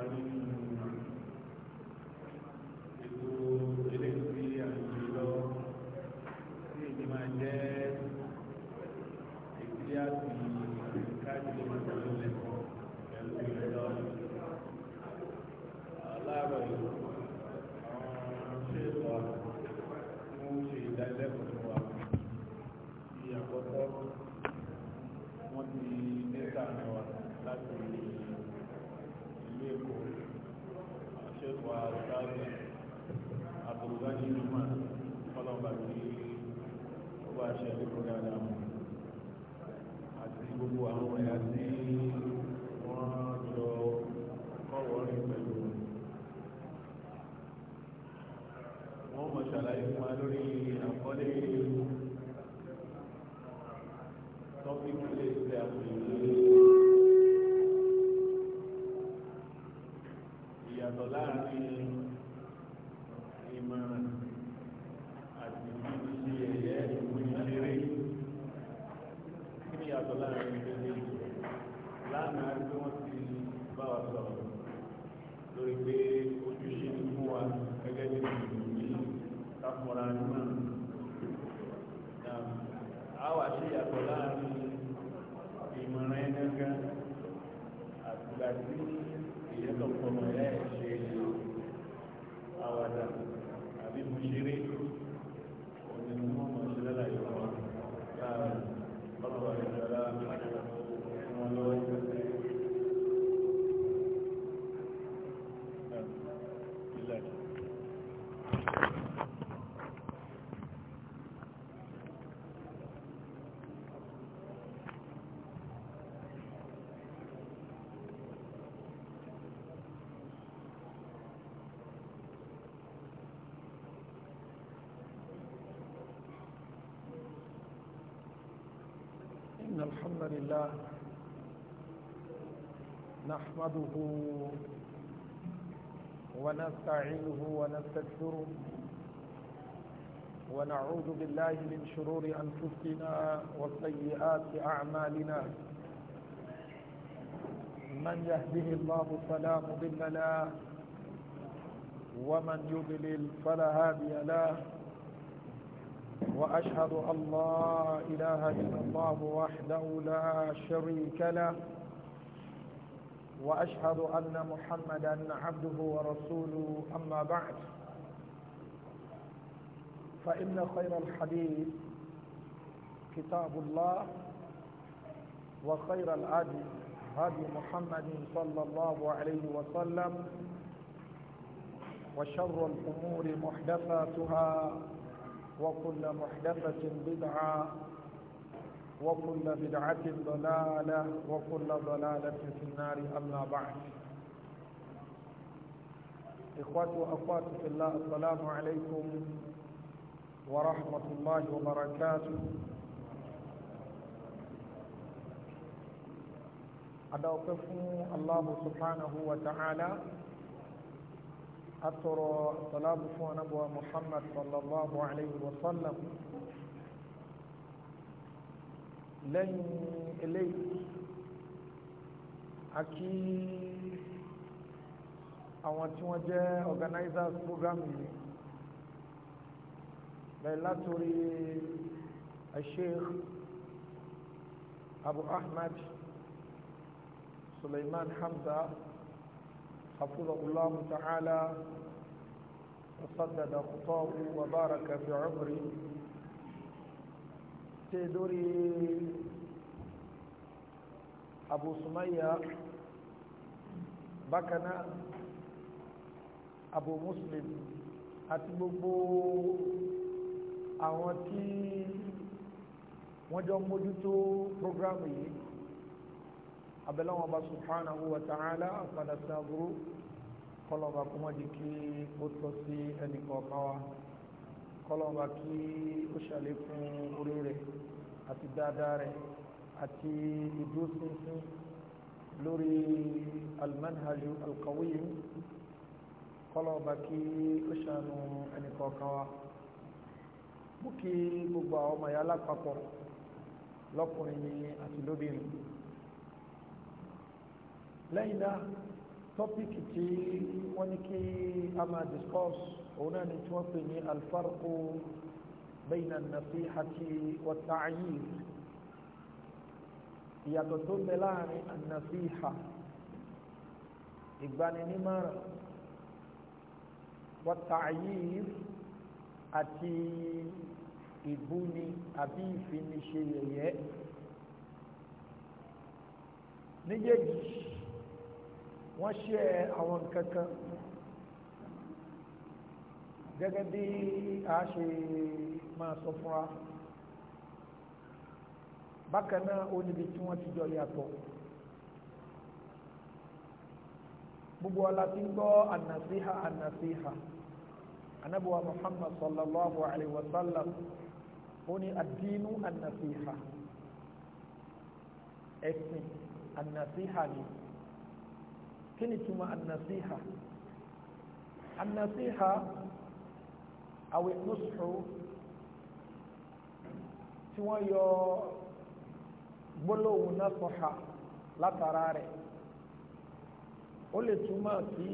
عليم الحمد لله نحمده ونستعينه ونستكثره ونعوذ بالله من شرور أنفسنا وسيئات أعمالنا من يهده الله فلا مضل له ومن يضلل فلا هادي له وأشهد أن لا إله إلا الله وحده لا شريك له وأشهد أن محمدا عبده ورسوله أما بعد فإن خير الحديث كتاب الله وخير الأدب هدي محمد صلى الله عليه وسلم وشر الأمور محدثاتها وكل محدثة بدعة وكل بدعة ضلالة وكل ضلالة في النار أما بعد إخواتي وأخوات في الله السلام عليكم ورحمة الله وبركاته أدعوكم الله سبحانه وتعالى أترى صلاة نبوة محمد صلى الله عليه وسلم لن إليك أكيد àwọn tí wọ́n jẹ́ organizers program yìí bẹ̀rẹ̀ látòrí Sheikh Abu Ahmad Suleiman Hamza حفظه الله تعالى وصدد خطاه وبارك في عمره تدري أبو سمية بكنا أبو مسلم أتبقوا àwọn tí wọ́n jọ abẹ́lẹ́wọ̀n ọba subhanahu wa ta'ala padà sí aburú kọlọ́ba kó má di kí ó tọ́ sí ẹnìkọ̀ọ̀kan wa kọlọ́ba kí ó ṣàlékún orí rẹ̀ àti dáadáa rẹ̀ àti ìdúróṣinṣin lórí almanhaju alqawiyyu kọlọ́ba kí ó ṣàánú ẹnìkọ̀ọ̀kan wa mú kí gbogbo àwọn ọmọ yàrá lápapọ̀ lọ́kùnrin àti lóbìnrin lẹ́yìn náà tọ́píkì tí wọ́n ní kí a máa discuss òun náà ni tí wọ́n pè ní alfarqu bayna an-nasihati wa at-ta'yir ìyàtọ̀ tó ń bẹ láàrin an-nasiha ìgbaninímọ̀ràn wa at àti ìbúni àbí ìfiniṣe yẹ̀yẹ́ méjèèjì wọ́n ṣe àwọn nǹkan kan gẹ́gẹ́ bí a ṣe máa sọ fúnra bákan náà ó níbi tí wọ́n ti jọ yàtọ̀ gbogbo ọlá tí ń gbọ́ ànàsíhà ànàsíhà anábùwà muhammad sallallahu alayhi wa sallam ó ní àdínú ànàsíhà ẹ̀sìn ànàsíhà ni kí ni túmọ̀ ànàsíhà ànàsíhà àwẹ̀ nùsùrù tí wọ́n yọ gbólóhùn násọ̀hà látara rẹ̀ ó lè túmọ̀ sí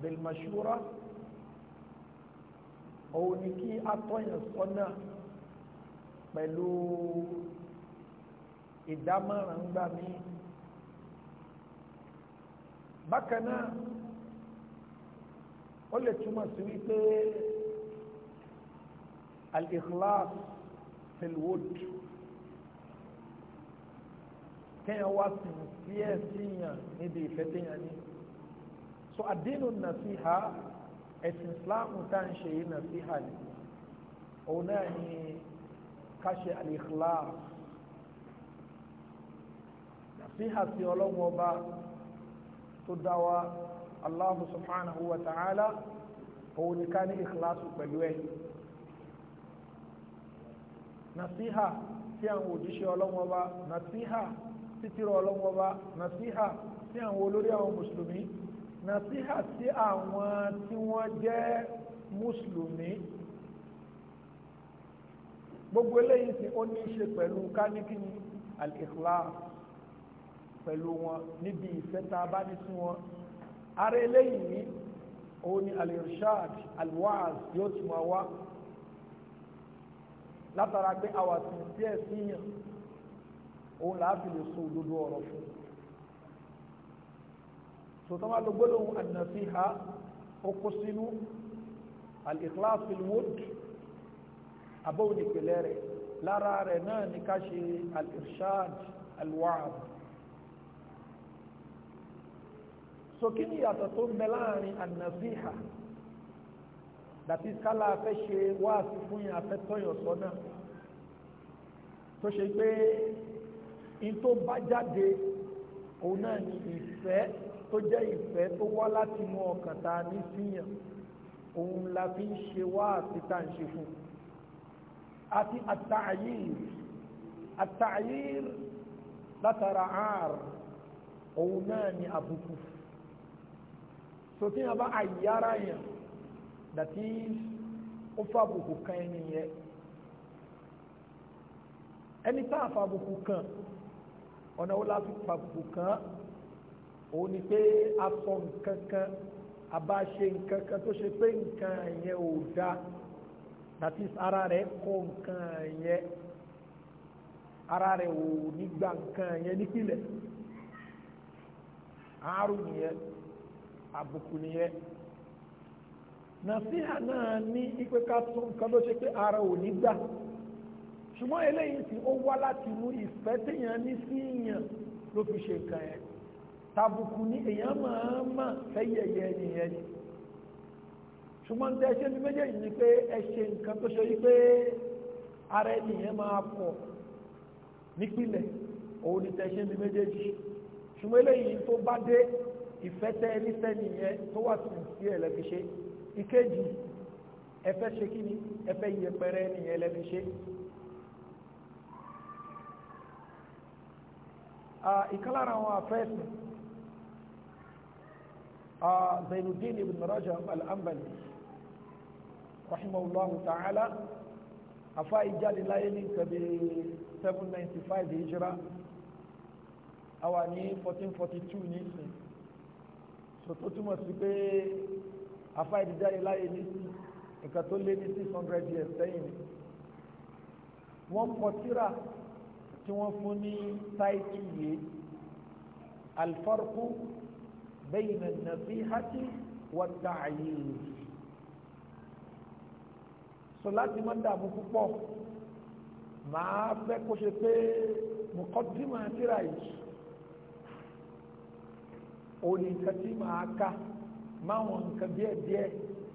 bilmashura òun ni kí atọ́yàn sọ́nà pẹ̀lú ìdámọ̀ràn ń gbà mí bákan náà ó lè túmọ̀ sí wípé al-ikhlas filwood kéèyàn wá sìn sí ẹ̀ síyàn níbi ìfẹ́ téèyàn ní so àdínù nàṣíhà ẹ̀sìn islamu tá à ń ṣe yìí nàṣíhà ni òun náà ni ká ṣe al-ikhlas síhà sí ọlọ́run ọba tó dá wa Allahu subhanahu wa ta'ala òun ni ká ní ìkìláàsù pẹ̀lú ẹ̀ nàṣíhà sí àwọn òjíṣẹ́ ọlọ́run ọba nàṣíhà títírọ ọlọ́run ọba nàṣíhà sí àwọn olórí àwọn mùsùlùmí nàṣíhà sí àwọn tí wọ́n jẹ́ mùsùlùmí gbogbo eléyìí tí ó ní í ṣe pẹ̀lú káníkì al-ikhlas pẹ̀lú wọn níbi ìfẹ́ tá a bá ní sí wọn ara eléyìí òun ni alirshad alwaaz yóò ti máa wá látara pé àwa sì ń díẹ̀ síyàn òun làá fi lè so òdodo ọ̀rọ̀ fún un sọtọ́ máa lo gbólóhùn an-nasiha ó kó sínú al abóhùn ìpìlẹ̀ rẹ̀ lára rẹ̀ náà ní ká ṣe al-irshad so kí ni ìyàtọ̀ tó ń bẹ láàrin ànàzíhà dàbí kálá afẹ́ ṣe wáàsí fún yẹn afẹ́ tọ́yọ̀ sọ́nà tó ṣe pé in tó bá jáde òun náà ni ìfẹ́ tó jẹ́ ìfẹ́ tó wá láti mú ọkàn ta ní síyàn òun la fi ń ṣe wáàsí tá à ń ṣe fún àti àtàyír àtàyír látara ààrùn òun náà ni àbùkù fún so tí wọn bá àyàrá yẹn that is ó fàbùkù kan ẹni yẹn ẹni tá a fàbùkù kan ọ̀nà wo la fi fàbùkù kan òun ni pé a sọ nǹkan kan a bá ṣe nǹkan kan tó ṣe pé nǹkan yẹn ò dáa that is ara rẹ̀ kọ̀ nǹkan yẹn ara rẹ̀ ò ní gba nǹkan yẹn nípìnlẹ̀ àárò nìyẹn. àbùkù yẹ nàfíà náà ní ipe ká tún nǹkan ló ara ò ní gbà ṣùgbọ́n eléyìí tí ó wá láti mú ìfẹ́ téèyàn ní sí èèyàn ló fi ṣe nǹkan yẹn tàbùkù ni èèyàn máa ń mà fẹ́yẹ̀yẹ nìyẹn ni ṣùgbọ́n tẹ ṣe ní ni pé ẹ ṣe nǹkan tó ṣe yí pé ara ènìyàn máa pọ̀ òun ni ṣe ní méjèèjì ṣùgbọ́n eléyìí tó bá ìfẹ́ tẹ́ ẹni sẹ́ni yẹn tó wà sí sí ẹ̀ lẹ́fi ṣe ìkejì ẹfẹ́ ṣe kí ni ẹfẹ́ yẹpẹrẹ ẹni yẹn lẹ́fi ṣe. ìkàlára àwọn afẹ́sìn Zainuddin ibn Rajab al-Hanbali rahimahullahu ta'ala afa ìjáde láyé ní nǹkan bí 795 hijira àwa ní 1442 nísìnyí tó túmọ̀ sí pé afá ìdíjáde láyé ní sí nǹkan tó lé ní six hundred years sẹ́yìn ni wọ́n kọ tírà tí wọ́n fún ní táìtì yìí alfarku bẹ́yìnà nàfíhàtì wà tààyè so láti má dààmú púpọ̀ màá fẹ́ kó ṣe pé mùkọ́dìmọ̀ tírà yìí òun ni nǹkan tí màá kà máwọn nǹkan díẹ̀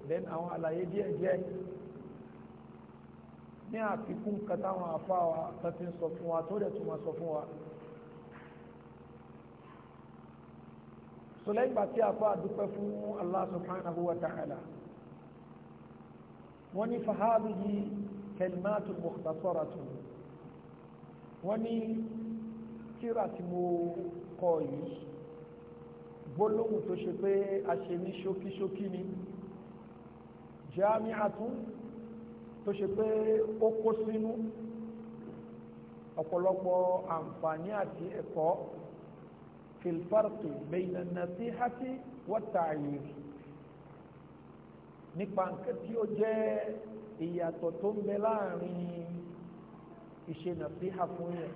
then àwọn àlàyé díẹ̀ díẹ̀ ní àfikún nǹkan táwọn afá wa tó ti ń sọ fún wa tó dẹ̀ tún máa sọ fún wa. sọlá ìgbà tí afá dúpẹ́ fún Allah subhanahu wa ta'ala wọ́n ní fahadu yìí kẹlímátù mọ̀tàsọ́ra tún wọ́n ní kíra tí mo kọ yìí gbólóhùn tó ṣe pé a ṣe ní ṣókíṣókí ni jami'atun tó ṣe pé ó kó sínú ọ̀pọ̀lọpọ̀ àǹfààní àti ẹ̀kọ́ filfarki bẹ́yìnà nasihati wọ́tààyè nípa nǹkan tí ó jẹ́ ìyàtọ̀ tó ń bẹ láàrin ìṣe nàṣíhà fún yẹn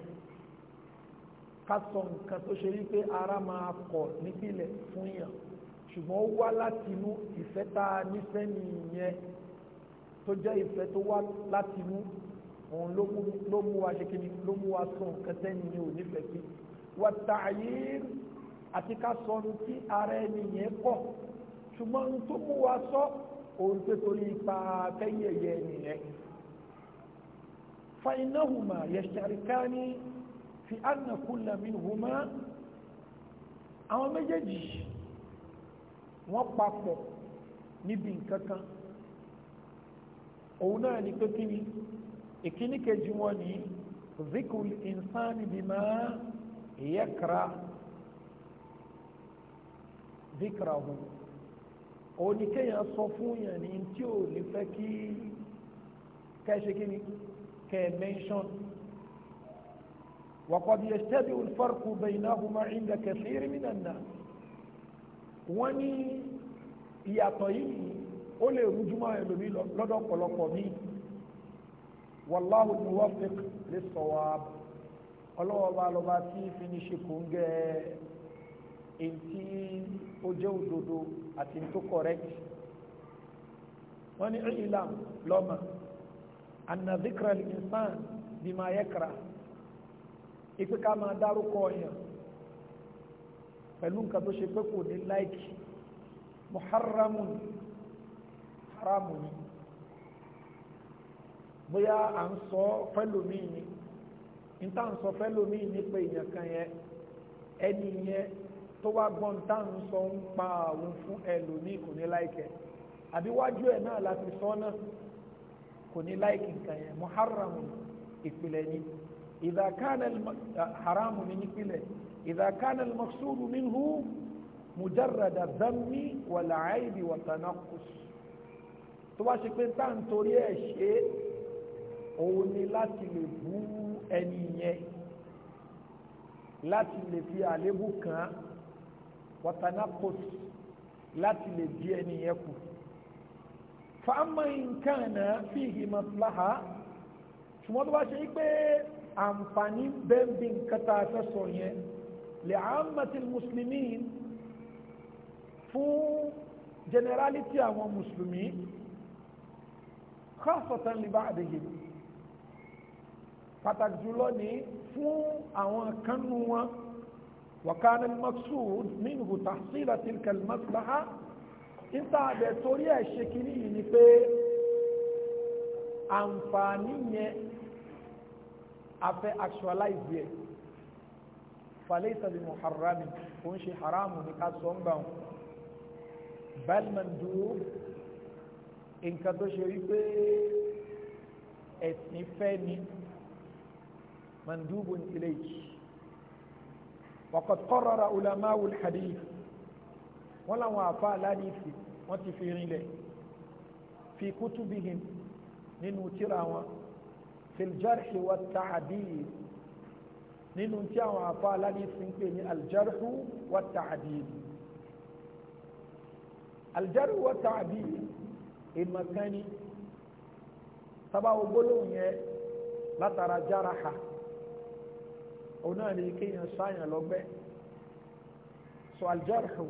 ká sọ nǹkan tó ṣe wípé ara máa kọ̀ nípìnlẹ̀ fún yàn ṣùgbọ́n ó wá láti inú ìfẹ́ tá a ní sẹ́ni yẹn tó jẹ́ ìfẹ́ tó wá láti inú òun ló mú wa ṣe kíni ló mú wa sọ nǹkan sẹ́ni yẹn ò nífẹ̀ẹ́ sí wà tààyè àti ká sọ ohun tí ara ẹni yẹn kọ̀ ṣùgbọ́n ohun tó mú wa sọ òun pé torí ipa kẹ́yẹ̀yẹ nìyẹn fainahuma yashtarikani fi anna kulla minhuma àwọn méjèèjì wọ́n papọ̀ níbi nǹkan kan òun náà ni pé kí ni ìkíní kejì wọn ni zikul insani bima yakra zikrahu òun ni kéèyàn sọ fún yàn ní tí ò ní fẹ́ kí kẹ́ ṣe kí وقد يشتبه الفرق بينهما عند كثير من الناس wọ́n ní ìyàtọ̀ yìí ó lè rújúmọ́ ẹlòmí lọ́dọ̀ ọ̀pọ̀lọpọ̀ mi wàláhù muwafiq lis-sawab ọlọ́wọ́ bá lọ́ba tí fi ní ṣe kò ń gẹ ẹ̀ǹtí ó jẹ́ òdodo àti tó correct wọ́n ní ìlàm lọ́mà anna dhikra al-insan bima yakra ipe ká máa dárúkọ ọyàn pẹ̀lú nǹkan tó ṣe pé kò ní láìkì muharramu haramu ni bóyá à ń sọ fẹ́lòmíì ni n tá à ń sọ fẹ́lòmíì ni pé èèyàn kan yẹn ẹni yẹn tó wá gbọ́n tá à ń sọ ń pa àwọn fún ẹlòmíì kò ní láìkẹ́ àbí wájú ẹ̀ náà láti sọ náà kò ní láìkì nǹkan yẹn muharramu ìpìlẹ̀ ni. إذا كان حرام من يكله إذا كان المقصود منه مجرد الذم والعيب والتنقص تباشي كنت أن تريه شيء òun láti lè bú ẹni yẹn láti lè fi àlébù kan watanakos láti lè di ẹni yẹn kù fàámà nǹkan náà fi ìhìmọ̀ fúláhà ṣùgbọ́n tó bá ṣe pé àǹfààní bẹ́ẹ̀bí nǹkan tá a fẹ́ sọ yẹn lè àmàtí mùsùlùmí fún generality àwọn mùsùlùmí kọ́sọ̀tàn lè bá àdéhì pàtàkì jùlọ ní fún àwọn kanú wọn wàkánà maksud minhu tahsila tilka maslaha níta àbẹ̀ torí ẹ̀ ṣe ni pé àǹfààní yẹn afẹ́ actualize yẹ falaysa bi muharrami kò ń ṣe haramu ní ká sọ ń gbà wọn bal mandub nǹkan tó ṣe wípé ẹ̀sìn fẹ́ ni mandubun ilayhi waqad qarrara ulama'u al-hadith wọ́n láwọn àfa aládìsí wọ́n ti fi rinlẹ̀ fi kutubihim nínú tíra wọn filjarhi wa ta'adil nínú tí àwọn afa aládìsí ń pè ní aljarhu wa ta'adil aljarhu wa ta'adil ìmọ̀kánni sábàá gbólóhùn yẹn látara járaha òun náà ni kéèyàn sáyàn lọ́gbẹ́ so aljarhu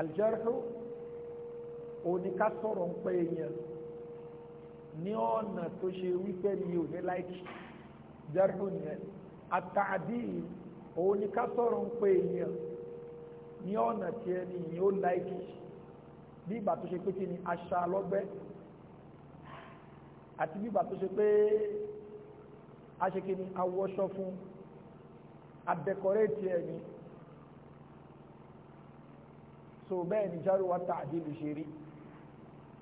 aljarhu òun ni ká sọ̀rọ̀ ní ọ̀nà tó ṣe wípé ni ò ní láìkì jẹ́rù yẹn àtàdí òun ni ká sọ̀rọ̀ ń pè èèyàn ní ọ̀nà tí ẹni yìí ó láìkì bí ìgbà tó ṣe pé kí ni aṣa lọ́gbẹ́ àti bí ìgbà tó ṣe pé aṣèké ni awọṣọ fún adẹkọrẹ́tì ẹni so bẹ́ẹ̀ ni jẹ́rù wa tàdí lè ṣe rí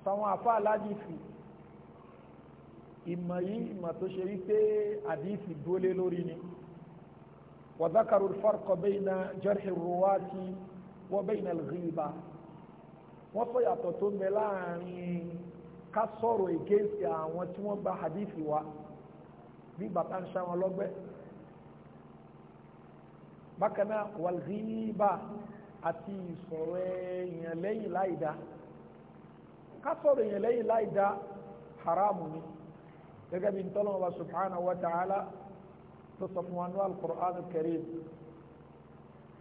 sáwọn afá aládìí fi ìmọ̀ yìí ìmọ̀ tó ṣe wípé àdíìsì dúólé lórí ni wa dhakaru al-farqa bayna jarhi ar-ruwati wa bayna al-ghiba wọ́n sọ yàtọ̀ tó ń bẹ láàrin ká sọ̀rọ̀ ègéèsì àwọn tí wọ́n gba àdíìsì wa bí bàtà ń ṣá lọ́gbẹ́ bákan náà wal-ghiba àti ìsọ̀rọ̀ èèyàn lẹ́yìn láìda ká sọ̀rọ̀ èèyàn lẹ́yìn láìda haramu ni gẹ́gẹ́ bí ntọ́lọ́wọ́ wa subhanahu wa ta'ala tó sọ fún wa ní al-Qur'an al-Karim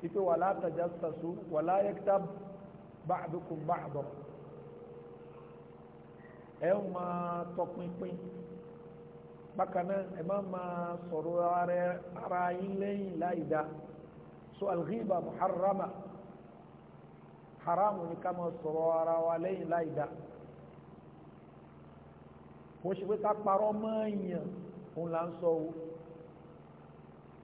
ipe wala tajassasu wala yaktab ba'dukum ba'da ẹ ń máa tọpinpin bákan náà ẹ má máa sọ̀rọ̀ ara yín lẹ́yìn láì dá so al-ghiba haramu ni ká máa sọ̀rọ̀ ara wa lẹ́yìn láì dá kò ṣe pé ká parọ́ mọ́ èèyàn òun là ń sọ o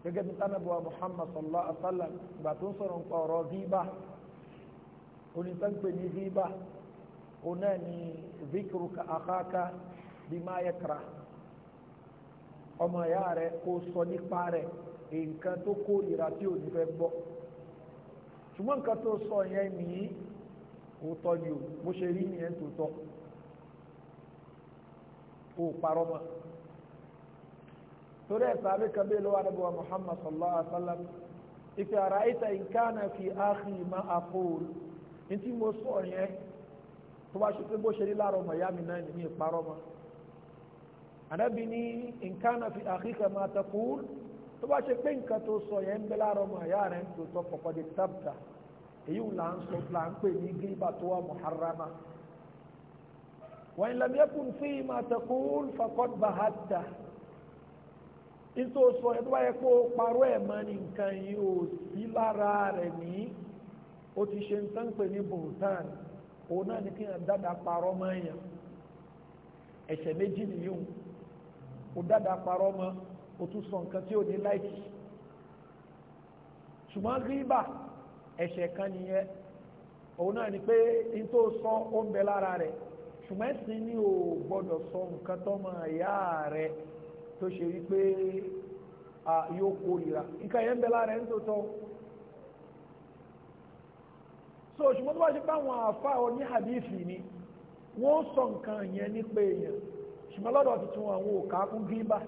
gẹ́gẹ́ bí tánàbọ̀ Muhammad sallallahu alaihi wa sallam ìgbà tó ń sọ̀rọ̀ nípa ọ̀rọ̀ gíbà onítàǹpẹ̀ ní gíbà òun náà ni zikruka akhaka bima yakra ọmọ ìyá rẹ kó sọ nípa rẹ nǹkan tó kórìíra tí ò ní fẹ́ gbọ́ ṣùgbọ́n nǹkan tó sọ yẹn nìyí òótọ́ ni o bó ṣe rí nìyẹn tó tọ́ kó o parọ́ mọ́ torí ẹ̀ sàbí kan bẹ́ẹ̀ lọ́wọ́ anábíwá muhammad sallallahu alaihi wa sallam ìfẹ́ ara ìta ìkànnà fi áàkì má a kóòl ní tí mo sọ yẹn tó bá ṣe pé bó ṣe rí láàárọ̀ mọ̀ yá mi náà ní ìparọ́ mọ́ anábì ní ìkànnà fi áàkì kan má a ta tó bá ṣe pé nǹkan tó sọ yẹn ń bẹ láàárọ̀ mọ̀ yá rẹ̀ ń tó tọ́ pọ̀pọ̀ di tábìtà èyí là ń sọ ní gíríbà tó wà muharrama wọ́n lam yakun fi ma taqul faqad bahatta nítorí sọ ẹ̀dọ́ wáyé kó parọ́ ẹ̀ mọ́ ní nǹkan yìí ò sí lára rẹ̀ ní ó ti ṣe ń tán pè ní bhutan òun náà ní kí n dáadáa parọ́ mọ́ èèyàn ẹ̀ṣẹ̀ méjì nìyóhùn ó dáadáa parọ́ mọ́ ó tún sọ nǹkan tí ò ní láìkì ṣùgbọ́n gíbà ẹ̀ṣẹ̀ kan nìyẹn òun náà ní pé nítorí sọ ó ń bẹ lára rẹ̀ ṣùgbọ́n ẹ̀sìn ni ò gbọ́dọ̀ sọ nǹkan tọ́mọ ìyá rẹ tó ṣe wípé yóò kórìíra nǹkan yẹn ń bẹ lára ẹ̀ ń tó tọ́ so ṣùgbọ́n tó bá ṣe báwọn àfa oní hadithi ni wọ́n sọ nǹkan yẹn nípa èèyàn ṣùgbọ́n lọ́dọ̀ tuntun àwọn ò kákún gíbà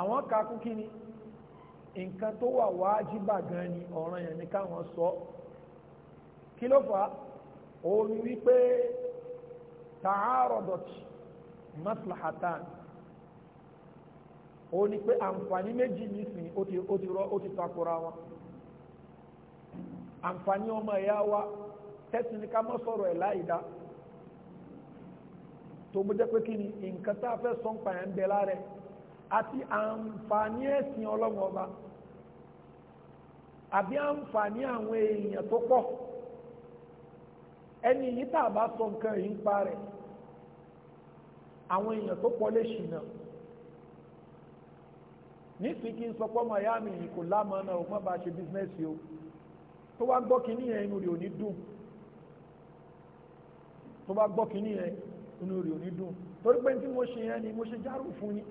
àwọn kákún kí ni nǹkan tó wà wájíbà gan ni ọ̀ràn yẹn ni káwọn sọ kí ló fà á òun ni wípé tààrọ̀dọ̀t maslahatan ó ní pé àǹfààní méjì nísìn ó ti takora wọn àǹfààní ọmọ ẹ̀yà wa tẹ́sí ní ká mọ́ sọ̀rọ̀ ẹ̀ láìdá tó mú jẹ́ pé kí ni nǹkan tá a fẹ́ sọ ń pa bẹ lára àti àǹfààní ọba àbí àǹfààní àwọn èèyàn tó ẹni yìí tá a bá sọ nǹkan yìí ń pa rẹ̀ àwọn èèyàn tó pọ̀ lè ṣìnà nísìnyí kí n sọ pé ọmọ ìyá mi yìí kò lámọ̀ náà ò má bá ṣe bísínẹ́sì o tó bá gbọ́ kínní yẹn inú rẹ̀ ò ní dùn tó bá gbọ́ kínní yẹn inú rẹ̀ ò ní dùn torí pé tí mo ṣe yẹn ni mo ṣe járù fún ni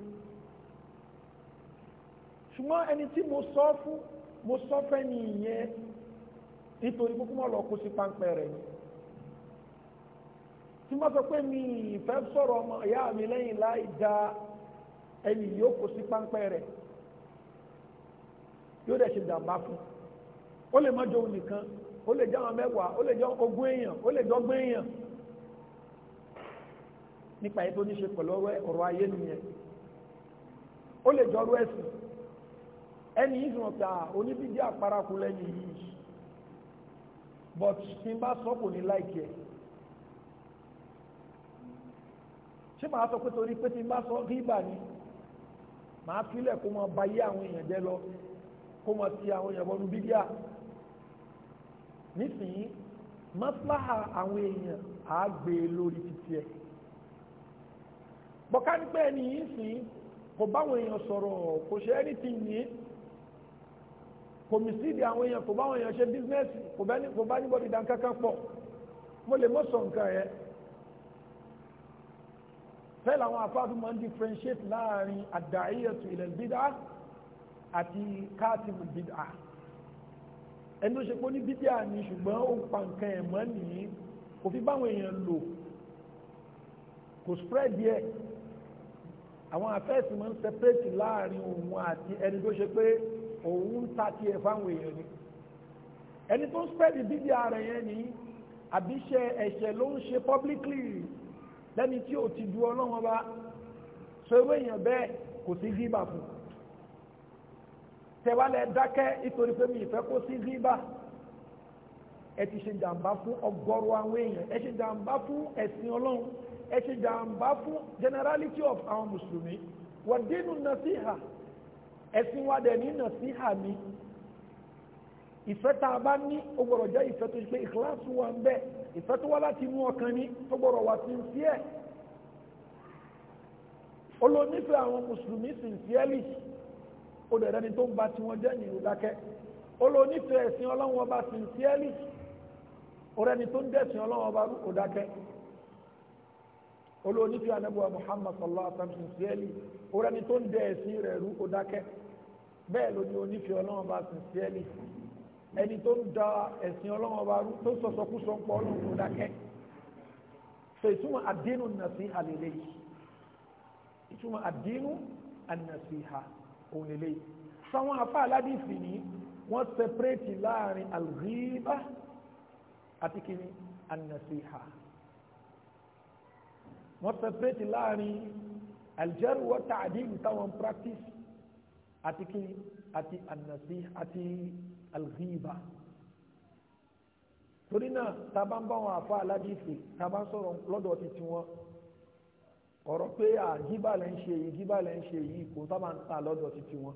ṣùgbọ́n ẹni tí mo sọ fún mo sọ fẹ́ ni ìyẹn nítorí kókó mọ́ lọ kó sí páńpẹ́ rẹ̀ ni tí wọ́n sọ pé mi ìfẹ́ sọ̀rọ̀ ọmọ ìyá mi lẹ́yìn láì da ẹni yóò kó sí páńpẹ́ rẹ̀ yóò dẹ̀ ṣe dàmbá fún ó lè má jọ òun nìkan ó lè jẹ́ àwọn mẹ́wàá ó lè jẹ́ ogún èèyàn ó lè jọ́gbọ́n èèyàn nípa ètò oníṣe pẹ̀lú ọ̀rọ̀ ayé nìyẹn ó lè jọ́rú ẹ̀sìn ẹni yìí sùn ọ̀tà oníbíjì àparakù lẹ́yìn yìí but tí n bá sọ kò ní láìkẹ́ ṣé màá sọ pé torí pé tí n bá sọ ríbà ni màá filẹ̀ kó mọ bayé àwọn èèyàn jẹ́ lọ kó mọ ti àwọn èèyàn wọnú bídíà nísìnyí mọ́síláhà àwọn èèyàn á gbé e lórí títí ẹ̀ bọ́ká ní pé ẹni yìí sìn kò báwọn èèyàn sọ̀rọ̀ kò ṣe ẹni tí yìí kò mí sídìí àwọn èèyàn kò báwọn èèyàn ṣe bísínẹ́sì kò bá níbọ̀dì dán kankan pọ̀ mo lè mọ́ sọ nǹkan yẹn bẹ́ẹ̀ làwọn afáàdù máa ń differentiate láàrin àdáyẹ̀tù ilẹ̀ bídá àti káàtìmù bídá ẹni tó ṣe pé ní bídá ni ṣùgbọ́n ó ń pa nǹkan ẹ̀mọ́ nìyí kò fi báwọn èèyàn lò kò spread yẹ àwọn afẹ́ẹ̀sì máa ń separate láàrin òun àti ẹni tó ṣe pé òun ń ta tiẹ̀ fáwọn èèyàn ni ẹni tó ń spread bídá rẹ̀ yẹn ni àbíṣe ẹ̀ṣẹ̀ ló ń ṣe publicly lẹ́ni tí ó ti ju ọlọ́run ọba so ewé èèyàn bẹ́ẹ̀ kò sí gíbà fún tẹwálẹ̀ dákẹ́ nítorí pé mi ìfẹ́ kó sí gíbà ẹ ti ṣe jàǹbá fún ọgọ́rùn àwọn èèyàn ẹ ṣe jàǹbá fún ẹ̀sìn ọlọ́run ẹ ṣe jàǹbá fún generality of àwọn mùsùlùmí wọ́n dínú nàṣíhà ẹ̀sìn wa dẹ̀ ní nàṣíhà mi ìfẹ́ tá a bá ní ó gbọ́dọ̀ jẹ́ ìfẹ́ tó pé ìkíláàsì wà ń bẹ ìfẹ́ tó wá láti inú ọkàn ní tó gbọ́dọ̀ wà sincere olónífẹ́ àwọn mùsùlùmí sincerely ó dẹ̀rẹ́ ni tó ń ba tí wọ́n jẹ́ nìyí dákẹ́ olónífẹ́ ẹ̀sìn ọlọ́run ọba sincerely ó rẹ́ni tó ń dẹ̀sìn ọlọ́run ọba kò dákẹ́ olónífẹ́ anábọ̀ Muhammad sallallahu alaihi wa sallam sincerely ń dẹ̀ ẹ̀sìn rẹ̀ rú kò dákẹ́ bẹ́ẹ̀ ẹni tó ń da ẹ̀sìn ọlọ́wọ́ bá rú tó sọ̀sọ̀kú sọ ń pọ̀ ọlọ́run kò dákẹ́ so ìtumọ̀ àdínú nàṣíhà lélẹ̀ yìí ìtumọ̀ àdínú ànàṣíhà òun lélẹ̀ yìí sáwọn afá aládìsí ni wọ́n sẹpẹ́rẹ́tì láàrin alghiba àti kìíní ànàṣíhà wọ́n sẹpẹ́rẹ́tì láàrin aljaru wa ta'dil táwọn practice àti kìíní àti ànàṣíhà àti alghiba torí náà tá a bá ń bá wọn àfa aládìsí tá a bá ń sọ̀rọ̀ lọ́dọ̀ ti tiwọn ọ̀rọ̀ pé àgíbà lẹ́ ń ṣe yìí gíbà lẹ́ ń ṣe yìí kò sábà ń ta lọ́dọ̀ ti tiwọn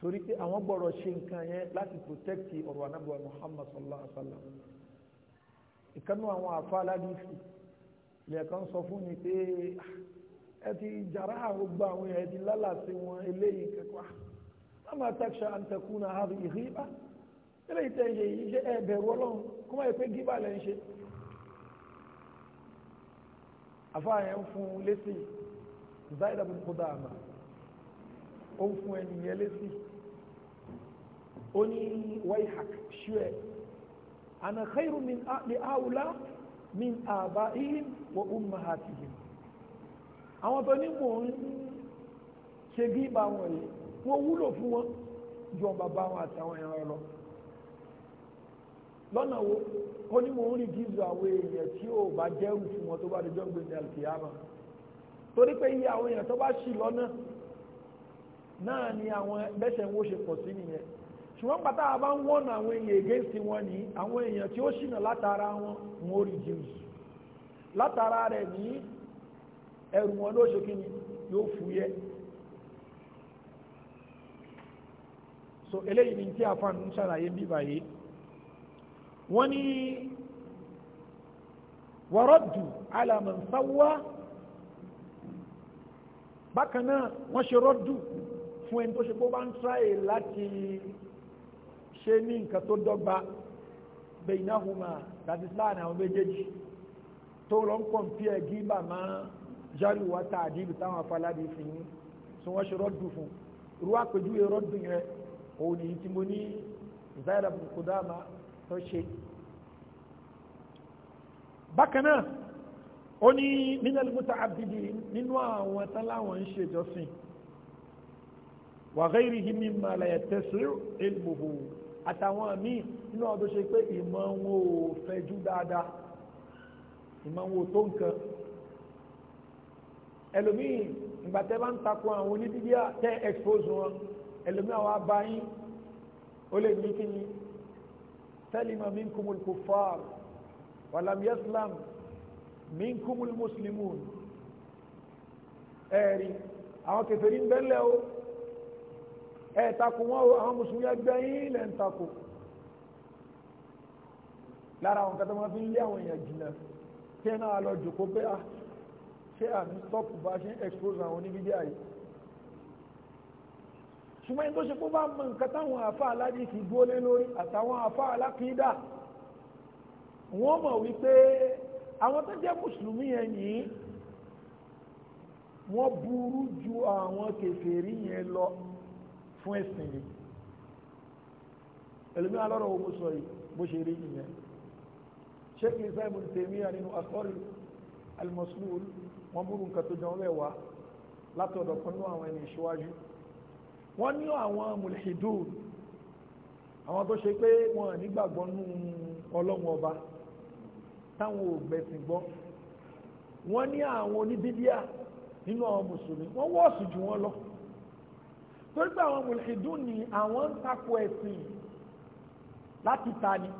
torí pé àwọn gbọ́dọ̀ ṣe nǹkan yẹn láti protect ọ̀rọ̀ anábọ̀ Muhammad sallallahu alaihi wa sallam ìkànnì àwọn àfa aládìsí lẹ́ẹ̀kan sọ fún mi pé ah, ẹ ti jàrá àwọn gbogbo àwọn yẹn ẹ ti lálàsí wọn eléyìí kẹ́kọ̀ọ́ ama taksha an takuna hadhihi ghiba ilé ìtẹ̀ ń ṣe yìí ṣe ẹ bẹ̀rù ọlọ́run kó má yẹ pé gíbà lẹ́ ń ṣe àfáàyẹ ń fún lésì zaida bin Qudama ó ń fún ẹni yẹn lésì ó ní wayhak ṣúẹ ana khairu min li aula min abaihim wa ummahatihim àwọn tó ní mò ń ṣe gíbà wọn yìí wọ́n wúlò fún wọn ju ọba bá wọn àtàwọn ẹran lọ lọ́nà wo ó ní mò ń rí gízu àwọn èèyàn tí ò bá jẹ́rù fún wọn tó bá dojọ́ gbé ní alkiyama torí pé iye àwọn èèyàn tó bá ṣì lọ́nà náà ni àwọn bẹ́sẹ̀ ń wó ṣe pọ̀ sí nìyẹn ṣùgbọ́n pàtà àbá ń wọ́nà àwọn èèyàn against wọn ní àwọn èèyàn tí ó ṣìnà látara wọn wọn ó rí gízu látara rẹ̀ ní ẹrù wọn ló ṣe kí ni yóò fúyẹ́ so eléyìí ni tí àfáà ń ṣàlàyé bí báyìí wọ́n ní wọ́rọ́dù alàmọ̀sáwá bákan náà wọ́n ṣe rọ́dù fún ẹni tó ṣe pé ó bá ń tráyè láti ṣe ní nǹkan tó dọ́gba bẹ̀yìnáhùmá tàbí láàrin àwọn méjèèjì tó lọ ń kọ̀m̀pí ẹ̀ gíbà máa jálù wá tààdìbì táwọn afálábì fi ní so wọ́n ṣe rọ́dù fún irú àpèjúwe rọ́dù yẹn òun ni tí mo ní zaira kudama tó ṣe bákanáà ó ní mínàlùmúta abidi nínú àwọn táláwọn ń ṣèjọsìn wàhẹ́rì yìí mi máa lẹ̀ tẹ̀síwò ilmuhu àtàwọn míì nínú ọdún ṣe pé ìmọ̀ wọn ò fẹ̀jú dáadáa ìmọ̀ wọn ò tó nǹkan ẹlòmíì ìgbà tẹ́ bá ń takò àwọn onídìbíà tẹ́ expose wọn ẹlòmí àwọn abáyín ó lè ní kí ni salima minkumul kuffar walam yaslam minkumul muslimun ẹ̀rí àwọn kèfèrí ń bẹ́lẹ̀ o ẹ̀ takò wọn o àwọn mùsùlùmí ẹgbẹ́ yín lẹ́ ń takò lára àwọn kẹta máa fi ń lé àwọn èèyàn jìnnà tí ẹ náà lọ jòkó pé ah, ṣé àmì stop bá ṣe ń expose àwọn oníbídíà yìí ṣùgbọ́n ẹni tó ṣe kó bá mọ nǹkan táwọn àfa aládìí fi dúró lé lórí àtàwọn àfa alákìídà wọ́n mọ̀ wípé àwọn tó jẹ́ mùsùlùmí yẹn yìí wọ́n burú ju àwọn kèfèrí yẹn lọ fún ẹ̀sìn ni ẹlòmí alọ́rọ̀ owó sọ yìí bó ṣe rí nìyẹn ṣéèkì isa ibùn tèmíyà nínú akọ́rì almasul wọn burú nǹkan tó jọ wẹ́wàá látọ̀dọ̀ kan àwọn ẹni ìṣíwájú wọ́n ní àwọn mulhidun àwọn tó ṣe pé wọ́n nígbàgbọ́ nú ọlọ́run ọba táwọn ò gbẹ̀sìn gbọ́ wọ́n ní àwọn oníbídíà nínú àwọn mùsùlùmí wọ́n wọ́ọ̀sì jù wọ́n lọ torí pé àwọn mulhidun ni àwọn ń takò ẹ̀sìn láti ta ni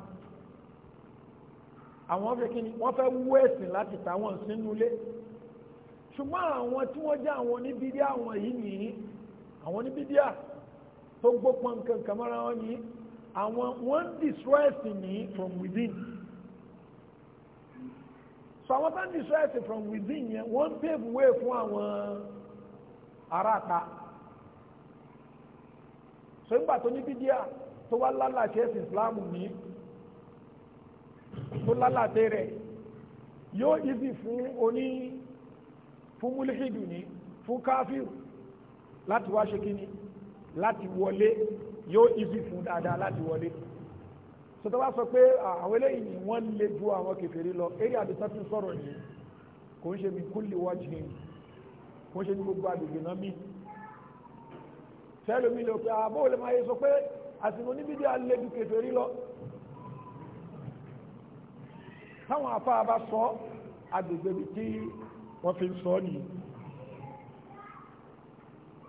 àwọn fẹ́ kíni wọ́n fẹ́ wú ẹ̀sìn láti ta wọn sínú ilé ṣùgbọ́n àwọn tí wọ́n jẹ́ àwọn oníbídíà àwọn yìí nìyí àwọn oníbídíà tó ń gbópọn nǹkan kan mọ́ra wọn yìí àwọn wọ́n destroy ẹ̀sìn ní from within so àwọn bá ń destroy from within yẹn wọ́n ń pave way fún àwọn aráta so nígbà tó ní bídíà tó wá lálàṣẹ ẹ̀sìn Islam ní tó lálàṣẹ rẹ̀ yóò easy fún oní fún múlíhìdù ní fún káfíìrù láti wá ṣe kí ni láti wọlé yóò easy fún dáadáa láti wọlé sọtọ́ bá sọ pé àwọn eléyìí ni wọ́n lè ju àwọn kèfèrí lọ eré àdìsá tún sọ̀rọ̀ yìí kò ń ṣe mi kulli wajhin kò ń ṣe ní gbogbo àgbègbè náà mí fẹ́ẹ́ lómi lè pé àbó olè máa yẹ sọ pé àsìkò níbi dí alẹ́ ju kèfèrí lọ táwọn afá bá sọ àgbègbè tí wọ́n fi sọ nìyí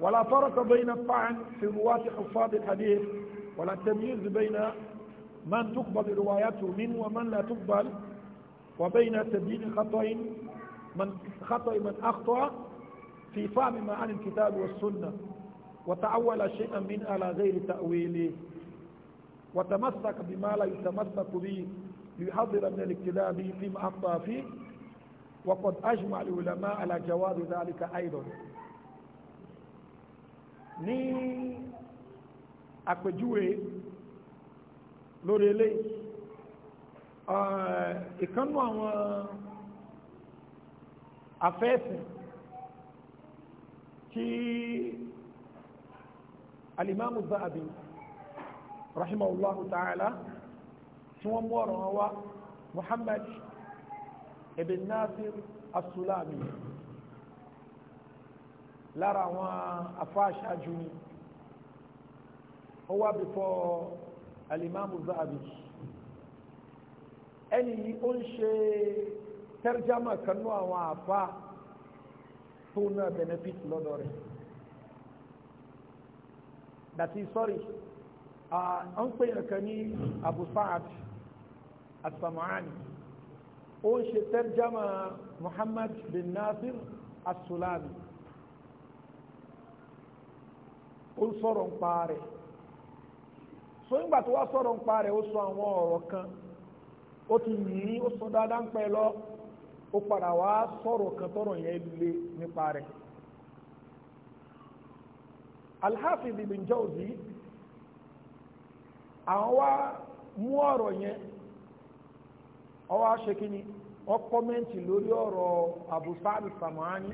ولا فرق بين الطعن في رواة حفاظ الحديث ولا التمييز بين من تقبل روايته منه ومن لا تقبل وبين تبيين خطأ من خطأ من أخطأ في فهم ما عن الكتاب والسنة وتعول شيئا من على غير تأويله وتمسك بما لا يتمسك به ليحذر من الكتاب فيما أخطأ فيه وقد أجمع العلماء على جواز ذلك أيضا ní àpèjúwe lórí ilé ìkánú àwọn afẹ́ẹ̀sìn tí alimamu zahabi rahimahullahu ta'ala tí wọ́n mú ọ̀rọ̀ wa muhammad ibn nasir as-sulami lára àwọn afá aṣáájú ni ó wá bífọ́ alimami zahabi ẹni yìí ó ń ṣe tẹ́rjámà kanú àwọn afá tó náà benefit lọ́dọ̀ rẹ̀ dàtí sọ́rí àwọn pè é kan ní abu sa'ad ó ń ṣe tẹ́rjámà muhammad bin nasir as-sulami. As ó sọ̀rọ̀ ń pa rẹ̀ so nígbà tó wá sọ̀rọ̀ ń rẹ̀ ó sọ kan ó ti yìí ó sọ dáadáa ń pẹ́ lọ kan tọ̀rọ̀ yẹn le nípa rẹ̀ Al-Hafiz Ibn Jawzi àwọn wá mú ọ̀rọ̀ yẹn ọwọ́ aṣekínni ọ kọ́mẹ́ǹtì lórí ọ̀rọ̀ Abu Sam'ani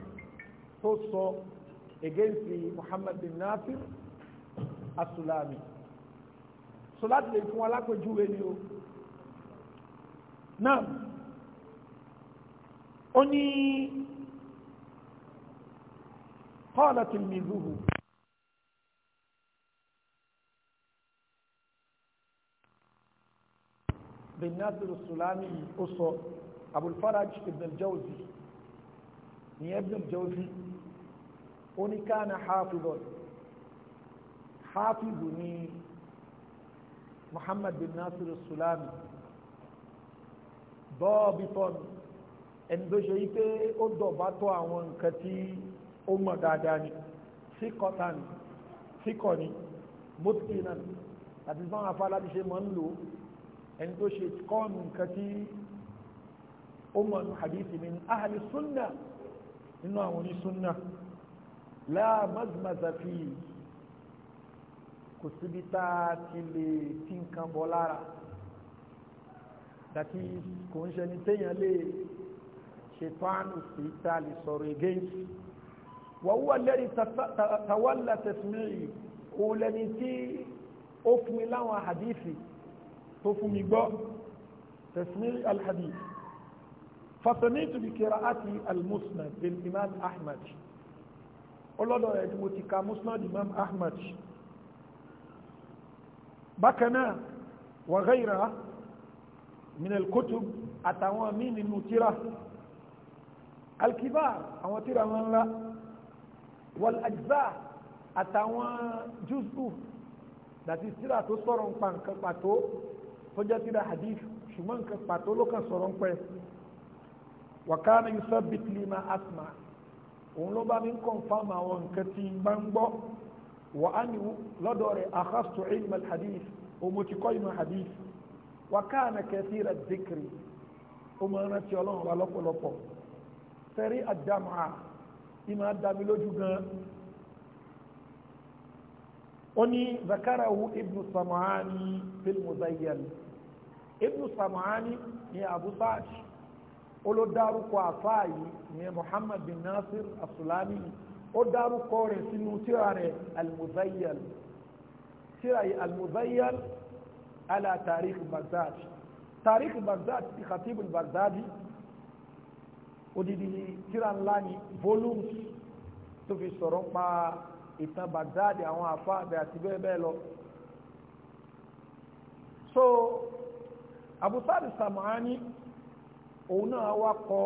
tó sọ against the Muhammad bin Nasir asulami so láti lè fún alápèjúwe ni o náà ó ní kọ́ọ̀lá tìlmìzúhù bin Nasir asulami ó sọ Abul Faraj ibn al-Jawzi ibn al oníkàánà hafidun hafidu ni muhammad bin nasir sulami bọ́ọ̀bì tọ́nu ẹni tó ṣe yípe ó dọ̀bá tó àwọn nǹkan tí ó mọ̀ dáadáa ni síkọ̀tà ni síkọ̀ ni mọ́tìkínà ni àti báwọn afárá ti ṣe mọ̀ ń lò ẹni tó ṣe kọ́ọ̀nù nǹkan tí ó mọ̀ nù hadithi min ahli sunna nínú àwọn onísunna láàmọ́gbọ̀nsá fi kò síbi tá a ti lè tí nǹkan bọ́ lára dàtí kò ń ṣẹni téèyàn lè ṣètò àánú sí tá a lè sọ̀rọ̀ against wọ́n wà lẹ́rí tàwọ́lá tẹ̀símẹ́rì òun lẹ́ni tí ó fún mi láwọn àdífì tó fún mi gbọ́ tẹ̀símẹ́rì alhadith fasanitu bi kiraati almusnad bil imam ahmad ọlọ́dọ̀ rẹ̀ tí mo ti ka musnad imam ahmad bákanáà wa ghayra minal kutub àtàwọn míì nínú tíra alkibar àwọn tíra wọn ńlá wal ajza àtàwọn juz'u dàti tíra tó sọ̀rọ̀ nǹkan nǹkan pàtó tó jẹ́ tíra hadith ṣùgbọ́n nǹkan pàtó ló kàn sọ̀rọ̀ nǹkan wa kana yusabbit lima asma' òun ló bá mi ń kọ́nfàmù àwọn nǹkan tí n bá ń gbọ́ wà á ní lọ́dọ̀ rẹ̀ akhastu ilm alhadith òmò ti kọ́ inú hadith wà kana kathira dhikri ó máa ń rántí ọlọ́run wa lọ́pọ̀lọpọ̀ fẹ́rí àdámà ìmọ̀ àdámi lójú gan ó ní zakarahu ibnu sam'ani fil muzayyan ibnu sam'ani ní abu sa'd ó ló dárúkọ àfáà yìí ìyẹn Muhammad bin Nasir As-Sulami ó dárúkọ rẹ̀ sínú tíra rẹ̀ Al-Muzayyal tíra yìí Al-Muzayyal ala Tarikh Baghdad Tarikh Baghdad ti Khatib al-Baghdadi odidi tíra ńlá ni volumes tó fi sọ̀rọ̀ pa ìtàn Baghdad àwọn àfáàbẹ àti bẹ́ẹ̀ bẹ́ẹ̀ lọ so Abu Sa'd Sam'ani òun náà wá kọ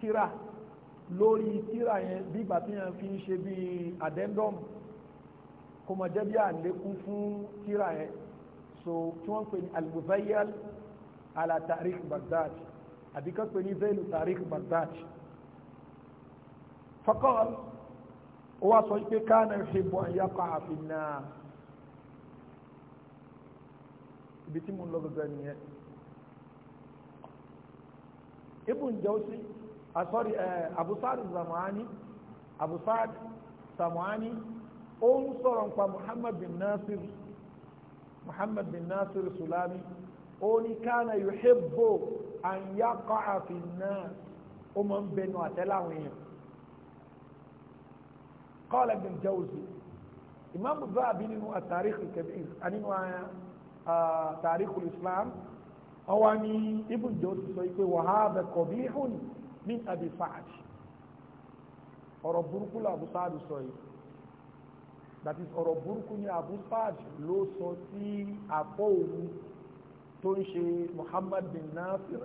tíra lórí tíra yẹn bí ìgbà tí yẹn fi ń ṣe bí addendum kò mọ̀ jẹ́ bí àlékún fún tíra yẹn so tí wọ́n pè ní al-muzayyal ala tarikh baghdad àbí kan pè ní zaylu tarikh baghdad faqal ó wá sọ pé kana yuhibbu an yaqa'a fin-nar ibi tí mo lọ gbogbo ẹnìyẹn ابن جوشي سوري ابو سعد الزمعاني ابو سعد الزمعاني اون سورن محمد بن ناصر محمد بن ناصر سلامي اوني كان يحب ان يقع في الناس امم بن وتلاوين قال ابن جوزي امام الذهبي التاريخ الكبير انينو تاريخ الاسلام ọwá ní ibùn jọ ti sọ pé wàhábẹ̀ kọ̀bí hùn ní àbí fàájì ọ̀rọ̀ burúkú la Abu Saad sọ yìí that is ọ̀rọ̀ burúkú ní Abu Saad ló sọ sí àpọ̀ òun tó ń ṣe Muhammad bin Nasir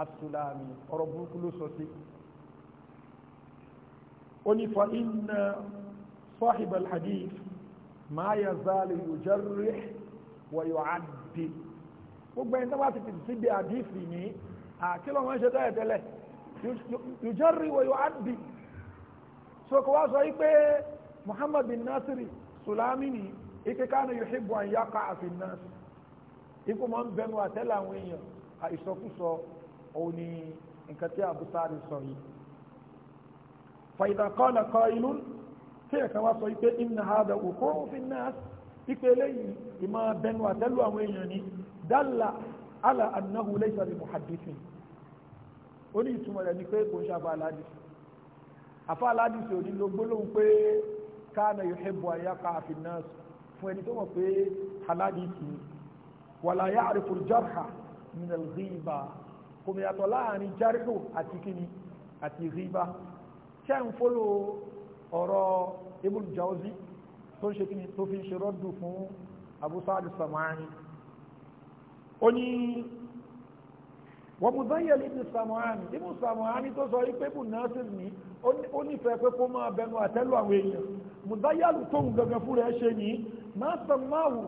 as-Sulami burúkú ló sọ sí ó ní fa inna sahib al-hadith ma yazalu yujarrih wa yu'addil gbogbo ẹni tó bá ti fìdí síbi àdífì ní àkílọ̀ wọn ṣe tẹ́lẹ̀ tẹ́lẹ̀ yùjẹ́rì wọ yóò ádì so wá sọ wípé Muhammad bin Nasiri Sulami ni ike kánú yóò ṣíbù àyà ká àfin náà ipò mọ́ ń bẹnu àtẹ́lẹ̀ àwọn èèyàn àìsọkúsọ òun ni nǹkan tí àbúsáàrí sọ yìí fàìdàkọ́lá kọ ìlú tí ẹ̀ka wá sọ wípé ìnà àdà òkú òfin náà ipe eléyìí ìmọ̀ bẹnu àtẹ́lù àwọn èèyàn ni dalla على annahu laysa bi muhaddithin ó ní ìtumọ̀ rẹ̀ ni pé kò ń ṣe àfa aládìsí àfa aládìsí ò ní lo gbólóhùn pé kana yuhibbu ayyaka fi nas fún ẹni tó mọ̀ pé aládìsí wala ya'rifu al-jarha min al-ghiba kò mì yàtọ̀ láàrin jarhu àti kíni àti ghiba ṣe ń fólò ọ̀rọ̀ Ibn Jawzi tó ń ṣe kíni tó fi ń ṣe rọ́dù Abu Sa'd Sam'ani ó ní wọ́n mú dáyẹ̀lì ní samuhani tí mú samuhani tó sọ wípé mú nọ́ọ̀sì ní ó nífẹ̀ẹ́ pé kó máa bẹnu àtẹ́lù àwọn èèyàn mú dáyẹ̀lì tó ń gẹ̀gẹ̀ fún rẹ̀ ṣe yìí máa san máwù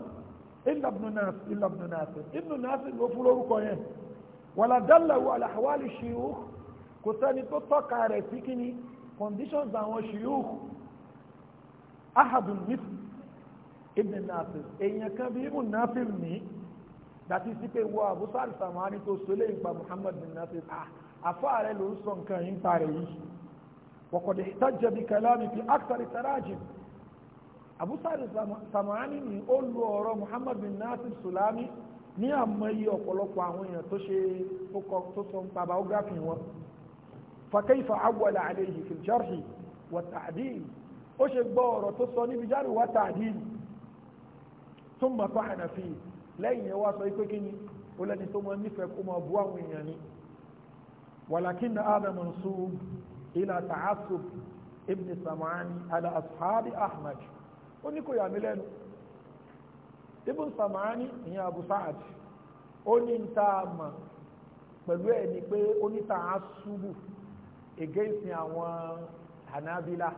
ìlàbùnàṣì ìlàbùnàṣì ló fún lórúkọ yẹn wàlá dálàwù àlàhàwálì ṣìyú kò sẹ́ni tó tọ́ka rẹ̀ sí kíni conditions àwọn ṣìyú ahadun nif ìbùnàṣì èèyàn kan bí ìbùnàṣì ní dàtí sí pé wọ àbúsárì sàmánì tó sọlé ìpa muhammad bin nasir ah afá rẹ ló ń sọ nǹkan yìí ń parẹ yìí wọkọdẹ tajẹbi kalami fi aksari tarajim àbúsárì sàmánì ni ó lu ọ̀rọ̀ muhammad bin nasir sulami ní àmọye ọ̀pọ̀lọpọ̀ àwọn èèyàn tó ṣe tó sọ nípa biography wọn fakaifa awwala alayhi fil jarhi wa ta'dil ó ṣe gbọ́ ọ̀rọ̀ tó sọ níbi jarhi wa ta'dil thumma fahana fihi lẹ́yìn yẹn wá sọ pé kí ni ó lẹ́ni tó máa nífẹ̀ẹ́ kó máa bú àwọn èèyàn ni walakin hada mansub ila ta'assub ibn sam'ani ala ashabi ahmad ó ní kò yà mí lẹ́nu ibn sam'ani ìyẹn abu sa'ad ó ní ń tá a mọ̀ pẹ̀lú ẹ̀ ni pé ó ní ta'assubu against àwọn hanabila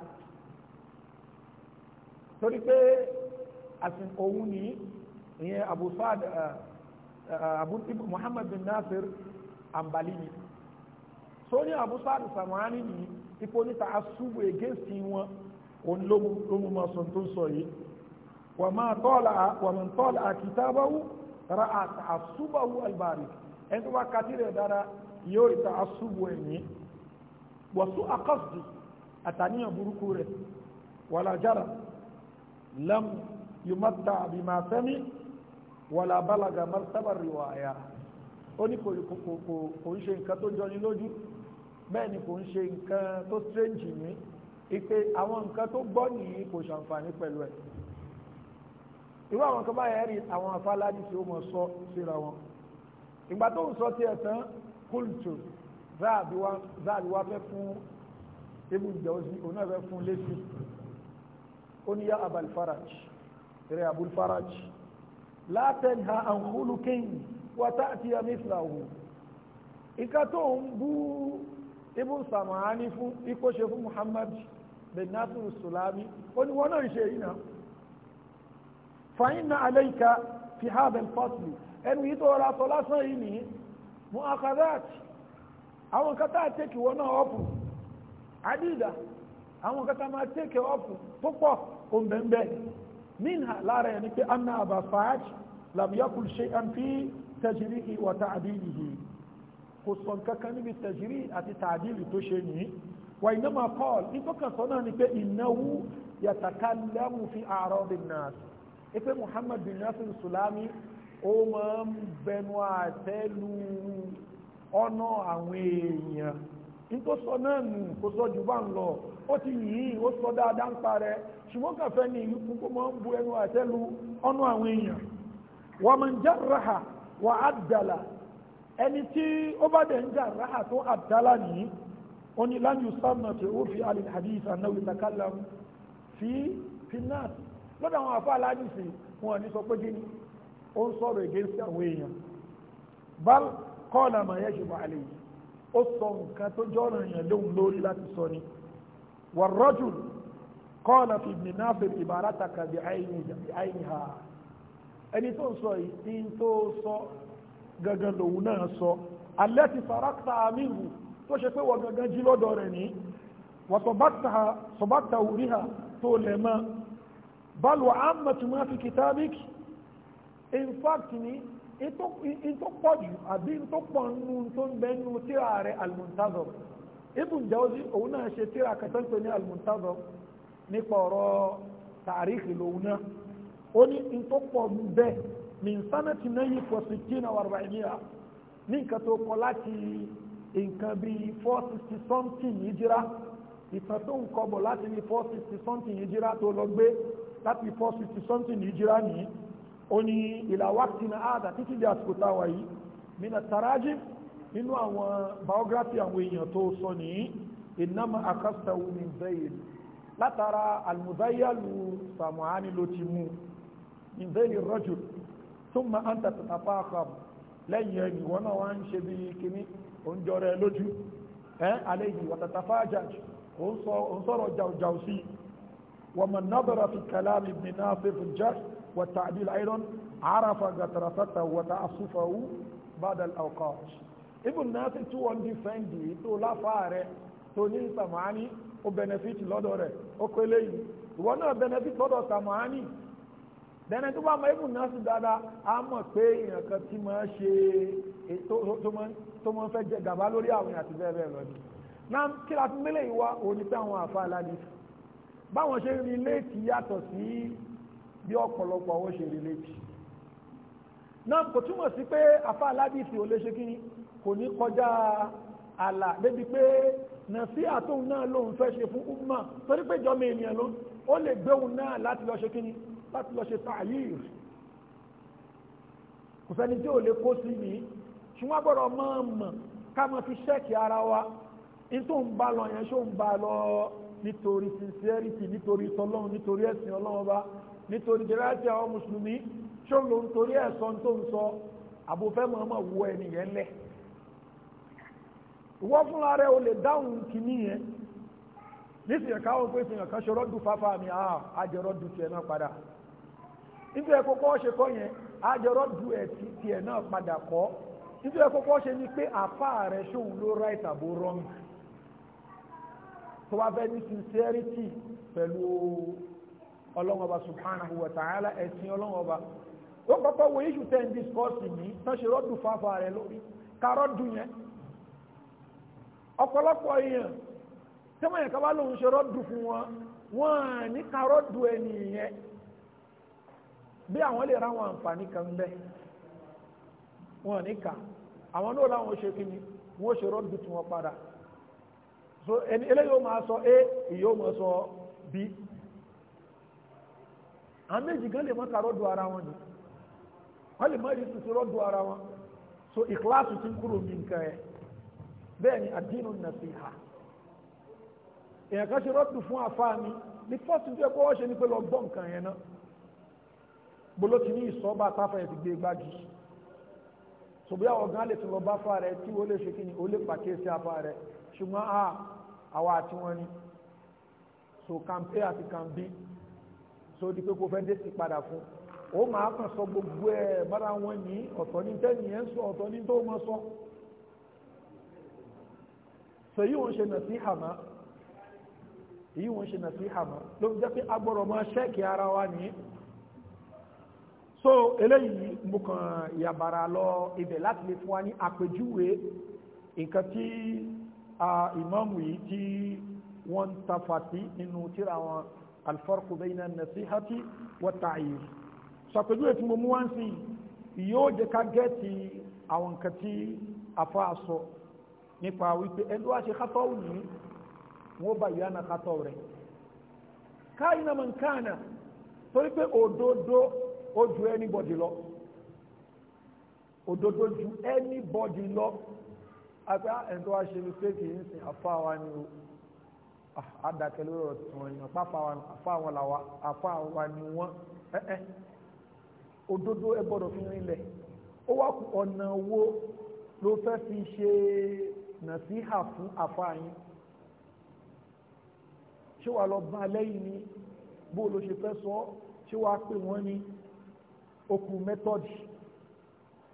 torí pé àsìn òun nìyí ìyẹn abu saad eh, eh, abu muhammad bin nasir ambalini so ní abu saad samani ni ipò níta asúgbò against wọn òun ló mú ma sọ tó ń sọ yìí wà máa tọ́lá wà máa tọ́lá àkìtábáwú ra àtàsúbáwú albari ẹni tó bá kàtí rẹ̀ dára yóò ìta asúgbò ẹ̀yìn wàsú akọ́sì àtàníyàn burúkú rẹ̀ wàlájára lam yumata bima sami wàlá bálaga martaba riwaya ó ní kò ń ṣe nǹkan tó jọni lójú bẹ́ẹ̀ ni kò ń ṣe nǹkan tó strange ní ipe àwọn nǹkan tó gbọ́ nìyí kò ṣàǹfààní pẹ̀lú ẹ̀ irú àwọn nǹkan báyẹn rí àwọn afáláàdì tí ó mọ̀ sọ síra wọn ìgbà tó ń sọ tí ẹ̀tàn kúlùtù záàbí wá fẹ́ fún ibù ìjọ́sí òun náà fẹ́ fún lẹ́sí ó ní yá abàlfaraj rẹ̀ abúlfaraj la tanha an khuluqin wa ta'ti mithlahu ìka tó ń bú ibùn sàmàání fún ikó ṣe fún muhammad bin nasiru sulami ó ní wọ́n náà ṣe yìí náà fa inna alayka fi hadha al-fasl ẹnu yìí tó rọra sọ lásán yìí ní mu'akhadhat àwọn kátà tẹ́kì wọ́n náà ọ̀pù adida àwọn kátà máa tẹ́kì ọ̀pù púpọ̀ òǹbẹ̀ǹbẹ̀ منها لا يعني أن أبا فاج لم يقل شيئا في تجريئه وتعديله خصوصا كان بالتجريء أتي تعديل تشيني وإنما قال إذا كان صنعني إنه يتكلم في أعراض الناس إذا محمد بن ناصر السلامي ó máa ń bẹnu àtẹ́lu ọ̀nà àwọn èèyàn tó sọ náà nù kó sọ jù bá ń lọ ó ti yìí ó sọ dáadáa ń parẹ́ ṣùgbọ́n kàfẹ́ ní ìlú kúkú mọ́ ń bu ẹnu àtẹ́lu ọnú àwọn èèyàn wọ́n mọ̀ ń jà ráhà wà á dàlà ẹni tí ó bá dẹ̀ ń jà ráhà tó àdàlà nìyí ó ní láyé sàmà tí ó fi alẹ́ hadith anáwó ìtàkàlà fi finance lọ́dọ̀ àwọn afá aládìsí wọn ní sọ pé kí ó ń sọ̀rọ̀ ègé àwọn èèyàn bal kọ́ ọ̀nà mà ṣùgbọ́n àlè ó sọ nǹkan tó jọ́rọ̀ èèyàn lóhun lórí láti sọ ni wàrọ́jù kọ́ọ̀lá fi ibn Nafir ibarataka bí àìníhà ẹni tó ń sọ yìí tó sọ gangan lòun náà sọ alẹ́ ti farakta amíhù tó ṣe pé wọ́n gangan jí lọ́dọ̀ rẹ̀ ní wà sọ̀bátà wùríhà tó lẹ̀ mọ́ bal wa ammatu ma fi kitabik in fact ni ìtò pọ̀jù àbí ìtò pọ̀ nínú tó ń bẹ nínú tíra rẹ̀ al-Muntazir Ibn Jawzi òun náà ṣe tíra kẹtọ́ntò ní al-Muntazir nípa ọ̀rọ̀ tàríkì lòun náà ó ní ìtò pọ̀ ń bẹ min sanati nayi fositina warbainia ní nǹkan tó kọ láti nǹkan bíi four sixty something hijira ìtàn tó ń kọ bọ̀ láti bíi four sixty something hijira tó lọ gbé láti four sixty something hijira nìyí ó ní ìlà wákìtì náà àdá títí di àsìkò táwa yìí mina taraji nínú àwọn biography àwọn èèyàn tó sọ ní ìnáma akasawu min zayin látara almuzayyalu samuani ló ti mú min zayin rajul thumma anta tatafakhar lẹ́yìn ẹni wọn náà wá ń ṣe bí kíní oúnjọ rẹ lójú ẹ́ àlẹ́yìn wàtàtàfájà òun sọ̀rọ̀ jàùjàù sí wọ́n mọ̀ náà bẹ̀rẹ̀ fi kàlámì ibn Nasif al-Jarh والتعديل أيضا عرف جترفته وتعصفه بعد الأوقات ابن نافع تو أن ديفندي تو لا فارع تو ني سمعني او بنفيت لودره او كلي وانا بنفيت لودو سمعني dẹ́nà tó bá mọ ibùn náà sì dáadáa a mọ̀ pé èèyàn kan tí máa ṣe eh, tó máa fẹ́ jẹ gàba lórí àwọn èèyàn àti bẹ́ẹ̀ bẹ́ẹ̀ lọ ni náà kí la fi mélé ìwá òní pé àwọn àfa aládìí báwọn ṣe rí léèkì yàtọ̀ sí bí ọ̀pọ̀lọpọ̀ àwọn ṣe relate náà kò túmọ̀ sí pé afá aládìsí ò lè ṣe kíni kò ní kọjá àlà débi pé nàfí àtòun náà lòun fẹ́ ṣe fún umma torí pé jọmọ ènìyàn ló ó lè gbéhùn náà láti lọ ṣe kíni láti lọ ṣe tààyè kò sẹ́ni tí ò lè kó sí ní ṣùgbọ́n gbọ́dọ̀ máa mọ̀ ká máa fi ṣẹ́ẹ̀kì ara wa ní tó ń bá lọ yẹn ṣó ń bá lọ nítorí sincerity nítorí tọlọ́run nítorí ẹ̀sìn ọlọ́run bá nítorí jẹ́láàtì àwọn mùsùlùmí ṣó ló ń torí ẹ̀sọ́ tó ń sọ àbòfẹ́ mọ̀ọ́mọ̀ wọ ẹnìyẹn lẹ̀ ìwọ fúnra rẹ̀ o lè dáhùn kìíní yẹn nísìnyẹ káwọn pé ìfihàn kan ṣe rọ́dù fáfá mi àá àjẹrọ́dù tiẹ̀ náà padà nítorí ẹ̀kọ́kọ́ ṣe kọ́ yẹn àjẹrọ́dù tiẹ̀ náà padà kọ́ nítorí ẹ̀kọ́kọ́ ṣe ni pé àfá rẹ̀ ṣóun ló ra ìtàbó rọ́ǹgì tó wá fẹ́ ní sincerity pẹ̀lú ọlọ́wọ́n ọba subhanahu wa ta'ala ẹ̀sìn ọlọ́wọ́n ọba ó kọ́kọ́ wo iṣu ten discourse ní tán ṣe rọ́dù fáfá rẹ̀ lórí kárọ́dù yẹn ọ̀pọ̀lọpọ̀ èèyàn tí wọ́n yẹn ká bá lóun ṣe rọ́dù fún wọn wọ́n ní kárọ́dù ẹni yẹn bí àwọn lè ra àwọn àǹfààní kan bẹ́ẹ̀ wọ́n ní ká àwọn náà láwọn ṣe kí ni wọ́n ṣe rọ́dù tí wọ́n padà so eléyìí ó máa sọ a èyí ó máa sọ b àwọn méjì gan lè mọ́ta rọ́dù ara wọn ni wọ́n lè mọ́ ìrí tuntun rọ́dù ara wọn so ìkíláàsì ti ń kúrò ní nǹkan ẹ bẹ́ẹ̀ ni àdínú nasiha èèyàn kan ṣe rọ́dù fún àfáà mi ní fọ́ọ̀tù tó yẹ kó wọ́n ṣe ni pé lọ gbọ́ nǹkan yẹn náà bolo ti ní ìsọ́ba táfà yẹn ti gbé gbájú so bí àwọn gan lè tún lọ bá fà rẹ tí ó lè ṣe kí ni ó lè pàkíyèsí àfà rẹ ṣùgbọ́n a àwa àti wọn ni so campaign àti campaign tó di pé kó fẹ́ dé sí padà fún ó máa kàn sọ gbogbo ẹ̀ bára wọn ní ọ̀tọ̀ ní tẹ́nìyẹn ń sọ ọ̀tọ̀ ní tó mọ́ sọ so yíò ń ṣe nà sí hàmá yíò ń ṣe nà sí hàmá ló ń jẹ́ pé agbọ́rọ̀ mọ́ ṣẹ́ẹ̀kì ara wa ní so eléyìí mo kàn yàbàrà lọ ibẹ̀ láti lè fún wa ní àpèjúwe nǹkan tí ìmáàmù yìí tí wọ́n ń tafàtí nínú tíra wọn alfarku bayna nasihati wa ta'yir sọpẹjú ètò mo mú wá sí yóò jẹ ká gẹ́ẹ̀tì àwọn nǹkan tí afa sọ nípa wípé ẹni wá ṣe kátọ́ ní wọ́n bá ìyá náà kátọ́ rẹ̀ káyìnà mọ̀ nkáànà torí pé òdodo ó ju anybody lọ òdodo ju anybody lọ àgbà ah, ẹni tó wá ṣe mistake yìí ń sìn afa wa ni o àdàkẹ́ ah, lórí ọ̀tún ọ̀yàn pápá àfáwọn làwà àfáwọn ni wọ́n ẹ́ẹ́ òdodo ẹ gbọ́dọ̀ fi rinlẹ̀ ó wá kú ọ̀nà wo ló fẹ́ fi ṣe nàṣíhà fún àfáàyín ṣé wàá lọ bá lẹ́yìn ni bó ló ṣe fẹ́ sọ ṣé wàá pè wọ́n ní okùn mẹ́tọ́dì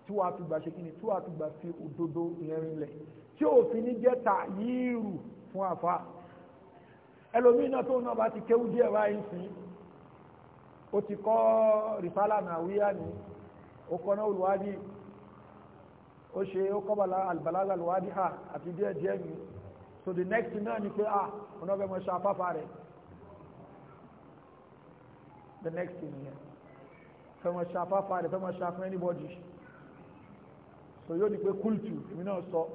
tí wàá fi gbà ṣe kí ni tí wàá fi gbà fi òdodo yẹn rinlẹ̀ tí òfin ní jẹ́ tàyírù fún àfáà ẹlòmíì náà tó náà bá ti kéwú díẹ̀ báyìí sí ó ti kọ́ rìsálà nàwíyá ni ó kọ́ náà olùwádìí ó ṣe ó kọ́ albalaga alùwádìí hà àti díẹ̀ díẹ̀ mi so the next náà ni pé ah ọ̀nà ọ̀bẹ̀ mọ̀ ṣe afáfá rẹ̀ the next thing yẹn fẹ́ mọ̀ ṣe afáfá rẹ̀ fẹ́ mọ̀ ṣe afẹ́ anybody so yóò di pé kúltù mi náà sọ. So,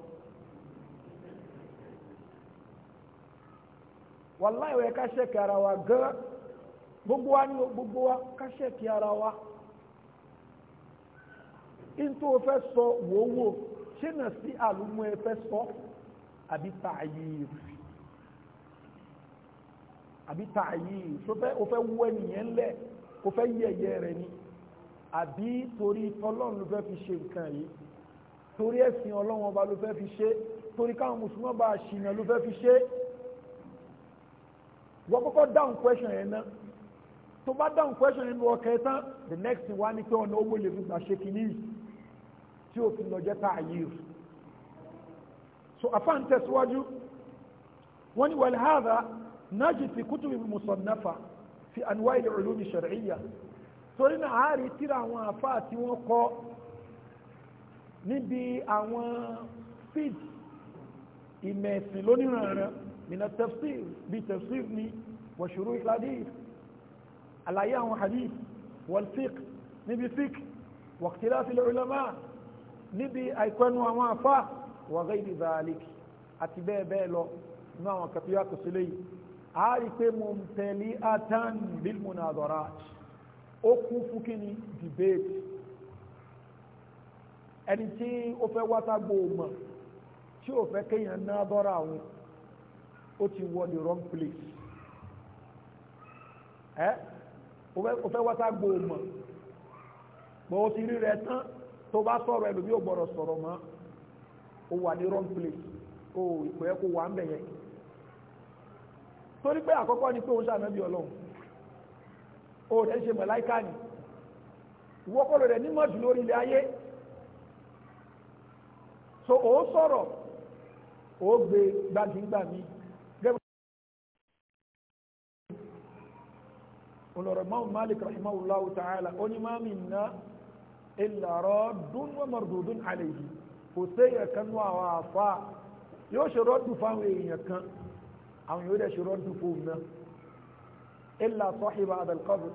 wàláhì ẹ̀ ká ṣẹ̀kì ara wa gan gbogbo wa ní gbogbo wa ká ṣẹ̀kì ara wa in tó o fẹ́ sọ wòówò ṣé nà sí àlùmọ́ ẹ fẹ́ sọ àbí tààyè àbí tààyè o fẹ́ wú ẹnìyẹn lẹ̀ o fẹ́ yẹ̀yẹ́ rẹ̀ ni àbí torí tọ́lọ́run ló fẹ́ fi ṣe nǹkan yìí torí ẹ̀sìn ọlọ́run ọba ló fẹ́ fi ṣe torí káwọn mùsùlùmọ́ bá ṣìnà ló fẹ́ fi ṣe wọ́n kọ́kọ́ dáhùn question yẹn náà tó bá dáhùn question yẹn lọ kẹtàn the next wá ní pé ọ̀nà owó lè fi gbà ṣe kìíní tí ó fi lọ jẹ́ tá àyè rẹ̀ so afan tẹ̀síwájú wọ́n ní wàlẹ̀ hàdà nájì fi kutubi musannafa fi anwa ilẹ̀ ulumi shar'iyya torí náà àárí tíra àwọn afáà tí wọ́n kọ́ níbi àwọn fíìd ìmẹ̀sìn lóníranran من التفسير بتفسيرني وشروح الحديث الأيام حديث والفقه نبي فقه واختلاف العلماء نبي أيكون ومعفا وغير ذلك أتباع بيلو ما وكفياك سلي عارف ممتلئة بالمناظرات أكوف كني ديبيت ẹni tí ó fẹ́ wátàgbò mọ̀ tí ó fẹ́ kéèyàn náà bọ́ra àwọn ó ti wọ the wrong place ẹ o fẹ́ wáta gbòòmọ̀ bọ́ o ti rí rẹ tán tó bá sọ̀rọ̀ ẹlòmí ò gbọ́dọ̀ sọ̀rọ̀ mọ́ o wà ní wrong place o ìpẹ́ kó wà ń bẹ̀ yẹn torí pé àkọ́kọ́ ni pé o rẹ̀ ṣe mọ̀láíkà ni ìwọ́kọ̀lọ̀ rẹ̀ nímọ̀ jù lórí ilẹ̀ ayé so o sọ̀rọ̀ o gbé míì olùrọ̀ mọ́mù malik rahimahullahu ta'ala ó ní máa min na illa raddun wa mardudun alayhi kò séyẹ̀ kan nú àwọn àfa yóò ṣe rọ́dù fáwọn èèyàn kan àwọn yóò dẹ̀ ṣe rọ́dù fóun náà illa sahiba adal qabr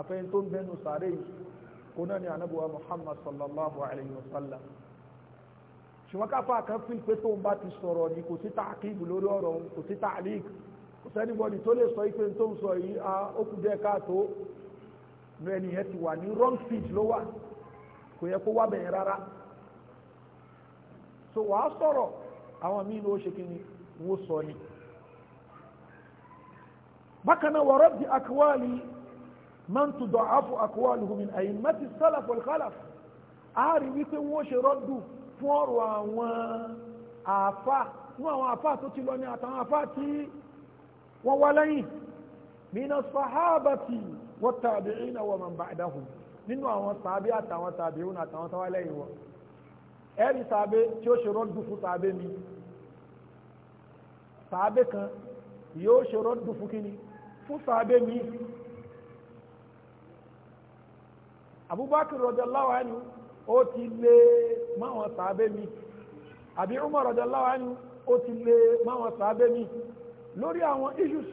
afẹ́yìn tó ń bẹnu sàárè yìí kò náà ni ànábùwà muhammad sallallahu alayhi wa sallam ṣùgbọ́n káfà kan fi pé tóun bá ti sọ̀rọ̀ ni kò sí ta'qib lórí ọ̀rọ̀ kò sí ta'liq kò sẹ́nibọ́dì tó lè sọ ipe tó ń sọ yìí a ah, ó kù díẹ̀ káàtó nu ti wà ní wrong speech ló wà kò yẹ kó wá bẹ̀yẹn rárá so wàá sọ̀rọ̀ àwọn míì ló ṣe kí ni sọ ni bákanáà wà rọ́bì àkọwàlì man tó dọ̀ áfò àkọwàlì hùmìn àyìn mẹ́tì sálàfò ìkálà ààrí wípé wọ́n ṣe rọ́dù fún ọ̀rọ̀ àwọn àfà fún àwọn àfà tó ti lọ ní àtàwọn àfà tí wọ́n wá lẹ́yìn mina sahabati wa tabi'ina wa man ba'dahum nínú àwọn sàábé àtàwọn tabi'una àtàwọn tó wá lẹ́yìn wọn ẹ̀rí sàábé tí ó ṣe rọ́dù fún sàábé mi sàábé kan yóò ṣe rọ́dù fún kíni fún sàábé mi abubakar radiyallahu anhu ó ti lé máwọn sàábé mi àbí umar radiyallahu anhu ó ti lé máwọn sàábé mi lórí àwọn issues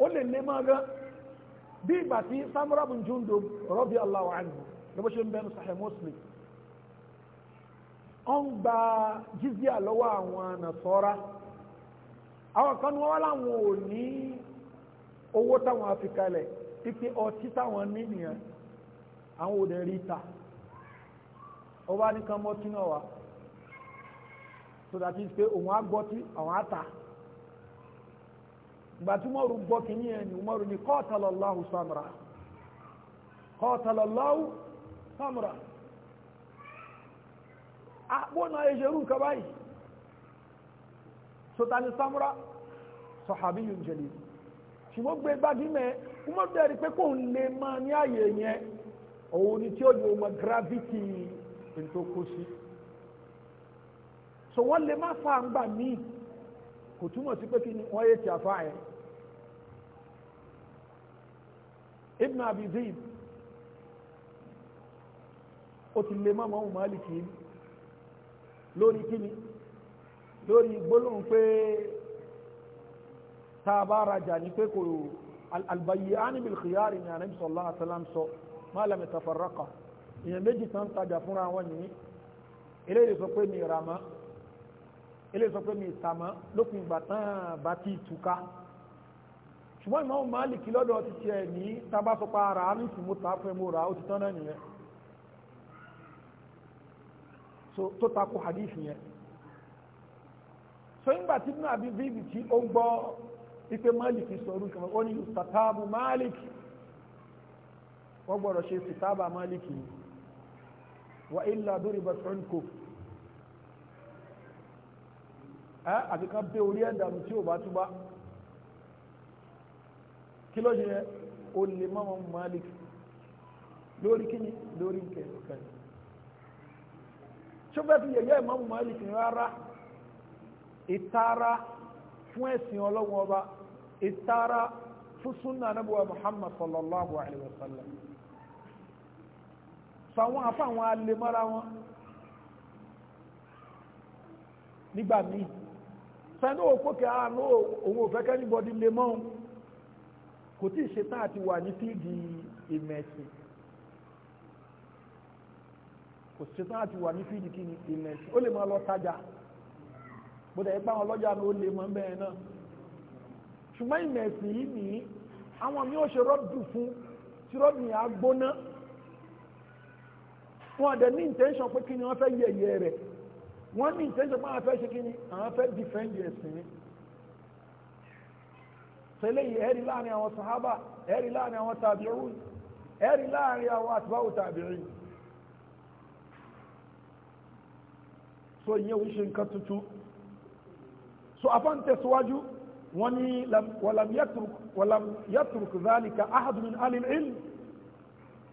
ó lè lè máa gán bí ìgbà tí Samura bin Jundub radiyallahu anhu ní ṣe ń bẹnu Sahih Muslim ọ ń gba jizya lọ́wọ́ àwọn Nasara àwọn kan wọ́n láwọn ò ní owó táwọn afikalẹ̀ ipe ọtí táwọn ní àwọn òdẹ̀ rí so that is pé òun á gbọ́ tí àwọn á ta ìgbà tí Umaru gbọ́ kìíní ni Umaru ni samra qatalallahu samra àpọ́nà ìṣerú nǹkan báyìí so ni samra sahabiyun jalil ṣùgbọ́n gbé gbágímẹ̀ Umaru dẹ̀rí pé kò lè máa ní àyè yẹn òun ni tí ó gravity tó so wọ́n lè má fa àǹgbà míì kò túmọ̀ sí pé kí ni wọ́n yé ti àfa ẹ̀ ibn abi zayd ó ti lè má mọ́mú máàlìkì lórí kí ni lórí gbólóhùn pé tá a bá rajà ní pé kò albayyani bil khiyari ni anabi sallallahu alaihi wasallam so ma lam yatafarraqa ìyẹn méjì tán tajà fúnra wọn nìyí eléyìí sọ pé mi ràmá ilé sọ pé mi ìtàmọ́ lópin ìgbà tán bá ti ìtùká ṣùgbọ́n Ìmáàmù Málìkì lọ́dọ̀ ti tiẹ̀ ní tábásọpá ara alìsì mú fún ẹmú ra ó ti tán náà nìyẹn tó takò hadith yẹn so ńgbà tí Ibn Abi Dhi'b tí àti kan bẹ́ orí ẹ̀dàmù tí ò bá túbá kí ló ṣe yẹn o lè mọ́mọ́ malik lórí kíni lórí nkẹ̀kẹ̀ ṣọ́fẹ́ fi yẹ̀yẹ́ ìmọ́mọ́ malik rárá ìtara fún ẹ̀sìn ọlọ́run ọba ìtara fún súnà anábọ̀wá muhammad sallallahu alaihi wa sallam sàwọn afáwọn alẹ́ mọ́ra wọn nígbà míì sani òpó kẹ́hà ní òun ò fẹ́ lè mọ́ kò tí ì ṣe àti wà ní fíìdì ìmẹ̀sìn kò ṣe àti wà lè máa lọ tajà bụ ẹgbẹ́ àwọn ọlọ́jà ni ó lè mọ́ bẹ́ẹ̀ náà ṣùgbọ́n imesi yìí nìyí àwọn mi ò ṣe rọ́dù fún tí rọ́dù yẹn á gbóná wọn àdẹ ní intention pé wọ́n ní ìtẹ́jọ́ pé àwọn fẹ́ ṣe kí ni àwọn fẹ́ dìfẹ́ǹdì ẹ̀sìn ni tẹ́lẹ̀ yìí ẹ̀rí láàrin àwọn sahaba ẹ̀rí láàrin àwọn tàbí'un ẹ̀rí láàrin àwọn àtibáwò tàbí'in so ìyẹn ò ṣe nǹkan tuntun so afán tẹ̀síwájú wọ́n ní walam yatruk walam yatruk zalika ahadun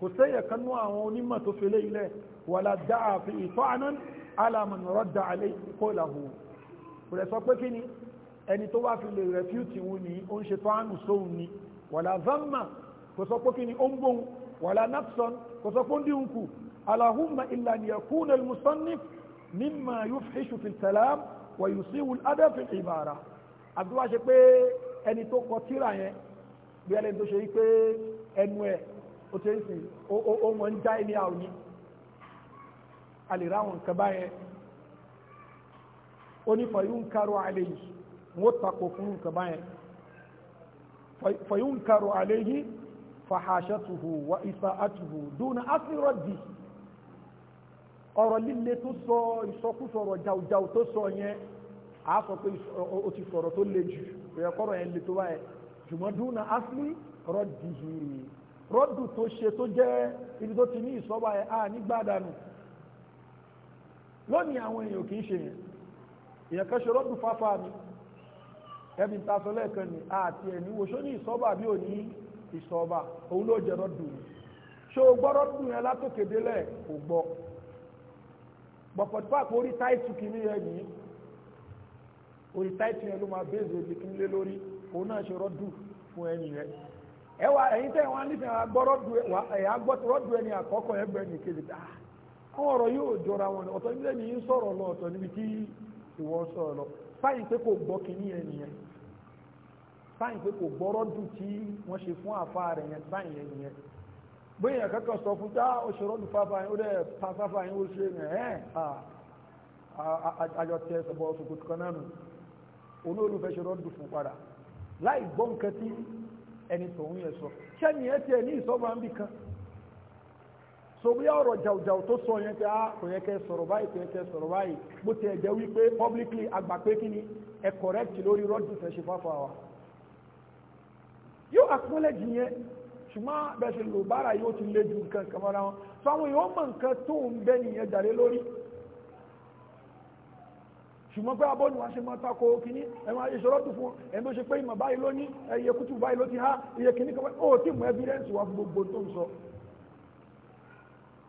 kò sẹ́yẹ̀ kanú àwọn onímọ̀ tó fi léilẹ̀ wàlá dáa fi ìtọ́ anan alaman rọ́dà alẹ́ kó làhù rẹ̀ sọ pé kí ni ẹni tó wá fi lè rẹ̀fútì wọn ni ó ń ṣe tó ánù sóhun ni wàlá zamma fi ẹ̀ ó tẹ́ sí ó mọ̀ ń já ilé àwọn ní a lè ráwọn nǹkan báyẹn ó ní fọyún karo alẹ́ yìí wọ́n tako fún nǹkan báyẹn fọyún karo alẹ́ yìí fàhàṣẹ́tuhù wa ìsàátùhù dúnà ásírọ̀dì ọ̀rọ̀ líle tó sọ ìsọkúsọ̀rọ̀ jàùjàù tó sọ yẹn a sọ pé o ti sọ̀rọ̀ tó le jù ìrẹ́kọ̀rọ̀ yẹn le tó báyẹn jùmọ́ dúnà ásírọ̀dì yìí rọ́dù tó ṣe tó jẹ́ ibi tó ti ní ìsọ́wà ẹ̀ a nígbà dànù lónìí àwọn èèyàn kì í ṣe yẹn èèyàn kan ṣe rọ́dù fáfá mi ẹbí ta sọ lẹ́ẹ̀kan ni àti ẹ̀mí wo ṣó ní ìsọ́wà bí ò ní ìsọ́wà òun ló jẹ rọ́dù mi ṣó o gbọ́ rọ́dù yẹn látòkè délẹ̀ kò gbọ́ bọ̀pọ̀tìpá kò rí táìtù kìíní yẹn nìyí orí táìtù yẹn ló máa bẹ́ẹ̀ ẹwà ẹ̀yin tẹ́ wọn nífẹ̀ẹ́ agbọ́rọ̀dù ẹni àkọ́kọ́ ẹgbẹ́ ní kejì tá ah, àwọn ọ̀rọ̀ yóò jọra wọn ọ̀tọ̀ nílé ní sọrọ lọ ọ̀tọ̀ níbi tí ìwọ sọrọ lọ sáyìn pé kò gbọ́ yẹn nìyẹn sáyìn pé kò tí wọn ṣe fún àfa yẹn yẹn nìyẹn bóyá sọ fún ah, fáfá ó pa fáfá ó ṣe àjọ tẹ náà nù ẹni tòun yẹn sọ kẹ́ni ẹ tiẹ̀ ní ìsọ́mọ́ àmì kan sobíyà ọ̀rọ̀ jàùjàù tó sọ yẹn pé a ah, kò yẹ kẹ́ sọ̀rọ̀ báyìí kò yẹ kẹ́ sọ̀rọ̀ báyìí bó tiẹ̀ jẹ́ wípé publicly àgbà pé kí ni ẹ correct lórí rọ́dù fẹ́ ṣe fáfá wa yóò acknowledge yẹn ṣùgbọ́n bẹ́ẹ̀ ṣe lò bára yóò ti lé ju nǹkan kan mọ́ra wọn so àwọn èèyàn mọ̀ nǹkan tó ń bẹ́ nìyẹn jàre lórí ṣùgbọ́n pé abọ́ ni wọ́n ṣe máa tako kìíní ẹ̀mọ́ ìṣòro tó fún ẹ̀mí ó ṣe pé ìmọ̀ báyìí ló ní ẹ̀yẹ kútù báyìí ló ti há iye kìíní kan ó tí mú ẹ́fídẹ́ǹsì wa gbogbo tó ń sọ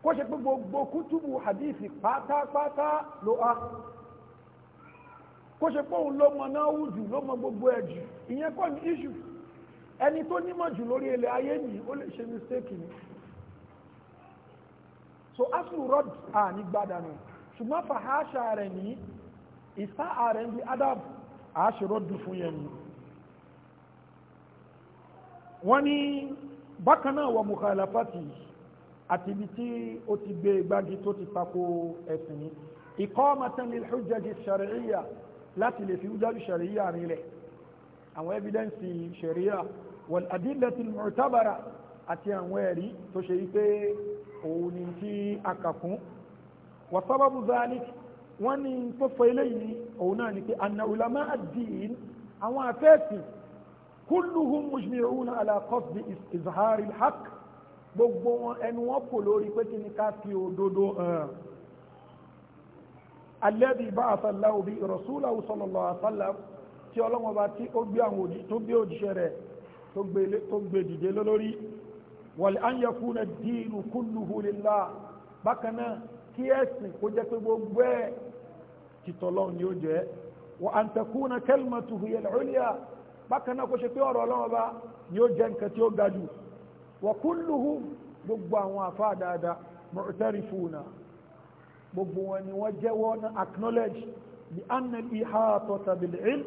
kó ṣe pé gbogbo kútùbù hadithi pátápátá ló há kó ṣe pé òun ló mọ náà wù jù ló mọ gbogbo ẹ̀ jù ìyẹn kọ́ ní iṣu ẹni tó nímọ̀ jù lórí ilẹ̀ ayé nìyí ni so asu rod à ní gbádànù ṣùgbọ́n fàhásà rẹ̀ nìyí ìsá ààrẹ ń di adab àṣírọ́dù fún yẹn ni wọ́n ní bákan náà wọ mukhalafati àti ibi tí ó ti gbé gbági tó ti tako ẹ̀sìn ní iqamatan lil hujjati shar'iyya láti lè fi hujjati shar'iyya rinlẹ̀ àwọn evidence sharia wal adillati al àti àwọn ẹ̀rí tó ṣe wípé òun ni tí a kà fún wa wọ́n ní tó fọ eléyìí òun náà ni pé anna ulama ad-din àwọn afẹ́ẹ̀sì kulluhum mujmi'una ala qasdi izhari al-haq gbogbo wọn ẹnu wọn kò lórí pé kí ni ká fi òdodo hàn alladhi ba'atha Allahu bi rasulahu sallallahu alaihi wasallam tí ọlọ́wọ́n tí ó gbé àwọn òjì tó gbé òjíṣẹ́ rẹ̀ tó gbé dìde lórí wal an yakuna ad-dinu kulluhu lillah bákan náà kí ẹ̀sìn kó jẹ́ pé gbogbo ẹ̀ títọ́lọ́run ni ó jẹ́ wa an takuna kalimatuhu hiya al-ulya bákan náà kó ṣe pé ọ̀rọ̀ ọlọ́run ọba ni ó jẹ́ nǹkan tí ó ga jù wa kulluhum gbogbo àwọn àfáà dáadáa mu'tarifuna gbogbo wọn ni wọ́n jẹ́wọ́ na acknowledge bi anna al-ihatata bil ilm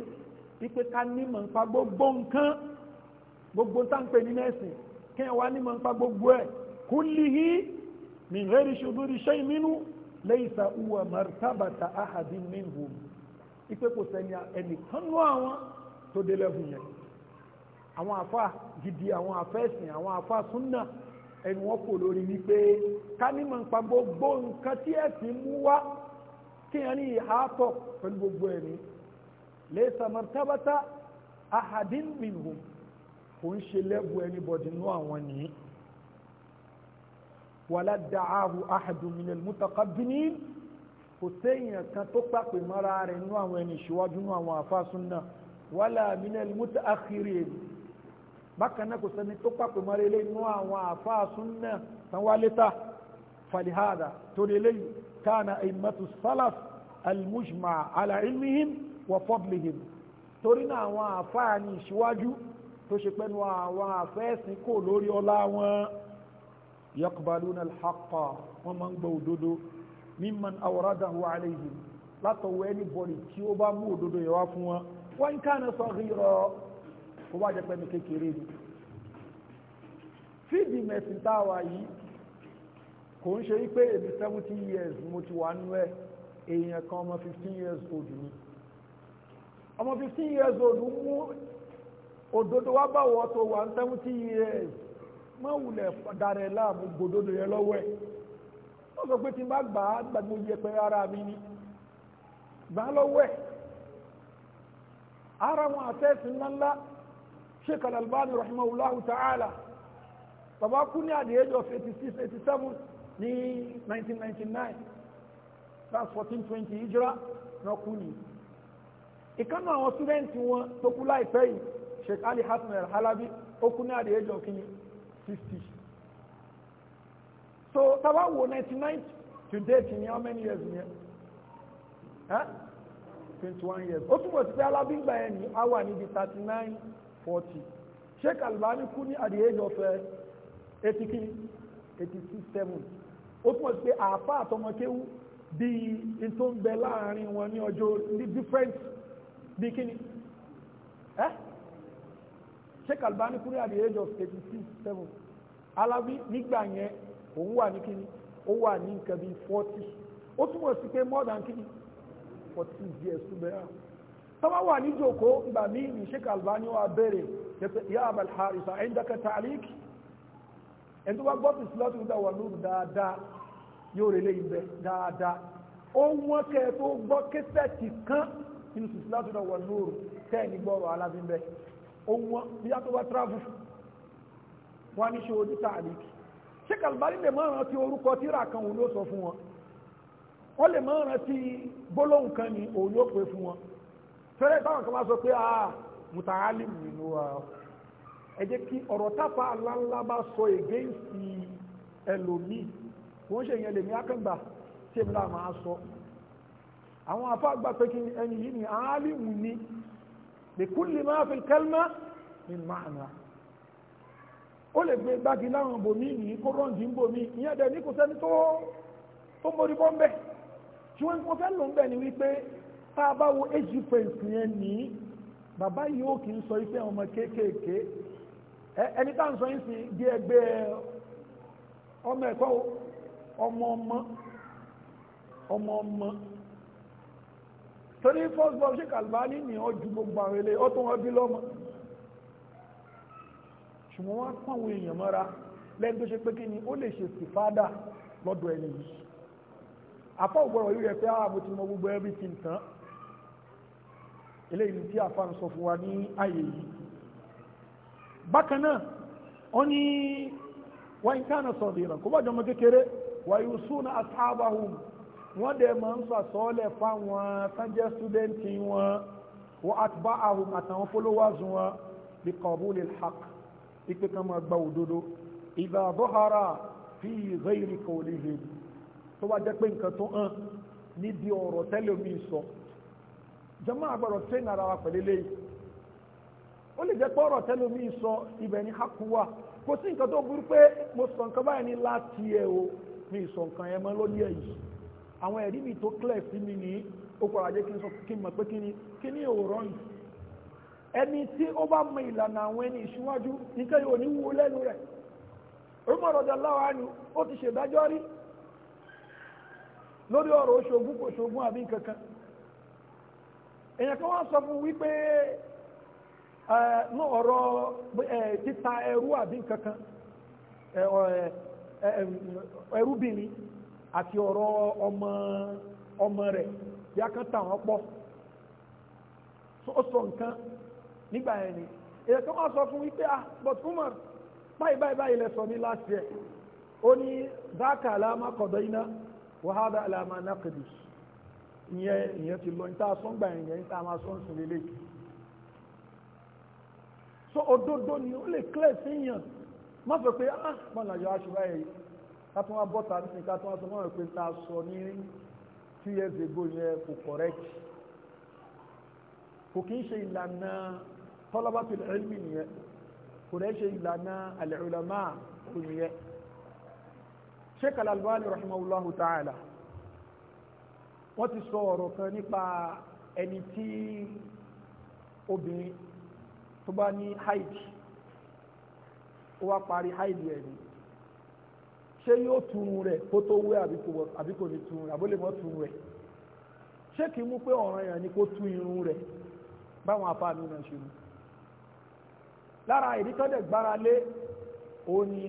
ipe ká nímọ̀ nípa gbogbo nǹkan gbogbo táǹpẹ̀ ní mẹ́sìn kí wọ́n nímọ̀ nípa gbogbo ẹ̀ kullihi min ghairi shuduri shay'in minhu laysa huwa martabata ahadin minhum ipe kò sẹ́ni ẹnìkan nú àwọn tó dé lẹ́hùn yẹn àwọn àfa gidi àwọn àfẹ́sìn àwọn àfa súnà ẹnu wọn kò lórí wípé ká ní mọ̀ nípa gbogbo nǹkan tí ẹ̀sìn mú wá kí yẹn ní ìhàtọ̀ pẹ̀lú gbogbo ẹ̀rí laysa martabata ahadin minhum kò ń ṣe lẹ́bù anybody nú àwọn nìyí wàlá dàáhù ahadun minal mutaqaddimin kò séèyàn kan tó pàpè mọ́ra rẹ̀ nínú àwọn ẹni ìṣíwájú nínú àwọn àfáàsúnnà wàlá minal mutaakhirin bákan náà kò sẹ́ni tó pàpè mọ́ra ilé nínú àwọn àfáàsúnnà tán wá létà falihada torí eléyìí kana a'immatu salaf al-mujma' wa fadlihim torí náà àwọn àfáà ní tó ṣe pẹ́nu àwọn àfẹ́ẹ̀sìn kò lórí ọlá wọn yaqbaluna al-haqqa wọ́n máa ń gbọ́ òdodo mimman awradahu alayhim látọ̀wọ́ ẹni bọ̀rì tí ó bá mú òdodo yẹwà fún wọn wọ́n ń kánà saghira ó bá jẹ́ pẹ́ ní kékeré ni fídí mẹ́sìn táwa yìí kò ń ṣe wípé èmi seventy years mo ti wà nú ẹ̀ èèyàn kan ọmọ fifteen years old ni ọmọ fifteen years old mú òdodo wá báwọ̀ tó wà ní seventy years mọ́wùlẹ̀ darẹ̀ láàmú gbòdodo yẹn lọ́wọ́ ẹ̀ ó sọ pé tí n bá gbà á gbàgbé oye pé ara mi ni gbà á lọ́wọ́ ẹ̀ ara wọn àtẹ́sí ńláńlá Sheikh al rahimahullahu ta'ala bàbá kú ní at age of 86 87 ní 1999 that's 1420 hijra náà kú ní ìkánú àwọn súdẹ́ǹtì wọn tó kú láìpẹ́ yìí Sheikh Ali Hasan al-Halabi ó kú ní at age of 50. so tábà wo 99. nine to date ní how many years ní ẹ twenty one years ó túmọ̀ sí pé alábígbà ẹ̀ ní awa ni thirty 39, 40. Sheikh Albani kú ní at the age of eh, eighty kiri eighty six seven ó túmọ̀ sí pé àáfà àtọmọkéwú bí i tó ń bẹ láàrin wọn ní ọjọ́ different bí kíni ẹ́ Sheikh Albani kúrò at the age of eighty six seven Alawi nígbà yẹn òun wà ní kíni ó wà ní nǹkan bíi forty ó túmọ̀ sí pé more than kíni forty years tó bẹ̀rẹ̀ tọ́wọ́ wà ní jòkó ìgbà míì ní Sheikh Albani wà bẹ̀rẹ̀ yà Abal Harisa ẹ̀ńdàkẹ́ tàlíkì ẹni tó bá gbọ́ fìsí lọ́tún ìgbà wà lóru dáadáa yóò rẹ̀ léyìn bẹ́ dáadáa ó wọ́n kẹ́ tó gbọ́ kẹ́sẹ̀tì kan nínú fìsí lọ́tún ìgbà wà lóru tẹ́ẹ̀ ní gbọ́rọ̀ alábí ohun bí a tó bá travel wá ní ṣe ojú tààlìkì ṣe kàlùbárí lè máa rántí orúkọ tíra kan òun ló sọ fún wọn wọ́n lè máa rántí gbólóhùn kan ní òun ló pè fún wọn fẹ́rẹ́ táwọn kan máa sọ pé àà mùtàálìm nínú wa ẹ jẹ́ kí ọ̀rọ̀ tápá aláńlá bá sọ ègéǹsì ẹlòmíì wọ́n ṣe ìyẹn lèmi akẹ́gbà tí èmi láà máa sọ àwọn afá gbà pé kí ẹni yìí ni àálìmù ni بكل ما في الكلمة من معنى ó lè gbé gbági láwọn bòmí ní kó rọ́ǹdì ń bòmí ìyẹn dẹ̀ ní kò sẹ́ni tó mórí bọ́ ń bẹ̀ tí wọ́n kò fẹ́ lò ń bẹ̀ ni wípé tá a bá wo age difference yẹn ní bàbá yìí ó kì í sọ ife ọmọ kéékèèké ẹni tá à ń sọ yín sí bí ẹgbẹ́ ọmọ ẹ̀kọ́ ọmọ ọmọ ọmọ ọmọ torí first born Sheikh Albani ni ó ju gbogbo àwọn ilé ó tún wọn bí lọ́mọ ṣùgbọ́n wọ́n pọ̀ àwọn èèyàn mọ́ra lẹ́nu tó ṣe pé kí ni ó lè ṣe sìfádà lọ́dọ̀ ẹni yìí àfọ́ ògbọ́rọ̀ yìí rẹ̀ pé ààbò ah, ti mọ gbogbo everything tán eléyìí tí àfà ń sọ fún wa ní ààyè yìí bákan náà ó ní wọ́n ń kánà sọ̀rọ̀ ìràn kékeré wà yóò wọ́n dẹ̀ máa ń sàsọ́ọ́lẹ̀ fáwọn tánjẹ́ súdẹ́ntì wọn wọ́n àtúbá àhùn àtàwọn followers wọn bí kọ̀bùlì haq ipe kan máa gba òdodo ìgbà àbọ́hara fi ghairi qawlihim tó bá jẹ́ pé nǹkan tó hàn níbi ọ̀rọ̀ tẹ́lẹ̀ mi sọ jẹ́mọ́ àgbọ̀rọ̀ tẹ́ nara wa pẹ̀lẹ́lẹ́ ó lè jẹ́ pé ọ̀rọ̀ tẹ́lẹ̀ mi sọ ibẹ̀ ni haq wà kò sí nǹkan tó burú pé mo sọ nǹkan báyìí ní láti ẹ̀ o mi sọ nǹkan ẹ̀ mọ́ lónìí ẹ̀ àwọn ẹ̀rí mi tó clear sí mi ní ó ajé kí n sọ kí n mọ̀ pé kí ni kí ni òòrọ̀ yìí ẹni tí ó bá mọ ìlànà àwọn ẹni ìṣíwájú nǹkan yóò ní wo lẹ́nu rẹ̀ ó ti ṣèdájọ́ rí lórí ọ̀rọ̀ oṣogun kò ṣogun àbí kankan èèyàn kan wá sọ fún wípé ní ọ̀rọ̀ àti ọ̀rọ̀ ọmọ ọmọ rẹ̀ yá kán tà wọ́n pọ̀ ó sọ nǹkan nígbà yẹn ni tó wọ́n sọ fún wípé ah but Umar báyìí báyìí báyìí lẹ sọ ní last year ó ní dáàkà aláàmà kọ̀dọ̀ iná wàhálà aláàmà nákàdì ìyẹn ìyẹn ti lọ ní tá a sọ ń gbà yẹn tá a máa sọ ń sùn lélẹ́yìí so òdodo ni ó lè clear sí yàn má sọ pé ah mọ̀nà yọ aṣọ báyìí kátún wá bọ́ta ní kátún wá sọ mọ́ pé ta sọ ní two years ago yẹn kò correct kò kí ń ṣe ìlànà talabatul ilmi nìyẹn kò rẹ̀ ṣe ìlànà al-ulama kò nìyẹn Sheikh al-Albani rahimahullahu ta'ala wọ́n ti sọ ọ̀rọ̀ kan nípa ẹni tí obìnrin tó bá ní haid ó wá parí haid ẹ̀ ni ṣé yóò tunu rẹ̀ kó tó wẹ̀ àbí kò ní tunu rẹ̀ àbó lè mọ́ tunu ṣé kì í mú pé ọ̀ràn yẹn ni kó tu irun rẹ̀ báwọn afá mi náà ṣe mú lára ìdí tó dẹ̀ gbára lé òun ni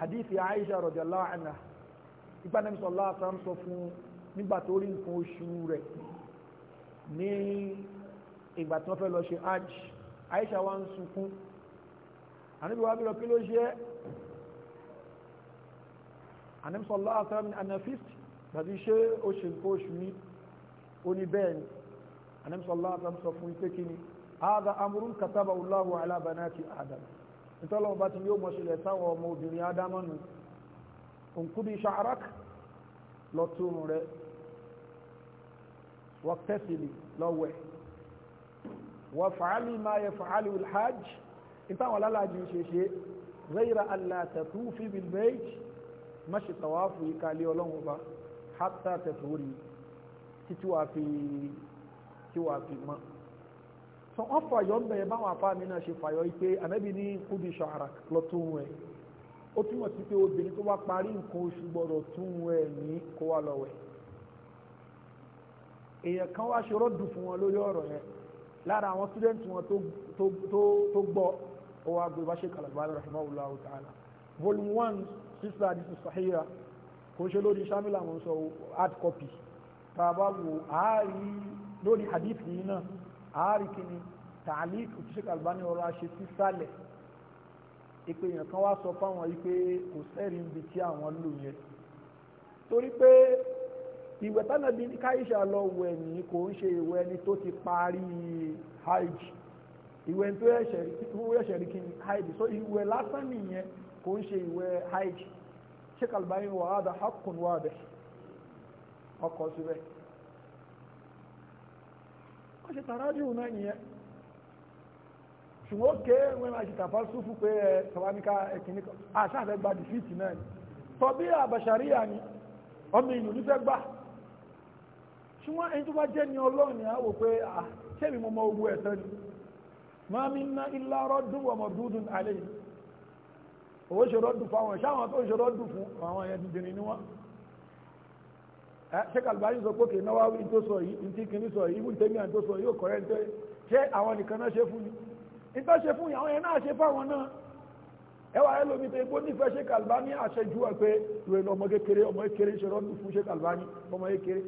hadithi Aisha radiyallahu anha ìgbànàmí sọ láàtà ń sọ fún nígbà tó rí nǹkan oṣù rẹ̀ ní ìgbà tí wọ́n fẹ́ lọ ṣe Aisha wa ń sunkún àníbi wa bí lọ kí ló ṣe anẹ́sọ̀lá àtàrí anafist tàbí ṣe ó ṣe nǹkan oṣù ní oní bẹ́ẹ̀ ni anẹ́sọ̀lá àtàrí sọ fún ipé kíni ada amurun kataba Allahu ala banati adam ìtọ́lọ́wọ́ bá ti yóò mọ̀ ṣẹlẹ̀ sáwọn ọmọ obìnrin adámọ́nu òǹkúbi sha'rak lọ túrun rẹ wọ́pẹ́sìlì lọ́wẹ́ wọ́n fàálì máa yẹ fàálì ulhajj ìtàwọn alálàájì ṣe ṣe rẹ́yìnrà má ṣe tàwáàfù yìí ká lé ọlọ́run ọba hátà tẹ̀tòrí títí wàá fi tí wàá fi mọ́ so wọ́n fàyọ̀ ń bẹ̀rẹ̀ báwọn afá mi náà ṣe fàyọ̀ pé ànábì ní kúbi ṣàrà lọ́tún ẹ̀ ó túmọ̀ sí pé obìnrin tó bá parí nǹkan oṣù gbọ́dọ̀ tún ẹ̀ ní kó wá lọ́wẹ̀ èèyàn kan wá ṣe rọ́dù fún wọn lórí ọ̀rọ̀ yẹn lára àwọn sídẹ́ǹtì wọn tó gbọ́ ó wá gbé bá ṣe kàlàbà rahimahullah ta'ala volume one sísá àdìsí sàhíra kò ṣe lórí sàmìlà wọn sọ hard copy tàbá wo ààrí lórí hadith yìí náà ààrí kìíní tààlík òtíṣẹ́kà albani ọ̀rọ̀ aṣe sísàlẹ̀ ìpè èèyàn kan wá sọ fáwọn yìí pé kò sẹ́rí ibi tí àwọn lò yẹn torí pé ìwẹ̀ tánàbí káyíṣà lọ wẹ̀ ní kò ń ṣe ìwẹ̀ ẹni tó ti parí hajj ìwẹ̀ tó ẹ̀ṣẹ̀ rí kí ni hajj so ìwẹ̀ lásán nìyẹn kò we ṣe ìwẹ̀ hajj sheikh albani wà á da hakun wà bẹ̀ ọkọ̀ síbẹ̀ wọ́n ṣe tàrájù náà nìyẹn ṣùgbọ́n ké wọ́n máa ṣe tàfà súfù pé gba dìfíìtì náà ni tọ́ bí àbàṣàríyà ni ọmọ ìlú nífẹ́ gbà ṣùgbọ́n ẹni tó bá wò pé mi mọ ogun e ni mi owó ṣòro dùn fún àwọn ìṣáwọn tó ṣòro dùn fún àwọn ẹ̀yẹn dìdìrín ni wọ́n ṣe kàlùbáyé sọ pókè náwá wí tó sọ yìí tí kìíní sọ yìí wùn tẹ́mí àtó sọ yìí ò kọ̀rẹ́ tó ṣe àwọn nìkan náà ṣe fún ni ìtọ́ ṣe fún àwọn ẹ̀ náà ṣe fáwọn náà ẹwà ẹlòmí tó igbó nífẹ̀ẹ́ ṣe kàlùbáyé àṣẹjú ẹ pé ìwé lọ ọmọ kékeré ọmọ kékeré ṣe rọ́dù fún ṣe kàlùbáyé ọmọ kékeré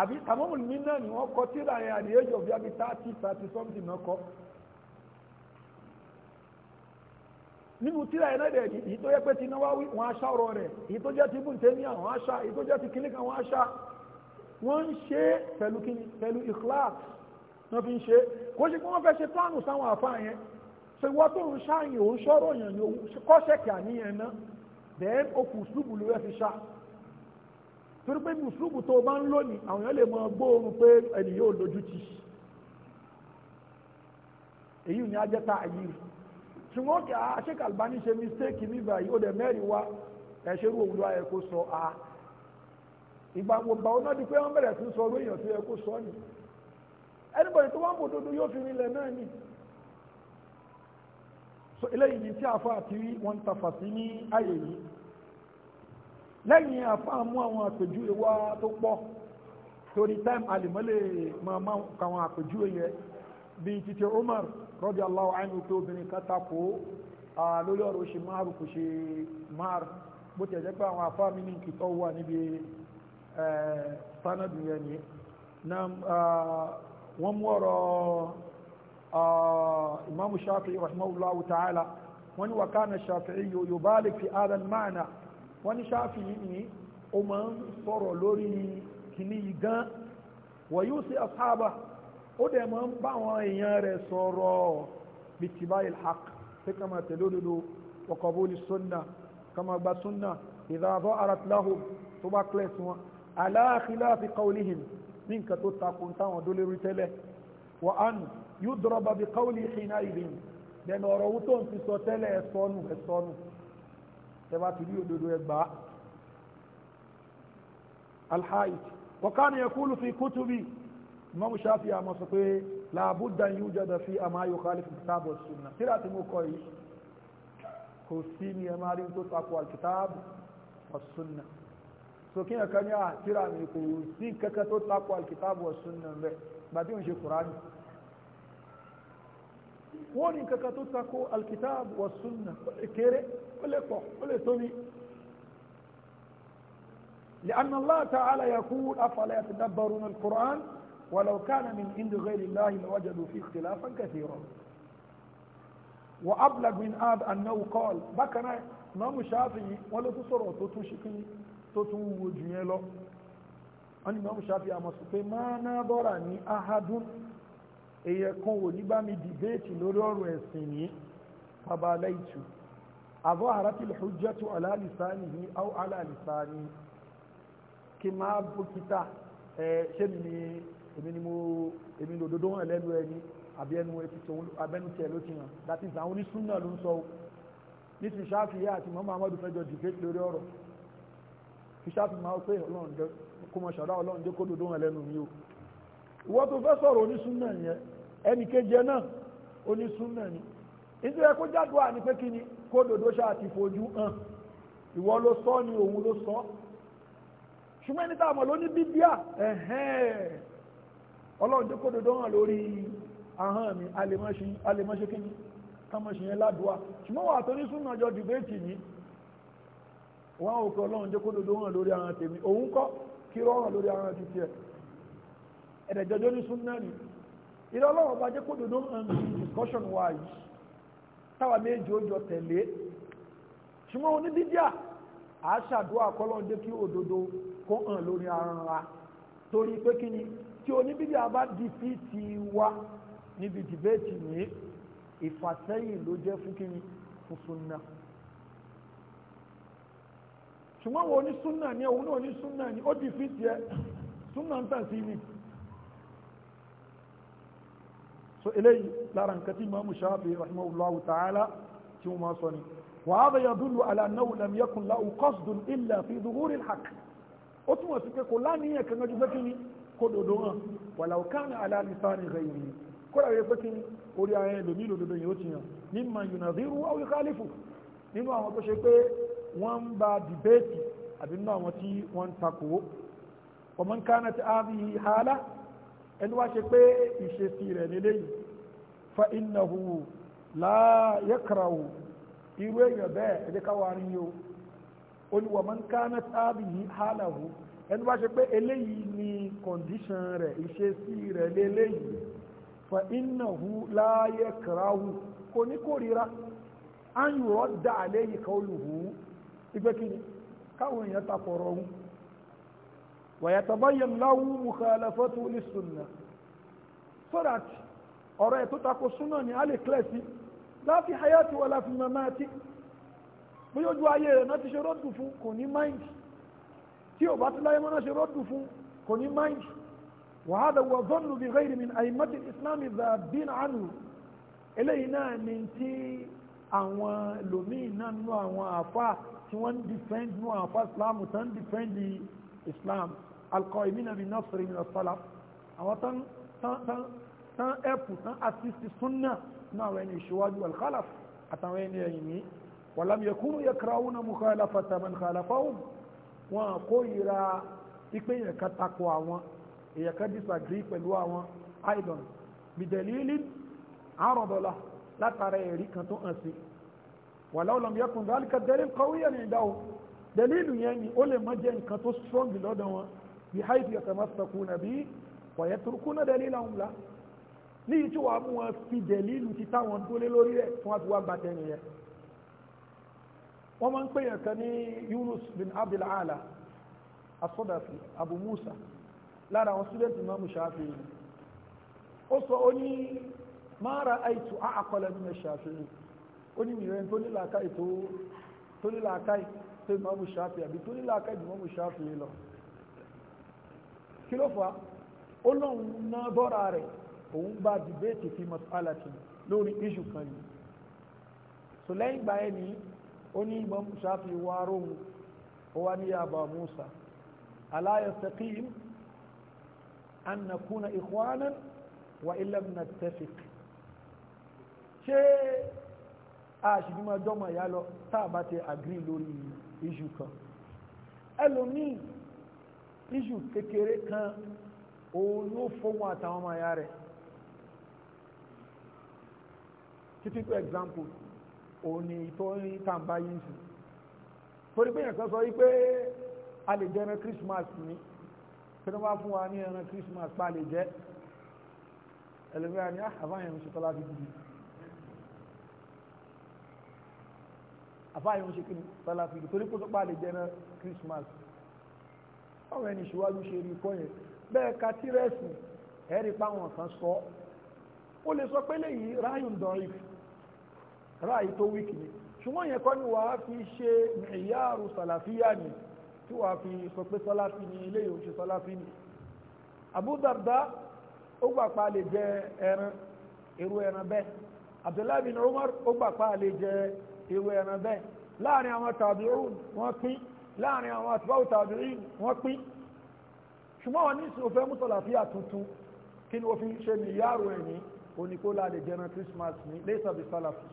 àbí tàmọ́mù ní náà ni wọ́n kọ tíra yẹn àdìyẹ jọ bí abi thirty thirty something náà kọ nínú tíra yẹn náà dẹ̀ èyí tó yẹ pé ti náwó wọn aṣá ọ̀rọ̀ rẹ̀ èyí tó jẹ́ ti bùntẹ́níà wọn aṣá èyí tó jẹ́ ti kíníkà wọn aṣá wọ́n ń ṣe pẹ̀lú kíni pẹ̀lú ikhlas wọ́n fi ń ṣe kó ṣe pé wọ́n fẹ́ ṣe plánù sáwọn àfáà yẹn ṣe wọ́n tó ń ṣáàyàn òun ṣọ́rọ̀ yàn ni kọ́ṣẹ̀kì àníyàn náà bẹ́ẹ̀ okùn ṣùgbùn ló fẹ́ fi ṣáà torí pé mùsùlùmù tó bá ń lónìí àwọn èèyàn lè mọ gbóòórùn pé ẹni yóò lójú tì èyí ni ajẹ́ta àyè ṣùgbọ́n àṣekà Albani ṣe mistake mi báyìí ó dẹ̀ mẹ́rin wá ẹ̀ṣẹ́rú òun ló ayẹ kó sọ a ìgbà wo bá ọ̀nà di pé wọ́n bẹ̀rẹ̀ sí sọ orí èèyàn tó yẹ kó sọ ni anybody tó wọ́n bò dodo yóò fi rinlẹ̀ náà ni so eléyìí ni tí a fọ́ àti wọ́n ń tafà sí ní ayé yìí lẹ́yìn àfáàmú àwọn àpèjúwe wá tó pọ̀ torí time alìmọ́lẹ̀ máa máa kàwọn àpèjúwe yẹ bí títí Umar radiyallahu anhu tó obìnrin kátàkó lórí ọ̀rọ̀ ṣe máàrù kò ṣe máàrù bó tẹ̀ jẹ́ pé àwọn àfáàmí ní kìtọ́ wà níbi sanadu yẹn ni wọ́n mú ọ̀rọ̀ Imam Shafi'i rahimahullahu ta'ala wọ́n ni wa kana Shafi'i yubalik fi hadha al wọ́n ní ṣáàfì ní o ma ń sọ̀rọ̀ lórí kìíní gan wọ́n yóò sí asáàbà ó dẹ̀ ma ń bá àwọn èèyàn rẹ̀ sọ̀rọ̀ bìtìbá ilhaq tí ká ma tẹ̀lé òdodo wa qabuli sunna ká ma gba sunna ìdáàbọ̀ aratiláhù tó bá kílẹ̀ wọn ala khilafi ní nǹkan tó takùn táwọn dólérí tẹ́lẹ̀ wa an yudraba bi qawli hina idin dẹ̀nà ọ̀rọ̀ wútó ń fi sọ tẹ́lẹ̀ ẹ̀sọ́nù ẹ̀sọ́nù tẹ́bá ti rí òdodo ẹgbà alhaid wọ̀kánà yẹ kúlù fi kutubi Imam Shafi àmọ́ sọ pé làbúdà yóò jẹ́dà fi àmà yóò kálí fi kìtàbù sunna tíra tí mo kọ yìí kò sí ní ẹ rí tó takò alkìtàbù sunna sókè ẹ̀kan ní àtíra mi kò sí kẹ́kẹ́ tó takò alkìtàbù sunna rẹ̀ gbàdí òun ṣe kùránì wọ́n ní kankan tó takò alkitab wa sunna ó kéré ó lè pọ̀ ó lè tóbi لأن الله تعالى يقول أفلا يتدبرون القرآن ولو كان من عند غير الله لوجدوا فيه اختلافا كثيرا وأبلغ من آب أنه قال بكنا نام شافعي ولا تصروا تتوشكي تتوجي له أن نام شافعي أما ما نظرني أحد èèyàn kan ò ní bá mi dìbéètì lórí ọ̀rọ̀ ẹ̀sìn ní babalaitu àbọ̀ àràtì lẹ́hùjẹ́tù alálìsáni ní áwọ́ alálìsáni kí máa bókítà ṣe mi èmi ni mo èmi lò dodo hàn lẹ́nu ẹni àbí ẹnu ẹtì tó abẹ́nu tiẹ̀ ló ti hàn láti ìsàn àwọn onísúnà ló ń sọ ní ti ṣáàfìyà àti mọ́mọ́ amadu fẹ́jọ dìbéètì lórí ọ̀rọ̀ fi ṣáàfì máa pé ọlọ́run kó kó dodo hàn lẹ́nu mi o wọ́n tó fẹ́ sọ̀rọ̀ onísúnnà yẹn ẹnì kejì náà onísúnnà ni ìdí ẹ kó jáde wà ní pé kí ni kó dòdó ṣáà ti fojú hàn ìwọ ló sọ ni òun ló sọ ṣùgbọ́n ẹni táwọn ló ní bíbíà ẹ̀hẹ́n ọlọ́run tó kó dòdó hàn lórí ahọ́n mi alèmọ́ṣe kí ni kámọ́ṣe yẹn ládùá ṣùgbọ́n wà tó ní súnnà jọ dìbẹ́ẹ̀tì ni wọ́n ò kọ́ ọlọ́run tó kó dòdó hàn lórí ahọ́n tèmi òun kọ́ kí rọ́rùn lórí ahọ́n ti tiẹ̀ ẹ̀rẹ̀jọ́ lórí súnmọ́ ni ilé ọlọ́run bá jẹ́ kó dòdó hàn discussion wa yìí méjì ó tẹ̀lé ṣùgbọ́n onídíjà àṣàdúrà kọ́lọ́ jẹ́ kí òdodo kó hàn lórí ara wa torí pé kí ni tí bá di fi ti wá níbi dìbẹ́ẹ̀tì ní ìfàsẹ́yìn ló jẹ́ fún kí ni fún súnmọ́ ṣùgbọ́n wo onísúnmọ́ ni òun náà onísúnmọ́ ni ó di so eléyìí lára nǹkan tí Imam Shafi'i rahimahullahu ta'ala tí wọ́n máa sọ ni wa hadha yadullu ala annahu lam yakun lahu qasdun illa fi dhuhuril haqq ó túnmọ̀ sí pé kò láníyàn kankan ju pé kí kó dòdó hàn walau kana ala lisani ghayrihi kódà rẹ̀ pé kí orí ayẹyẹ lòmí lòdòdó yìí ó ti yàn mimman yunadhiru aw yukhalifu nínú àwọn tó ṣe pé wọ́n ń ba dìbẹ́ẹ̀tì àbí nínú àwọn tí wọ́n ń takò wa man kanat hadhihi ẹni wá ṣe pé ìṣesí rẹ̀ lélẹ́yìí fa innahu la yakrahu irú èèyàn bẹ́ẹ̀ ẹ̀dẹ́ káwà rí o olùwọ̀ máa ń ká ní tábì yìí hálàhù ẹni wá ṣe pé eléyìí ni kọ̀ǹdíṣàn rẹ̀ ìṣesí rẹ̀ lélẹ́yìí fa innahu la yakrahu kò ní kórira an yóò dá àléyìí kọ́ olùhù ìgbẹ́kìnnì káwọn èèyàn tapọ̀rọ̀ ọ̀hún ويتبين له مخالفته للسنة فرات أرأيت تقو السنة على كلاسي لا في حياتي ولا في مماتي بيوجو أيه ناتي شرد فو كوني مايند تيو باتلا يمنا شرد فو كوني مايند وهذا هو ظن بغير من أئمة الإسلام ذابين عنه إلينا من تي àwọn lomiin náà nú أفا àfa tí wọ́n ń defend nú àfa islam tó alqaimina bi nasri min as-salaf àwọn tán tán tán ẹ̀pù tán àtìsí súnnà náà wọ́n ni ìṣíwájú alkhalaf àtàwọn ẹni ẹ̀yìn ní walam yakunu yakrauna mukhalafata man khalafahum wọn kórìíra ipé èèyàn kan takò àwọn èèyàn kan disagree pẹ̀lú àwọn idol bidalilin àrọ̀dọ̀lá látara ẹ̀rí kan tó hàn sí walau lam yakun dhalika dalil qawiyan indahum dalilu yẹn ni ó lè má jẹ́ nǹkan tó strong lọ́dọ̀ wọn bihaifu yatamasakuna bi wa yatrukuna dalilahum la ní ìtí wàá mú wọn fi dẹ̀lílù ti táwọn dólé lórí rẹ̀ tí wọ́n ti wá gba tẹ́nu yẹn wọ́n máa ń pè yàn kan ní Yunus bin Abdul Ala asọ́dàfì Abu Musa lára àwọn student Imam Shafi'i ó sọ ó ní ma ra'aytu a'qala min Shafi'i ó ní mìíràn tó ní làákàyè tó ní làákàyè tó Imam Shafi'i àbí tó ní làákàyè Imam Shafi'i lọ kí ló fà ó lóun ná bọ́ra rẹ̀ òun bá dìbéètì fi mọ̀sálàtì lórí iṣu kan ni so lẹ́yìn ìgbà ẹ̀ ní ó ní Imam Shafi wá róhun ó wá ní Aba Musa ala yastaqim an ikhwanan wa illam nattafiq ṣé àṣìbímọ̀ ọjọ́ mọ̀ ìyá lọ lórí iṣu kan ẹlòmíì iṣu kékeré kan òun yóò fóun àtàwọn ọmọ ya rẹ̀ typical example òun ni ìtọ́ ní tàǹbá yìí sí torí pé yẹn kan sọ wípé a lè jẹ ẹran Christmas ní kí wọ́n bá fún wa ní ẹran Christmas pa lè jẹ ẹlẹ́gbẹ́ ni àfáàyàn ń ṣe tọ́lá fi gidi àfáàyàn ń ṣe tọ́lá fi gidi torí pé tó pa lè jẹ ẹran Christmas báwọn ẹni ìṣíwájú ṣe rí kọ́ yẹn bẹ́ẹ̀ ka tírẹ́sì ẹ̀rí páwọn kan sọ ó lè sọ pé léyìí ráyùn dọ̀rí ráyì tó wíkì ni ṣùgbọ́n yẹn kọ́ ni wàá fi ṣe ìyáàrú sàlàfíà ni tí wàá fi sọ pé sọláfí ni ilé yòó ṣe sọláfí ni Abu Darda ó gbà pa lè jẹ ẹran irú ẹran bẹ́ẹ̀ Abdullahi bin Omar ó gbà pa lè jẹ irú ẹran bẹ́ẹ̀ láàrin àwọn tàbí wọn pín láàrin àwọn àtibáwò tàbí wọ́n pín ṣùgbọ́n wọn ní ìsìnfẹ́ mùsọ̀láfíà tuntun kí ni ó fi ṣe ní yàrò ẹ̀yìn oníkólà lè jẹ́ran Christmas ní later be salafi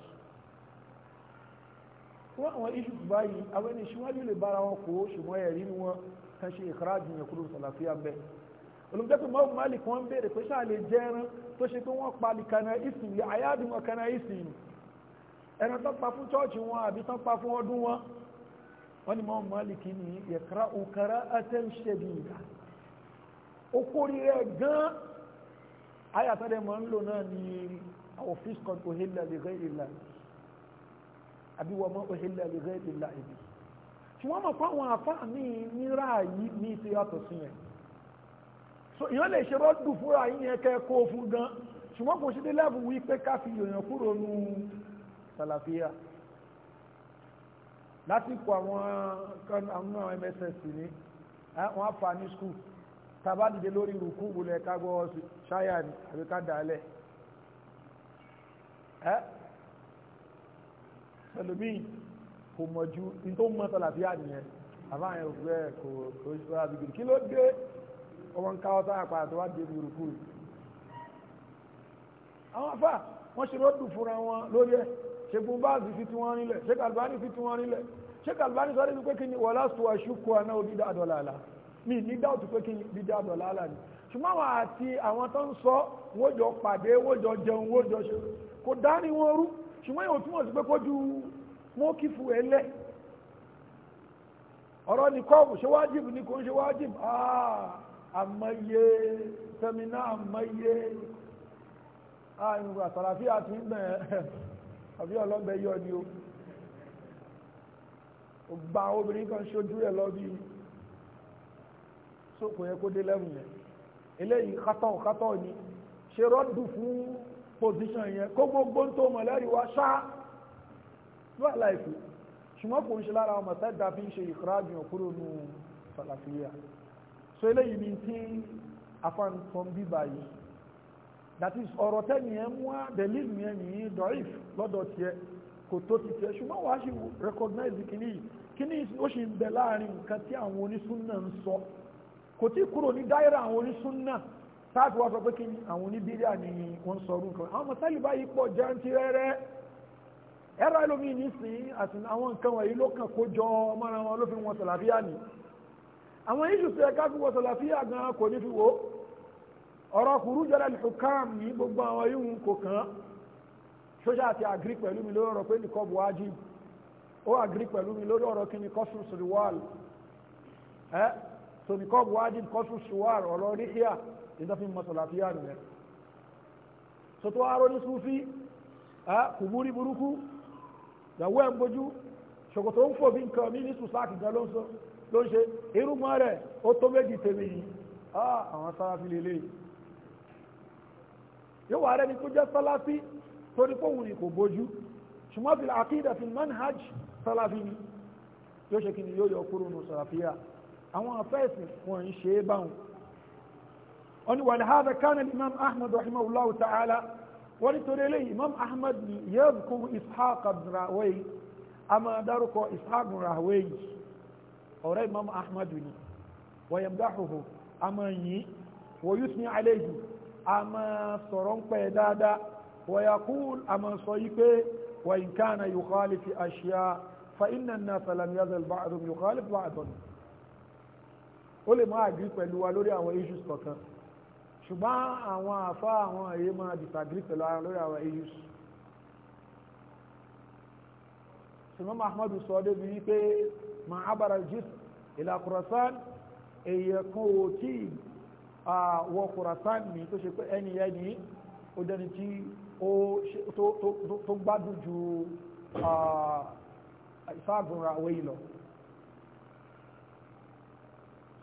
wọ́n àwọn iṣu báyìí àwọn ẹni ṣíwájú lè bára wọn kó ṣùgbọ́n ẹ̀rí ni wọ́n kan ṣe ìkáràjù yẹn kúrò sàlàfíà bẹ́ẹ̀ olùdókè mọ́wù malik wọ́n béèrè pé ṣáà lè jẹ́ran tó ṣe pé wọ́n palì kana wọ́n ni mọ́mọ́ Málìkì ní yẹ̀kara òkara atẹ́ṣẹ́bì ìgbà ó kórí rẹ̀ gan ayàtọ́dẹ̀ mọ́ ń lò náà ní àwọn fíṣkọ̀n òhèlà lè rẹ̀ ìlà àbí wọ́n mọ́ òhèlà lè rẹ̀ ìlà ìbí wọ́n mọ̀ fáwọn afá ní ráàyí ní ti yàtọ̀ sí yẹn so ìyọ́n lè ṣe rọ́dù fúnra yín yẹn kẹ́ kó fún gan ṣùgbọ́n kò ṣe dé lẹ́bù pé ká fi yòyàn kúrò nù sàlàfíà lásìkò àwọn kan àwọn mss ní wọ́n á fà ní skul tàbá dìde lórí rùkú wulẹ̀ ká gbọ́ ṣáyà ní àbí ká dàálẹ̀ ẹ́ sẹlẹ̀mí kò mọ̀jú ní tó mọ́ tọ́làfíà nìyẹn àbáyẹn òfúrẹ́ kò kò ṣe àbìgìrì kí ló dé ọmọ ń káwọ́ táyà padà tó wá dé ní rùkú àwọn afá wọ́n ṣẹ́gun báàzì fi tí wọ́n nílẹ̀ ṣẹ́kà albani fi tí wọ́n nílẹ̀ ṣẹ́kà albani sọ́rọ̀ ní pé kí ni wọ́n lásù àṣùkọ àná òdídà àdọ̀làlà mi ní dáòtù pé kí ni dídà àdọ̀làlà ni ṣùgbọ́n àwọn àti àwọn tó ń sọ wọ́n jọ pàdé wọ́n jọ jẹun wọ́n jọ ṣe kò dání wọn rú ṣùgbọ́n yóò túmọ̀ sí pé kójú mọ́kìfù ẹ lẹ̀ ni kọ́ọ̀bù ṣe wájìbù ni kò ń ṣe wájìbù ah, àmọye sẹmínà àmọye àìrùn ah, àtàràfíà ti ń bẹ̀ẹ́ àbí ọlọ́bẹ yọ ni o ó gba obìnrin kan ṣojú ẹ̀ lọ bí sókùn yẹn kó dé lẹ́mù yẹn eléyìí kátọ̀ kátọ̀ ni ṣe rọ́dù fún pòsíṣàn yẹn kó gbogbo tó mọ̀ lẹ́rìí wá ṣáá ló àláìfò ṣùgbọ́n kò ń ṣe lára ọmọ tẹ́ta fi ń ṣe ìkìrájù kúrò ní sàlàfíà so eléyìí ni tí afáǹkan bíbá yìí that is ọ̀rọ̀ tẹ́ni ẹ mú àdẹ̀lì mi ẹ nìyí dọ̀if lọ́dọ̀ tiẹ̀ kò tó ti tiẹ̀ ṣùgbọ́n wàá ṣe recognize kìíní yìí kìíní ó ṣì ń bẹ láàrin nǹkan tí àwọn onísúnnà ń sọ kò tí kúrò ní dáírà àwọn onísúnnà táàbí wá sọ pé kí àwọn oníbíríà ni wọ́n sọ ọdún kan àwọn mọ̀tálì báyìí pọ̀ jáǹtì rẹ́rẹ́ ẹ̀rọ ẹlòmíì nísìnyí àti àwọn nǹkan wọ̀nyí ló kàn kó jọ ọmọ ọ̀rọ̀ kùrú jọlẹ̀ lùkàm ní gbogbo àwọn yíhun kò kàn ṣóṣà àti àgírí pẹ̀lú mi lórí ọ̀rọ̀ pé nìkan bù wájú ó àgírí pẹ̀lú mi lórí ọ̀rọ̀ kí ni kọ́sùn sùrùwàl ẹ́ tó nìkan bù kọ́sùn sùrùwàl ọ̀rọ̀ ríṣíà ìdọ́fin mọ̀sálàfíà nìyẹn tó tó arọ́ ní súfí ẹ́ kùbúrí burúkú ìyàwó ẹ̀ ń bójú ṣòkòtò ń fòbí nǹkan mí ní sùsáàkì gan ló ń ṣe irúgbọ́n rẹ̀ ó tó méjì tèmi yìí àwọn sára fi yóò wà rẹni tó jẹ́ sálàfí torí fóhun ni kò bójú ṣùgbọ́n fi àkídà fi manhaj sálàfí ni yóò ṣe kí ni yóò yọ kúrò ní sàràfíà àwọn afẹ́ẹ̀sì wọn ń ṣe é báwọn wọn ni wàlẹ̀ hádà kánà imam ahmad rahimahullahu ta'ala wọ́n nítorí eléyìí imam ahmad ni yadhkuru ishaq rahway a máa dárúkọ ishaq rahway ọ̀rẹ́ imam ahmad ni wọ́n yamdahuhu a máa yìí wọ́n yusni alayhi a máa sọ̀rọ̀ ń pẹ̀ dáadáa ويقول أما صيبه وإن كان يخالف أشياء فإن الناس لم يزل بعضهم يخالف بعضا ó lè máa agree pẹ̀lú wa lórí àwọn issues kọ̀ọ̀kan ṣùgbọ́n àwọn àfá àwọn èyí máa disagree pẹ̀lú ara lórí àwọn issues ṣùgbọ́n Muhammadu sọ ò tí wọ kùràsán mi tó ṣe pé ẹni ẹni ó dẹni tí tó gbádùn ju ìfáàgùnra àwẹ yìí lọ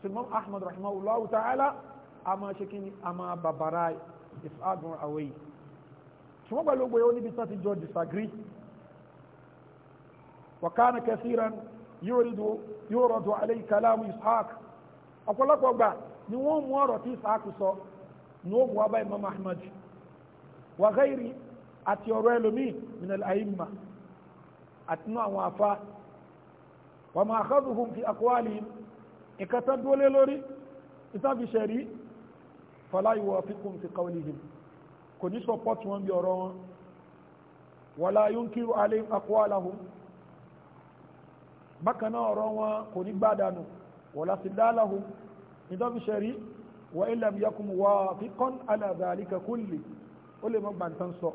Imam Ahmad rahimahullahu ta'ala a máa ṣe kí ni a máa bàbára ìfáàgùnra àwẹ yìí ṣùgbọ́n pẹ̀lú gbé ó níbi tán jọ disagree وكان كثيرا يورد يورد عليه كلام إسحاق أقول لك وقبع ni wọ́n mú ọ̀rọ̀ tí ìsáàkù sọ ní ó wà bá imam ahmad wa ghairi àti ọ̀rọ̀ ẹlòmíì min al-a'imma àti inú àwọn afá wa ma akhadhuhum fi aqwalihim ìkẹta dúólé lórí ìtàn fi ṣẹ̀rí fala yuwafiqum fi qawlihim kò ní support wọn bí ọ̀rọ̀ wọn wala yunkiru alayhim aqwalahum bákan náà ọ̀rọ̀ wọn kò ní gbádànù wala sidalahum nítọ́bí ṣẹ̀rí wà ilẹ̀ yakun wà fíkọ́n alàzàríkà kúlì ó lè mọ́ gbàntán sọ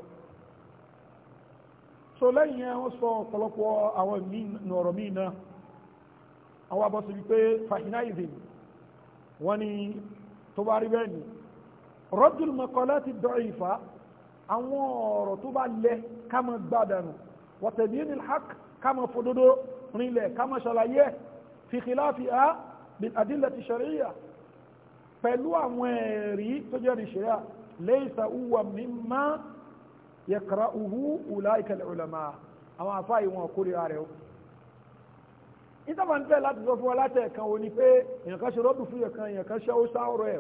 so lẹ́yìn ẹ̀ wọ́n sọ ọ̀pọ̀lọpọ̀ àwọn ọ̀rọ̀ míì náà àwọn abọ́sí wípé fahinaizi wọ́n ni tó bá rí bẹ́ẹ̀ ni rọ́dùl mọ̀kọ́lá ti dọ̀ ìfà àwọn ọ̀rọ̀ tó bá lẹ ká gbádànù wọ̀tẹ̀bí ní hàk ká má rinlẹ̀ ká ṣàlàyé fi khilafi بالأدلة الشرعية pẹ̀lú àwọn ẹ̀rí tó jẹ́ ìṣẹ́yà lẹ́ìsà uwa mímá yẹ̀kara uhu ulaika ulama àwọn àfá ìwọ̀n kórìíra rẹ̀ o ìtàbà ń tẹ́ láti sọ fún wa láti ẹ̀kan o ní pé èèyàn kan ṣe rọ́dù fún ẹ̀kan èèyàn kan ṣe ó sá ọ̀rọ̀ ẹ̀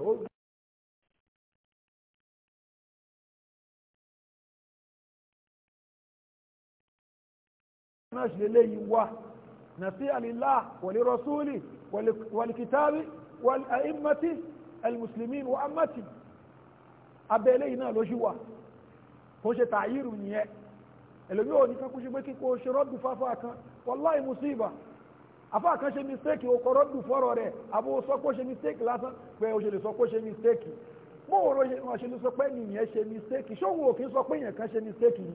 náà ṣe lélẹ́yìn wá نصيحة لله ولرسوله والكتاب والأئمة المسلمين وأمته abẹ́lẹ́yìnà ló ṣíwà kó ṣe tààyírù nìyẹn ẹlòmí ò ní kankú ṣe pé kíkó ṣe rọ́dù fáfá kan wallahi musiba afá kan ṣe mistake ó kọ rọ́dù fọ́rọ̀ rẹ̀ abó sọ pé ṣe mistake lásán pé ó ṣe lè sọ pé ṣe mistake mọ́ òrò ṣe lè sọ pé nìyẹn ṣe mistake ṣóhun òfin sọ pé yẹn kan ṣe mistake ni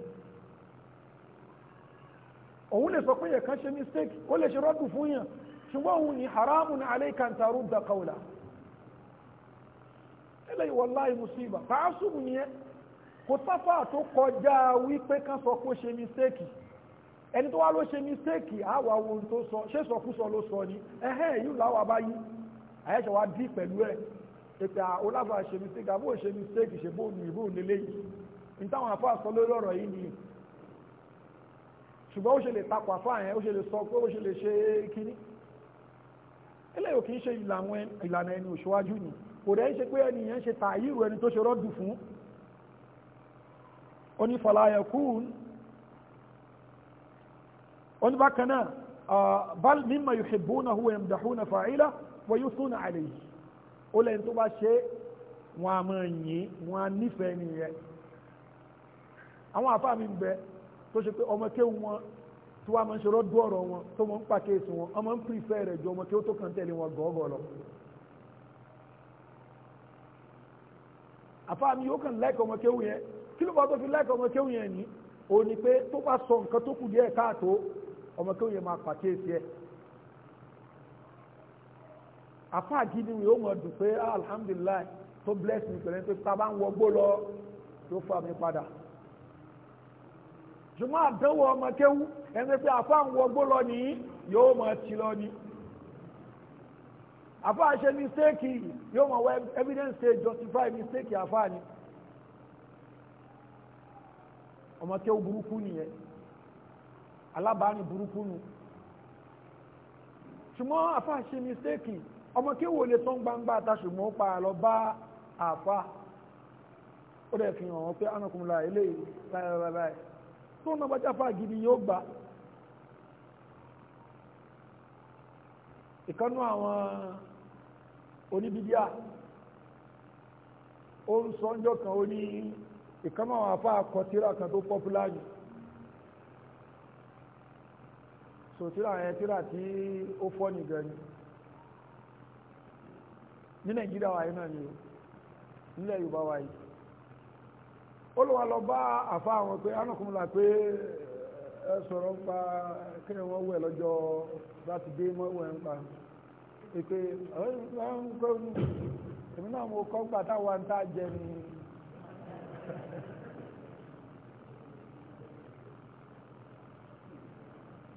òun lè sọ pé yẹ kan ṣe mistake ó lè ṣe rọ́dù fún yàn ṣùgbọ́n òun ni haramun alayka an tarudda qawla eléyìí wallahi musiba tààsùmù yẹn kò sáfà tó kọjá wípé kan sọ pé ó ṣe mistake ẹni tó wá ló ṣe mistake àwa ohun tó sọ ṣé sọkúsọ ló sọ ni ẹhẹ́ yìí làwọn abáyí àyẹ̀ṣẹ̀ wa dí pẹ̀lú ẹ̀ ètò olábà ṣe mistake àbó ṣe mistake ṣe bóun ìbóun lélẹ́yìí ní táwọn afọ àsọ yìí nìyí ṣùgbọ́n ó ṣe lè takò àfáà yẹn ó ṣe lè sọ pé ó ṣe lè ṣe kíní eléyìí kì í ṣe ìlànà ẹni òṣùwájú ni kò dẹ̀ ṣe pé ẹni yẹn ṣe tààyírù ẹni tó ṣe rọ́dù fún onífọ̀láyẹ̀kún oníbákanáà bal mimma yuhibbunahu wa yamdahuna fa'ila wa yusuna alayhi ó lẹ́yìn tó bá ṣe wọn a máa yìn wọn a nífẹ̀ẹ́ nìyẹn àwọn àfáà mi ń bẹ tó ṣe pé ọmọ kéwù wọn tí wọ́n máa ń ṣòro dú ọ̀rọ̀ wọn tó wọ́n ń pàkíyèsí wọn ọmọ ń pìrìfẹ́ rẹ̀ ju ọmọ kéwù tó kàn tẹ̀lé wọn gọ́ọ̀gọ́ lọ àfáàmì yóò kàn láìkọ̀ ọmọ kéwù yẹn kí ló bá tó fi láìkọ̀ ọmọ kéwù yẹn ní ó ní pé tó bá sọ nǹkan tó kù díẹ̀ káàtó ọmọ kéwù yẹn máa pàkíyèsí ẹ̀ àfáà gidi ni ó mọ̀ dùn pé ah, alhamdulillah tó bless me pẹ̀lú pé tá a bá ń wọgbó lọ tó fà mí padà jùmọ́ àdánwò ọmọ kéwú ẹni pé àfa ń wọgbó lọ nìyí yóò mọ̀ ti lọ ni àfa ṣe mistake yóò mọ̀ wọ evidence say justify mistake àfa ni ọmọ kéwú burúkú nìyẹn alábàání burúkú nu ṣùgbọ́n àfa ṣe mistake ọmọ kéwú ò lè tán gbangba àtàṣùmọ́ pa àlọ́ bá àfa ó dẹ̀ fi hàn wọ́n pé ánàkùnrin láì eléyìí láì láì láì tó náà bá jáfa gidi yóò gbà ìkanú àwọn oníbídíà ó ń sọ ọjọ́ kan ó ní ìkanú àwọn afá akọtíra kan tó pọ́pùlá yìí so tíra tíra tí ó fọ́ nìgbẹ́ ni ní nàìjíríà wáyé náà ni nílẹ̀ yorùbá wáyé olùwà lọ bá àfa àwọn pé anàkùnrin là pé ẹ sọ̀rọ̀ ń pa kí ni wọ́n wẹ̀ lọ́jọ́ sátidé mọ́wẹ̀ ń pa pé èmi náà mo kọ́ gbà táwa ń tá jẹ ni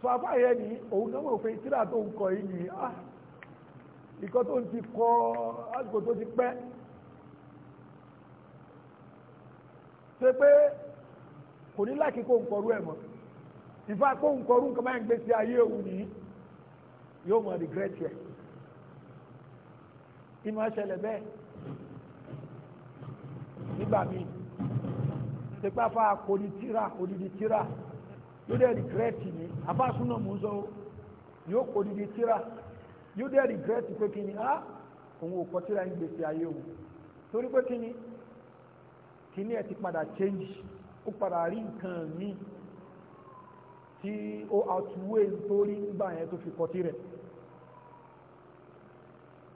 so afá yẹn ni òun náà mọ̀ pé tíra tó ń kọ yìí ni ah ìkọ́ tó ń ti kọ́ àsìkò tó ti pẹ́ ṣe pé kò ní láti kó nkọrú ẹ̀ mọ́ ìfà kó nkọrú nǹkan máa ń gbé sí ayé òun yìí yóò mọ̀ regret yẹ ìmọ̀ ṣẹlẹ̀ bẹ́ẹ̀ nígbà míì ṣe pé afa kò ní tíra odidi tíra yóò dẹ̀ regret ni afa súnà mú sọ yóò kò odidi tíra yóò dẹ̀ regret pé kí ni ah òun ò kọ́ tíra ń gbé sí ayé òun torí pé kí ni kíní ẹ̀ ti padà change ó padà rí nǹkan mi tí ó outweigh nítorí nígbà yẹn tó fi kọtí rẹ̀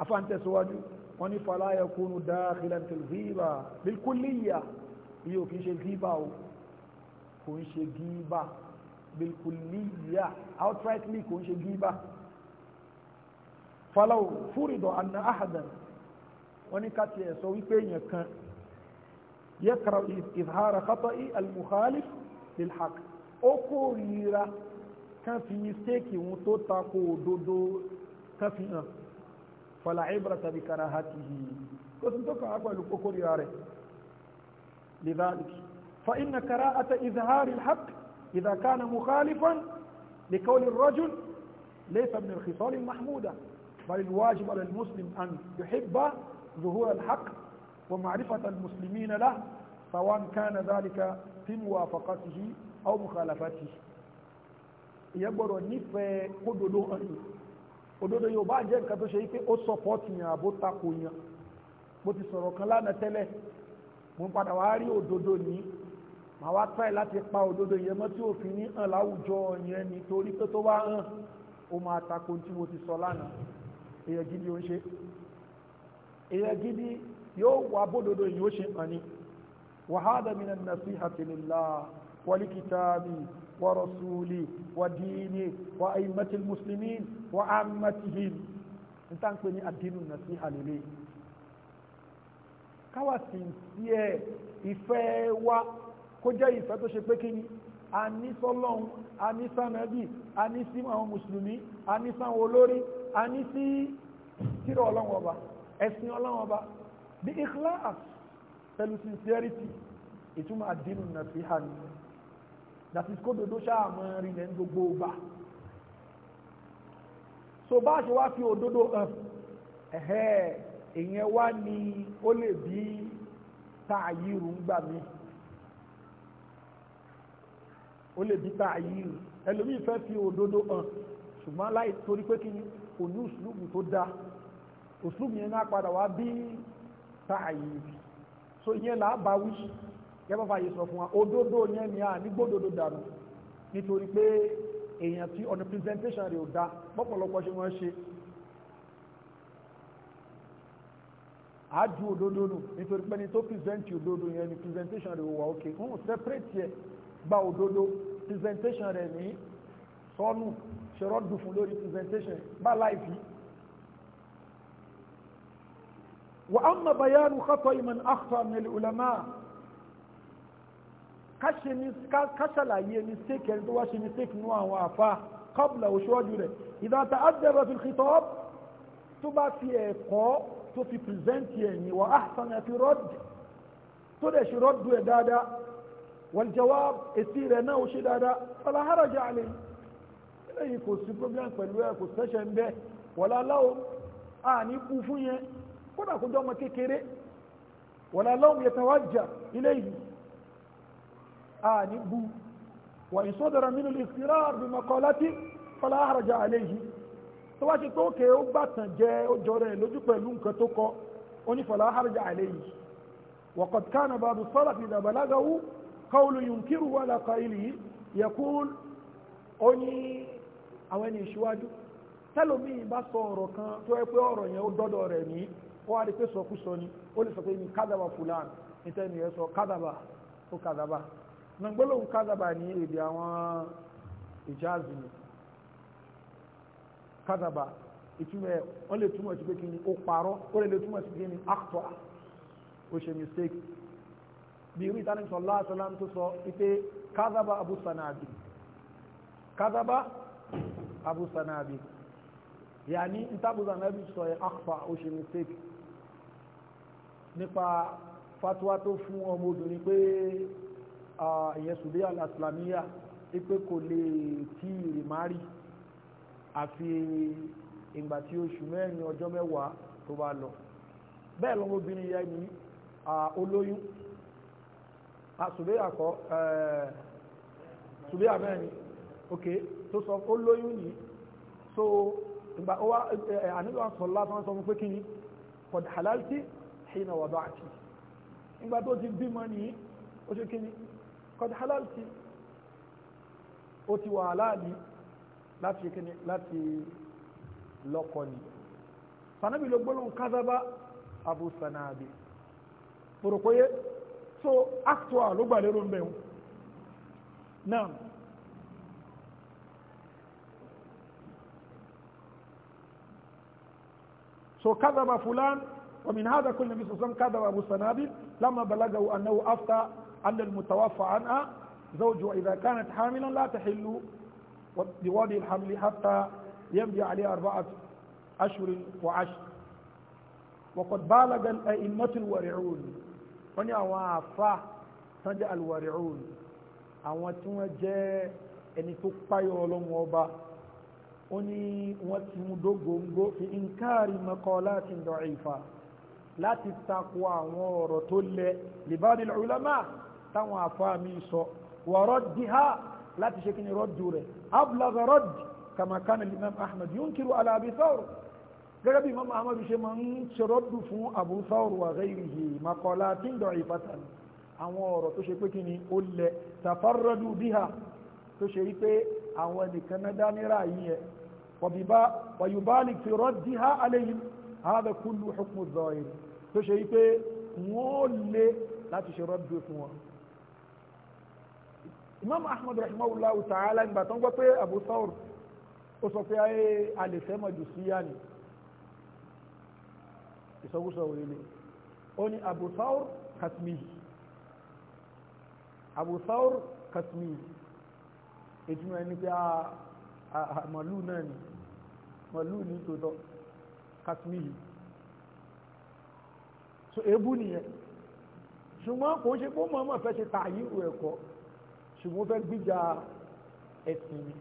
afáǹtẹ̀síwájú wọ́n ní fala yakunu dakhilan fil ghiba bil kulliyya yíò kìí ṣe ghiba o kò ń ṣe ghiba bil kulliyya outrightly kò ń ṣe ghiba falau fúrìdọ̀ anna ahadan wọ́n ní ká tiẹ̀ sọ wípé èèyàn kan يكره إظهار خطأ المخالف للحق أكوريرا كان في مستيكي وتوتاكو دودو كان فلا عبرة بكراهته قلت انتوك أقوى لكوكوريرا لذلك فإن كراهه إظهار الحق إذا كان مخالفا لقول الرجل ليس من الخصال المحمودة بل الواجب على المسلم أن يحب ظهور الحق ومعرفة المسلمين له سواء كان ذلك في موافقته أو مخالفته يقولوا نفى قدلو أنه òdodo yóò bá jẹ́ nǹkan tó ṣe wípé ó sọpọ́tì yàn àbó tako yàn mo ti sọ̀rọ̀ kan lánàá tẹ́lẹ̀ mo ń padà wá rí òdodo ní màá wá tàì láti pa òdodo yẹn mọ́ tí òfin ní hàn láwùjọ yẹn ni torí pé tó bá hàn ó máa tako tí mo ti sọ lánàá èèyàn gidi ó ń ṣe èyàn gidi yóò wà bódodo yìí ó ṣe hàn ní wàhálà mi náà nasihati lillah wàlíkítàbí wàrọ̀súlì wàdíní wà àìmẹ́tìl musulmi wà àmẹ́tìhìn ní táǹpé ní àdínú nasiha lillah káwà sí sí ẹ ìfẹ́ wa kó jẹ́ ìfẹ́ tó ṣe pé kí a ní sọ́lọ́un a ní sánàbí a ní sí àwọn mùsùlùmí a ní sáwọn olórí a ní sí tírọ̀ ọlọ́wọ́ ọba ẹ̀sìn ọlọ́run ọba bí ikhlas pẹ̀lú sincerity ìtumọ̀ àdínú nà sí hà ní that is kódodo ṣáàmọ́ rí lẹ́nu gbogbo ọba so bá ṣe wá fi òdodo hàn ẹ̀hẹ́ èyàn wá ní ó lè bí tààyírù ń gbà mí ó lè bí tààyírù ẹlòmíì fẹ́ fi òdodo hàn ṣùgbọ́n láì torí pé kí ni kò ní ìṣúlùkù tó dáa òṣùlùmí yẹn náà padà wá bí sáàyè so ìyẹn là á bá wí gẹ́gẹ́ bá yẹ sọ fún wa òdodo ní ẹni à ní gbódodo dànù nítorí pé èèyàn tí ọ̀nà presentation rẹ̀ ò dá pọ́pọ̀lọpọ̀ ṣe wọ́n ṣe àájú òdodo nù nítorí pé ní tó present òdodo yẹn ni presentation rẹ̀ wà òkè ń separate yẹ gba òdodo presentation rẹ̀ ní sọ́nù ṣe rọ́dù fún lórí presentation bá láìfì وأما بيان خطأ من أخطأ من العلماء كشلاية مستيك الدواش مستيك نوع وافا قبل وشو وشواجه إذا تأدب في الخطاب تبع في إقاء تفي بريزنت يعني وأحسن في رد تدش رد يا دادا والجواب يصير أنا وش دادا فلا حرج عليه لا يكون سي بروبليم pẹ̀lú ẹ̀ kò sẹ́ṣẹ̀ ń bẹ́ wọ́lá láwọ́ kódà kó jọ ọmọ kékeré wọ̀lá lọ́wọ́ yẹ tàwájà ilé yìí a ní bú wà ìsọ́dọ̀rọ̀ nínú ìsìnrá àbí mọ̀kọ́látí fọlá àrọ̀jà alẹ́ yìí tó wá ṣe pé òkè ó bá tàn ó jọ rẹ̀ lójú pẹ̀lú nǹkan tó kọ ó ní fọlá àrọ̀jà alẹ́ yìí وقد كان بعض السلف إذا بلغه قول ينكره على قائله يقول أني أواني شواجو تلو مي بس أورو كان تو أورو يو دودو رمي ó wá rí pé sọkúsọ ni ó lè sọ pé ní kádàbà fúlàn níta ni ẹ sọ kádàbà ó kádàbà nàgbọ́lóhùn kádàbà ní èdè àwọn ìjáàzì ni kádàbà ìtumọ̀ ẹ̀ wọ́n lè túmọ̀ sí pé kí ni ó parọ́ ó lè túmọ̀ sí kí ni actor ó ṣe mistake bí irú ìtàní sọ láàṣọlá tó sọ ipé kádàbà abu sanabi kádàbà abu sanabi yàní ìtàbù sanabi sọ ẹ̀ actor ó ṣe mistake nípa fatuwa tó fún ọmọ obìnrin pé ìyẹn sùdí alàsìlàmíyà pé kò lè tí ìrìmárì àfi ìgbà tí oṣù mẹ́rin ọjọ́ mẹ́wàá tó bá lọ bẹ́ẹ̀ lọ́mọ obìnrin yẹn ní olóyún àsùbíyà kọ́ ok tó sọ ó yìí so ìgbà ó wá àníwá sọ lásán sọ fún pé kí ni kọ̀dà halalti hina wada'ti nígbà tó ti bímọ ní ó ṣe kí ni qad halalti ó ti wà aláàlì láti kí ni láti lọ́kọ ni sanabi ló gbólóhùn kazaba abu sanabi pòròkóyé so actual ló gbà lérò ń bẹ̀rù náà so kazaba fulan ومن هذا كل النبي صلى الله عليه وسلم كذب أبو السنابل لما بلغه أنه أفتى أن المتوفى عنها زوجها إذا كانت حاملا لا تحل بوادي الحمل حتى يمضي عليها أربعة أشهر وعشر وقد بالغ الأئمة الورعون wọ́n ní àwọn الورعون او jẹ́ alwari'un àwọn tí wọ́n jẹ́ ẹni tó páyọ̀ ọlọ́run ọba ó ní wọ́n ti won je eni to payo won ti mu dogongo fi láti takò àwọn ọ̀rọ̀ tó lẹ libadil ulama táwọn àfáà mi sọ wà raddiha láti ṣe kíni rọ́dù rẹ̀ abúlága rọ́dù kama kana limam ahmad yunkiru ala abi thawr gẹ́gẹ́ bí imam ahmad ṣe ma ń ṣe rọ́dù fún abu thawr wa ghayrihi maqalatin da'ifatan àwọn ọ̀rọ̀ tó ṣe pé kíni ó lẹ tafarradu biha tó ṣe rí pé àwọn ẹnìkan náà dá nírà yìí ẹ̀ wàyùbáàlì fi rọ́dù ha alayhim hada kullu hukmu zahir tó ṣe wípé wọ́n lé láti ṣe rọ́dù fún wọn imam ahmad rahimahullahu ta'ala nígbà tó ń gbọ́ pé abu thawr ó sọ pé ayé alẹ́fẹ́ mọ̀jùsíyá ni ìsọkúsọ orílẹ̀ ó ní abu thawr katmihi abu thawr katmihi ìtumọ̀ ẹni pé a ah, ah, ah, màlúù náà ni màlúù ní tòótọ́ katmihi so ebú nìyẹn ṣùgbọ́n kò ń ṣe pé ó mọ̀ọ́mọ̀ fẹ́ ṣe tààyírò ẹ̀kọ́ ṣùgbọ́n ó fẹ́ gbíjà ẹ̀sìn mi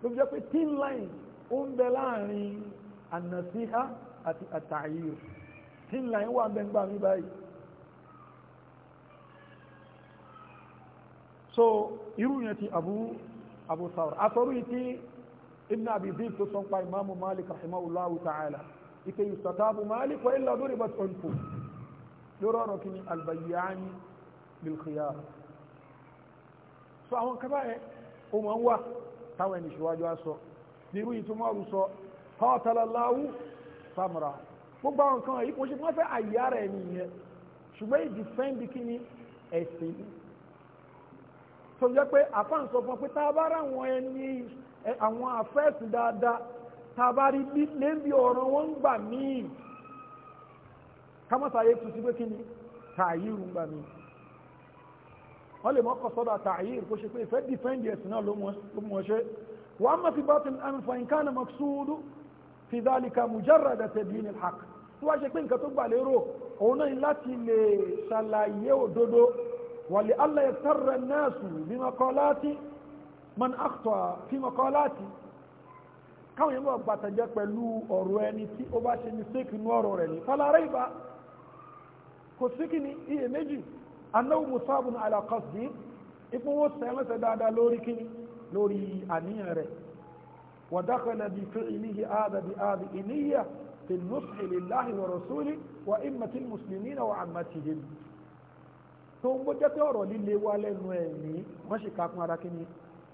ló fi jẹ́ pé thin line ó ń bẹ láàrin ànàsíhá àti àtààyírò thin line wà mẹ́ngbà mi báyìí so irú yẹn ti Abu Abu Thawr asọ́rú yìí ti ibn abi zid tó sọ pa imaamu malik rahimahullahu ta'ala ike yustatabu malik wa illa duribat unfu lórí ọ̀rọ̀ kí ni albayyani bil khiyar so àwọn kaba ẹ o ma ń wà táwọn ẹni ṣíwájú á sọ nírú ìtumọ̀rù sọ qatalallahu samra gbogbo àwọn kan yìí kò ṣe wọ́n fẹ́ àyà rẹ̀ nìyẹn ṣùgbọ́n ìdí fẹ́ǹdì kí ni ẹ̀sìn tó jẹ́ pé àfáǹsọ fún pé tá a bá ráwọn ẹni àwọn àfẹ́ẹ̀sì dáadáa tàbárí lẹ́bí ọ̀ràn wọn gbà míì kámọ́sàáyé tún sí pé kí ni tààyírù ń gbà míì wọ́n lè mọ́kọ̀ sọ́dọ̀ tààyírù kó ṣe pé ìfẹ́ dìfẹ́ǹdì ẹ̀sìn náà ló mú ọṣẹ́ wọ́n mọ́ fi bá ti ẹnu fa nǹkan náà mọ́súúdú fi dálìkà mujarrada tẹ̀bíyìn alhaq tó wá ṣe pé nǹkan tó man akhta fi maqalati káwọn yẹn bọ̀ gbàtàjẹ́ pẹ̀lú ọ̀rọ̀ ẹni tí ó bá ṣe mistake inú ọ̀rọ̀ rẹ̀ ní fàlàrẹ́ ìbá kò sí kí ni iye méjì anáwó musabun ala qasdi ipò wọ́n sẹ́mẹ́sẹ̀ dáadáa lórí kí ni lórí àníyàn rẹ̀ wa dakhala bi fi'lihi ààbà bí ààbì ìníyà fi nushi lillahi wa rasuli wa immati muslimina wa ammatihim tó ń gbọ́jẹ́ pé ọ̀rọ̀ líle wa lẹ́nu ẹ̀ ní wọ́n ṣe kakun ara kí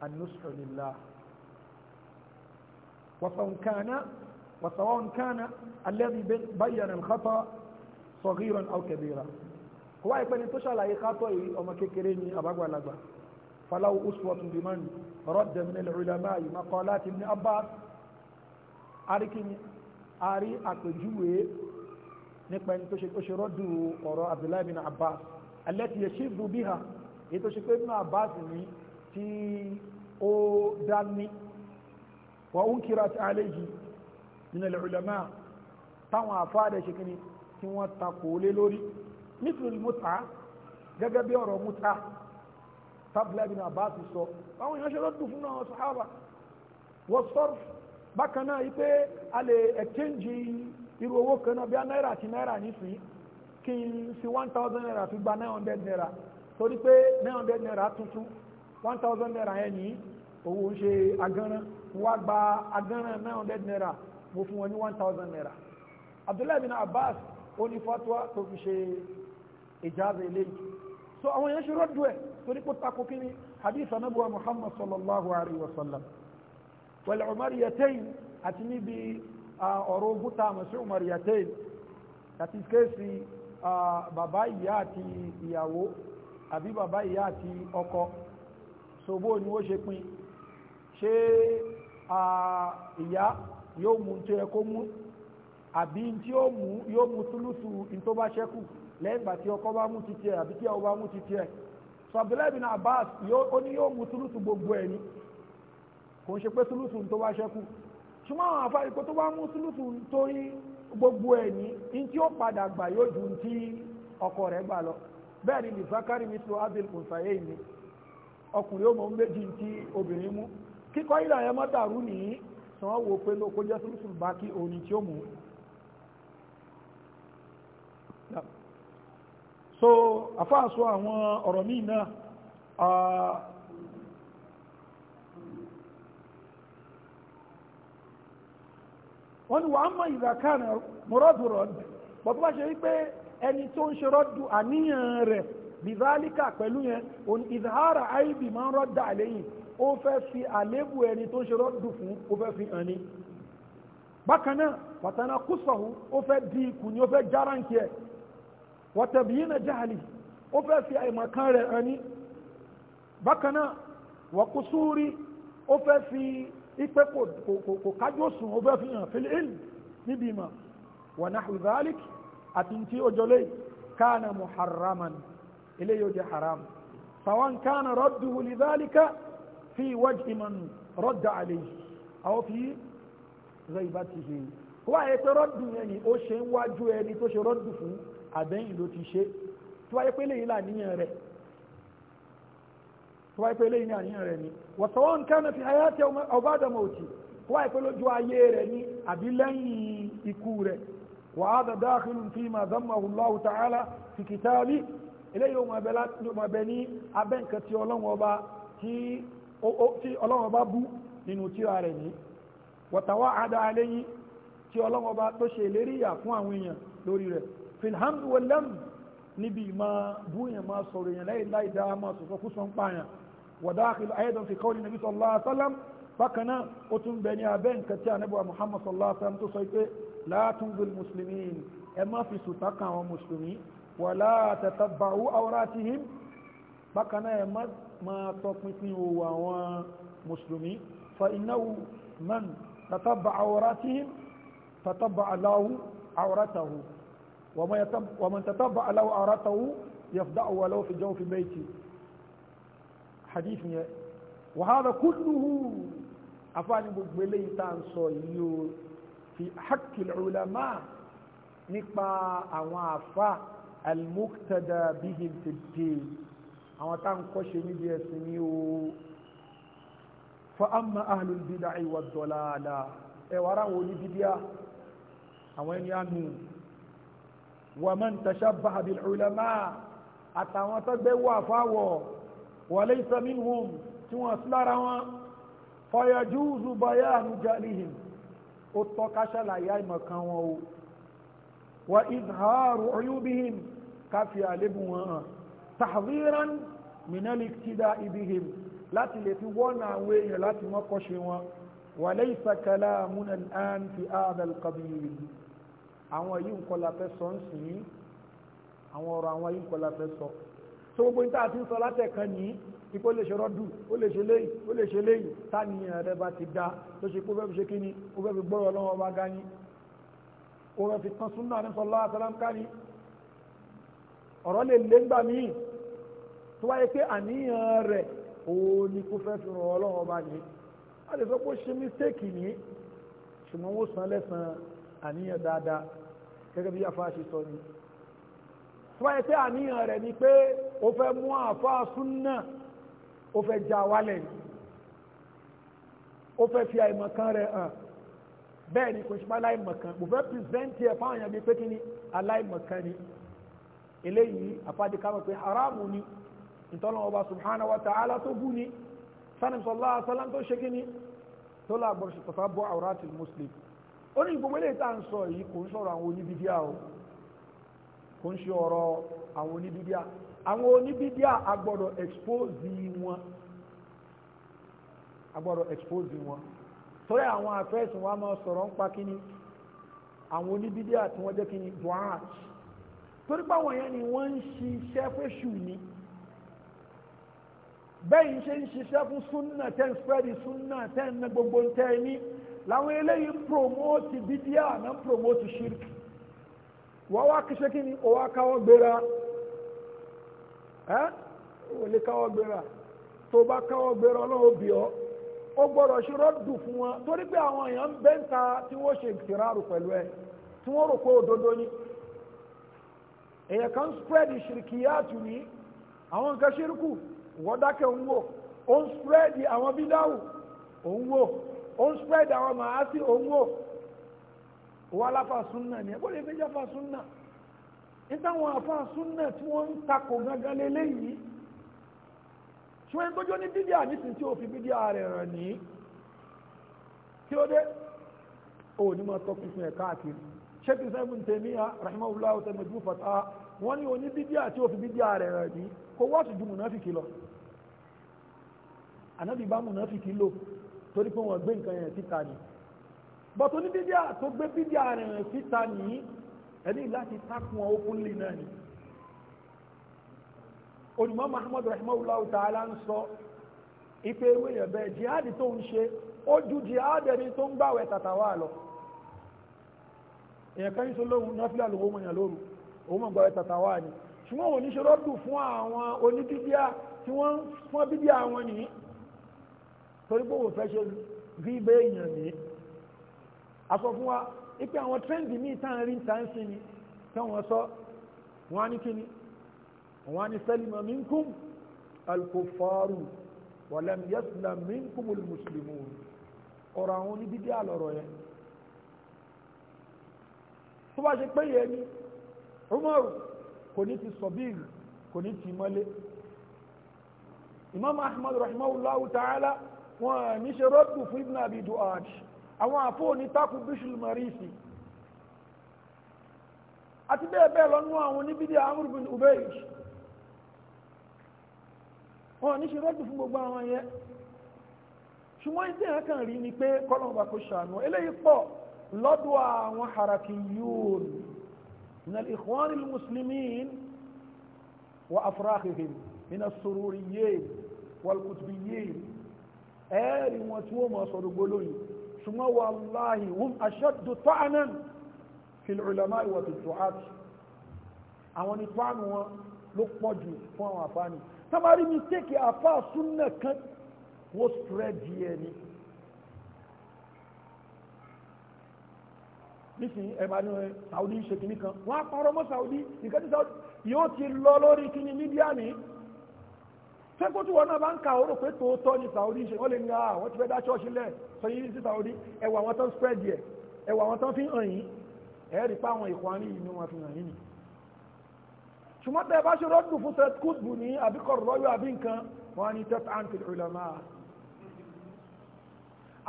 النصح لله وسواء كان وسواء كان الذي بين الخطأ صغيرا أو كبيرا هو يبني تشعل أي خطأ أو كيكريني أبقى لغا فلو أسوة بمن رد من العلماء مقالات ابن عباس أركني أري أكجوه nípa ẹni tó ṣe kóṣe rọ́dù ọ̀rọ̀ abdullahi bin abbas alẹ́tì yẹ ṣífù bí ha èyí tí ó dá ní wa unkirat alayhi min al-ulama táwọn àfáàdẹ̀ ṣe kí ni tí wọ́n takò lé lórí nítorí múta gẹ́gẹ́ bí ọ̀rọ̀ múta tábìlá ibn Abbas sọ àwọn èèyàn ṣe lọ́dún fún àwọn sàhábà wọ́n sọ́rọ̀ bákan náà wípé a lè ẹ̀kẹ́ǹjì irú owó kan náà bí a náírà àti náírà nísìnyí kí n fi one naira fi gba nine naira torí pé nine naira tuntun 1000 thousand naira yẹn ní owó ń ṣe agánrán wá gba agánrán nine naira mo fún wọn ní one naira abdullahi bin abbas ó ní fatwa tó fi ṣe ìjáde eléyìí so àwọn èèyàn ṣe rọ́dù ẹ̀ torí kó takò kí ni hadith anabuwa muhammad sallallahu alayhi wa sallam wal umariyatayn àti níbi ọ̀rọ̀ ogúta àmàṣí umariyatayn àti kéèsì bàbá ìyá àti ìyàwó àbí bàbá ìyá àti ọkọ so ni ó ṣe pín ṣé ìyá yóò mú tó yẹ kó mú àbí tí ó mú yóò mú túlùtù ní tó bá ṣẹ́kù lẹ́yìn ìgbà tí ọkọ bá mú títí ẹ̀ àbí tí ọkọ bá mú títí ẹ̀ so Abdullahi bin Abbas ó ní yóò mú túlùtù gbogbo ẹ̀ ni kò ń ṣe pé túlùtù tó bá ṣẹ́kù ṣùgbọ́n àwọn afárí kó tó bá mú túlùtù nítorí gbogbo ẹ̀ ní in tí ó padà gbà yóò ju ti ọkọ rẹ̀ gbà lọ bẹ́ẹ̀ ni lè Zakari mi tó abdul ni ọkùnrin ó mọ̀ ń méjì tí obìnrin mú kíkọ́ ìlà yẹn mọ́ dàrú nìyí tí wọ́n wo pé lóko jẹ́ sùlùsùlù bá kí òní tí ó mú so àfáàsọ àwọn ọ̀rọ̀ míì náà wọ́n ni wàá mọ̀ ìzàkánà mọ́rọ́dù rọ̀dù bọ̀tọ́ bá ṣe wípé ẹni tó ń ṣe rọ́dù àníyàn rẹ̀ bìbálíkà pẹ̀lú yẹn òní ìdáhàrà àìbì máa ń rọ́dà lẹ́yìn ó fẹ́ fi àlébù ẹni tó ń ṣe rọ́dù fún ó fẹ́ fi hàn ní bákan náà pàtàkì kùsọ̀hù ó fẹ́ di ikù ni ó fẹ́ járáǹkì ẹ̀ wọ́tẹ̀bí yìí na jáàlì ó fẹ́ fi àìmọ̀kan rẹ̀ hàn ní bákan náà wọ́kùsúrí ó fẹ́ fi ipe kò kájú sùn ó fẹ́ fi hàn fílẹ̀ níbi ìmọ̀ wọ̀nà ìdáhàlì àti tí ó jọlé káà na muharraman eléyìí ó jẹ́ haram sàwọn kánà rọ́dù wùlì dálíkà fi wájú ìmọ̀nù rọ́dà àlè àwọn fi rẹ̀ ìbá ti ṣe wá yẹ pé rọ́dù yẹn ni ó ṣe ń wájú ẹni tó ṣe rọ́dù fún àbẹ́yìn ló ti ṣe tí wáyé pé léyìn láàníyàn rẹ̀ tí wáyé pé léyìn láàníyàn rẹ̀ ni wọ̀sọ̀wọ́n kánà fi hayati ọbádàmọ̀ òtì wáyé pé lójú ayé rẹ̀ ni àbí lẹ́yìn ikú rẹ̀ wàhádà dáhìlù fi ma zammahu Allahu ta'ala fi eléyìí ó máa bẹ ní abẹ́ nǹkan tí ọlọ́run ọba tí ọlọ́run ọba bú nínú tíra rẹ̀ ní wọ̀tàwà àdá aléyìn tí ọlọ́run ọba tó ṣe ìlérí ìyà fún àwọn èèyàn lórí rẹ̀ filhamdu wọlẹ́m níbi ìmọ̀ búyàn máa sọ̀rọ̀ èèyàn lẹ́yìn láì dá máa sọ̀sọ̀ kú ń pààyàn wọ̀dáàkìlú ayédàn fi kọ́ọ̀lì nàbí sallallahu alaihi wasallam ó tún bẹ ní abẹ́ nǹkan tí anábọ̀ muhammad sallallahu alaihi wasallam tó sọ pé látúndùl wala tatabba'u awratihim bákan náà ẹ má tọpinpin òwò àwọn mùsùlùmí fa innahu man tatabba'a awratihim tatabba'a lahu awratahu wa man tatabba'a lahu awratahu yafda'u walau fi jawfi bayti hadith yẹn wa hadha kulluhu afáàní gbogbo eléyìí tá ń sọ yìí fi haqqil ulama nípa àwọn àfáà almuktada bihim fi ddin àwọn tá à ń kọ́ṣe níbi ẹ̀sìn ní o fa amma ahlul bid'ah wad dalalah ẹ̀wàrà wo ní bídíà àwọn ẹni àánú wa man tashabbaha bil ulama àtàwọn tó gbé wà fáwọ̀ wa laysa minhum tí wọ́n sí lára fa yajuzu bayanu jalihim ó tọ́ka ṣàlàyé àìmọ̀kan wọn o wa izharu uyubihim káfí àlébù wọn hàn tahziran minali tida ibihim láti lè fi wọ́nà àwọn èèyàn láti mọ́ kọ́ṣe wọn wa laysa kalamuna al-an fi hadha al-qabil àwọn yìí ń kọlà fẹ́ sọ ń sìn yìí àwọn ọ̀rọ̀ àwọn yìí ń kọlà fẹ́ sọ tó gbogbo níta àti ń sọ látẹ̀kan ní ipò lè ṣe rọ́dù ó lè ṣe léyìí ó lè ṣe léyìí táníyàn rẹ bá ti dá tó ṣe pé ó fẹ́ fi ṣe kíni ó fẹ́ fi gbọ́rọ̀ lọ́wọ́ bá gá ní ó fẹ́ fi kan súnà ní sọlá àtàlámká ní ọ̀rọ̀ lè lé ńgbà míì tó wáyé pé àníyàn rẹ̀ òun ni kò fẹ́ fi ràn ọlọ́run ọba ní a lè sọ pé ó ṣe mistake ní ṣùgbọ́n ó san lẹ́sàn àníyàn dáadáa gẹ́gẹ́ bí àfáà ṣe sọ ni tó wáyé pé àníyàn rẹ̀ ni pé ó fẹ́ mú àfáà súnnà ó fẹ́ já wálẹ̀ ni ó fẹ́ fi àìmọ̀kan rẹ̀ hàn bẹ́ẹ̀ ni kò ṣe má láìmọ̀kan kò fẹ́ pìrìsẹ́ntì ẹ̀ fáwọn èèyàn bíi pé kí ni aláìmọ̀kan ni eléyìí àfádìkámọ̀ pé haramu ni ìtọ́lọ̀ ọba subhanahu wa ta'ala tó bú ni sanim sallallahu alaihi wasallam tó ṣe kí ni tó láàgbọ́n ṣe tọ́fà bọ́ àwòrátì muslim ó ní gbogbo eléyìí tá à ń sọ yìí kò ń sọ̀rọ̀ àwọn oníbídíà o kò ń ṣe ọ̀rọ̀ àwọn oníbídíà àwọn oníbídíà agbọ́dọ̀ expose wọn agbọ́dọ̀ àwọn àfẹ́sùn wa máa sọ̀rọ̀ ń pa kíni àwọn oníbídíà tí wọ́n jẹ́ kíni duart torí báwọn yẹn ni wọ́n ń ṣiṣẹ́ fẹ́ṣù ni bẹ́ẹ̀ ń ṣe ń ṣiṣẹ́ fún súnà ten spread súnà ten na gbogbo tẹ́ ní làwọn eléyìí ń promote bídíà àná ń promote shirk wọ́n wá kíṣe kí ni òwá káwọ́ gbéra ẹ́ ò lè káwọ́ gbéra tó bá káwọ́ gbéra ọlọ́run òbí ọ́ ó gbọ́dọ̀ ṣe rọ́dù fún wọn torí pé àwọn èèyàn ń bẹ́ńta tí wọ́n ṣe ìtìrárù pẹ̀lú ẹ tí wọ́n rò pé òdodo ni èyàn kan spread ṣìrìkìyàtù ní àwọn nǹkan ṣírkù wọ́dákẹ́ ń wò ó ń spread àwọn bídáwù ó ń wò ó ń spread àwọn màásì ó ń wò wọ́n aláfàásúnnà ní ẹgbọ́n lè fi jẹ́ fàásúnnà nítawọ̀n àfàásúnnà tí wọ́n ń takò gangan lélẹ́yìí ṣùgbọ́n tó jó ní bídíà nísìn tí ó fi bídíà rẹ̀ ràn ní kí ó dé ó ní mọ́ tọ́kùn fún ẹ̀ káàkiri ṣé kìí sẹ́gun tèmíyà rahimahullah tẹ́mẹ̀dúfàtà wọ́n ní oní bídíà tí ó fi bídíà rẹ̀ rẹ̀ ní kò wọ́ọ̀sì ju mùnáfìkì lọ ànábì bá mùnáfìkì lò torí pé wọ́n gbé nǹkan yẹn síta ni bọ́tò ní bídíà tó gbé bídíà rẹ̀ rẹ̀ síta nìyí ẹni láti tákùn wọn openly náà ni onímọ̀ Muhammad rahimahullahu ta'ala ń sọ ipe ewé yẹn bẹ́ẹ̀ jihadi tó ń ṣe ó ju jihadi ẹni tó ń gbàwẹ̀ tàtàwà lọ èèyàn kan ń sọ lóhun náfíà lówó mọ̀yàn lóru òun mọ̀ gbọ́ tàtà wà ní ṣùgbọ́n òun níṣẹ́ rọ́dù fún àwọn oníbíbíà tí wọ́n fún bíbíà wọn ní torí pé òun fẹ́ ṣe rí ibẹ̀ èèyàn ní a sọ fún wa ipe àwọn trẹ́ndì míì tá à ń rí ta ń sin tí wọ́n sọ wọ́n á ní kíni wọ́n á ní salima minkum al-kuffaru wa lam yaslam minkum al-muslimun ọ̀rọ̀ àwọn oníbíbíà lọ́rọ̀ yẹn tó bá ṣe pé yẹn ni Umaru kò ní ti sọ̀bíl kò ní ti mọ́lé Imam Ahmad rahimahullahu ta'ala wọ́n ní ṣe rọ́pù fún Ibn Abi Du'ad àwọn àfóò ní takù Bishul Marisi àti bẹ́ẹ̀ bẹ́ẹ̀ lọ́nú àwọn oníbídí Amr bin Ubay wọ́n ní ṣe rọ́pù fún gbogbo àwọn yẹn ṣùgbọ́n ìdí ẹ̀ kàn rí ni pé kọ́lọ̀mbà kò ṣàánú eléyìí pọ̀ lọ́dọ̀ àwọn harakiyyun من الإخوان المسلمين وأفراخهم من السروريين والكتبيين آل وتوما صربلوي ثم والله هم أشد طعنا في العلماء وفي الدعاة àwọn ni fáànù wọn ló pọ̀ jù fún àwọn àfáàní tábàrí mistake nísìnyí ẹ̀bà ní Saudi ṣe kìíní kan wọ́n á mọ́ Saudi nǹkan tí Saudi yóò ti lọ lórí kíní mídíà ní sẹ́kùtù wọn náà bá ń ka orò pé tòótọ́ ni Saudi ṣe wọ́n lè ní àwọn ah, ti fẹ́ dá ṣọ́ọ̀ṣì lẹ̀ sọ yìí sí Saudi ẹwà wọn tán spread yẹ ẹwà wọn tán fi hàn yín ẹ̀ẹ́rì pa àwọn ìkọ̀ àárín yìí ni wọ́n fi hàn yín ni ṣùgbọ́n tẹ́ bá ṣe rọ́dùn fún sẹ́kùtù ní àbíkọ̀rọ̀ lọ́yọ̀ àbí nǹkan wọn ni tẹ́tà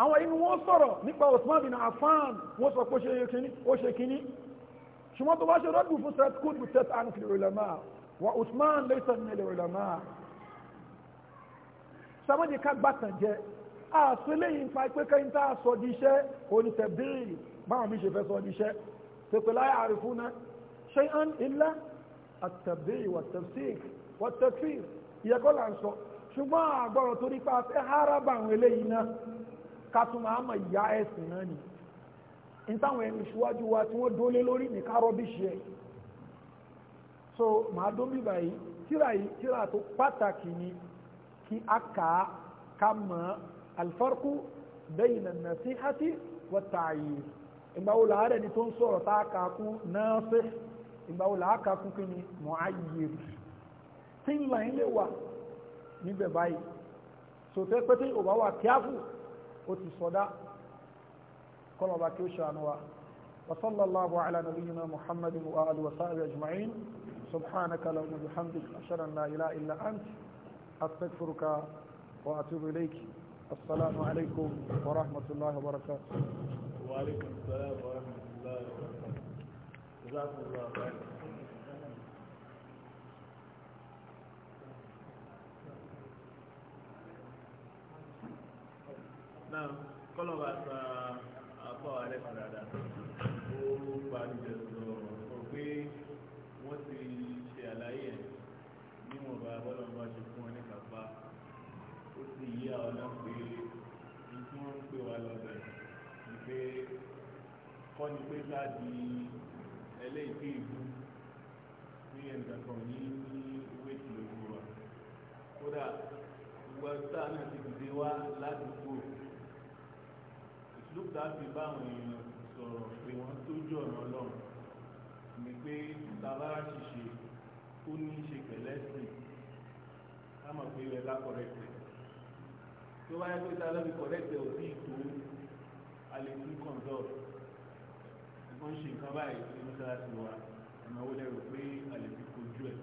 àwọn inú wọ́n sọ̀rọ̀ nípa Osman bin Affan wọ́n sọ pé ó ṣe kíní ṣùgbọ́n tó bá ṣe rọ́dù fún seth kúd bí seth anfi ulama wa Osman laysa min ulama sàmọ́jì ká gbàtàn jẹ́ àṣílẹ̀yìn pa pé kẹ́yìn tá a sọ di iṣẹ́ onítẹ̀bíìlì báwọn mi ṣe fẹ́ sọ di iṣẹ́ pẹ̀pẹ̀ láyé àrífúnná shay'an illa at-tabi'i wat là ń sọ ṣùgbọ́n àgbọ̀rọ̀ torí pa fẹ́ hárábà kátùmọ̀ àmọ̀ ìyá ẹ̀sìn náà ni ní táwọn ẹni ṣíwájú wa tí wọ́n dólé lórí ní kárọ́bíṣẹ́ ẹ̀ so màá dómi báyìí tíra yìí tíra tó pàtàkì ni kí a kà á ká mọ̀ alfarku bayna nasihati wa ta'yir ìgbàwò làárẹ̀ ni tó ń sọ̀rọ̀ tá a kà kún nasih ìgbàwò làákà kún kí ni mu'ayyir tí ń là ń lè wà níbẹ̀ báyìí so tẹ́ pẹ́tẹ́ ò bá wà kíáfù ó ti sọdá kọlọba kí ó ṣàánú wa وصلى الله على نبينا محمد وآله وصحبه أجمعين سبحانك اللهم وبحمدك أشهد أن لا إله إلا أنت أستغفرك وأتوب إليك السلام عليكم ورحمة الله وبركاته وعليكم السلام ورحمة الله وبركاته جزاكم الله خيرا náà kọ́lọ̀ bá sa àpá ààrẹ fìdàdà ó bá jẹ sọ̀rọ̀ sọ pé wọ́n ti ṣe àlàyé ẹ̀ níwọ̀n bá bọ́lọ̀ bá ṣe fún ọ ní kápá ó sì yí àwọn náà pé ìtú wọn ń pè wá lọ́bẹ̀ ni pé kọ́ ni pé ká di ẹlẹ́ẹ̀kẹ́ ìlú ní ẹnìkan kan ní ní wéèkì lóko wa kódà gbogbo ẹgbẹ́ náà ti dìde wá ládùúgbò lókùtà fi bá àwọn èèyàn sọ̀rọ̀ pé wọ́n tójú ọ̀nà ọlọ́run ni pé tàbá ṣìṣe ó ní í ṣe pẹ̀lẹ́sìn ká mọ̀ pé ẹ bá kọ̀rẹ́tẹ̀ tó bá yẹ pé tá a lọ́bi kọ̀rẹ́tẹ̀ ò sí ìtò alẹ́kùn kọ̀ǹdọ̀ ẹ̀kọ́ ṣe nǹkan báyìí ní mọ́sálásí wa ọ̀nà owó lẹ́rù pé alẹ́kùn kojú ẹ̀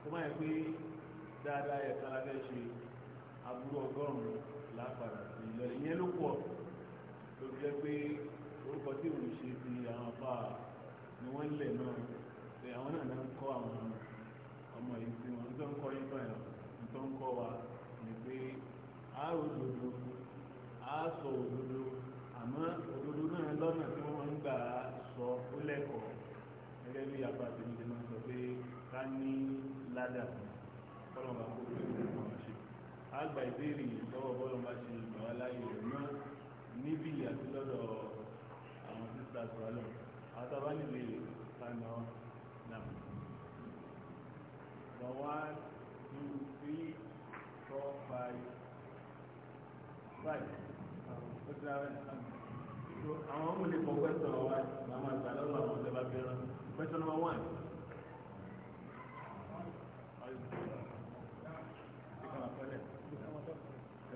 tó bá yẹ pé dáadáa yẹ kára fẹ́ ṣe aburú ọgọ́rùn-ún lápàdà sí ìyẹn ló pọ̀ jẹ́ pé orúkọ tí òun ṣe ti àwọn apá ni wọ́n lẹ̀ náà pé àwọn náà náà ń kọ́ àwọn ọmọ yìí sí wọn tó ń kọ́ yín tán tó ń kọ́ wa ni pé a òdodo a sọ òdodo àmọ́ òdodo náà lọ́nà tí wọ́n ń gbà sọ ó lẹ́kọ̀ọ́ gẹ́gẹ́ bí apá tèmi ti máa sọ pé ká ní ládà kọ́lọ́mà kó lè wọ́n ṣe. a gba ìbéèrè yìí lọ́wọ́ bọ́lọ́mà ṣe ìgbà wa láyé rẹ̀ náà níbí àti lọ́dọ̀ àwọn sísá sọ̀rọ̀ àwọn tá a bá níbi ìpànà náà. But one, two, three, four, five, five. Ó ti rárá ìsàmù. Àwọn ọmọ lè kọ pẹ́sọ̀ wa màmá àgbà lọ́wọ́ àwọn ọ̀dẹ́ bá bẹ̀rẹ̀. Pẹ́sọ̀ number one.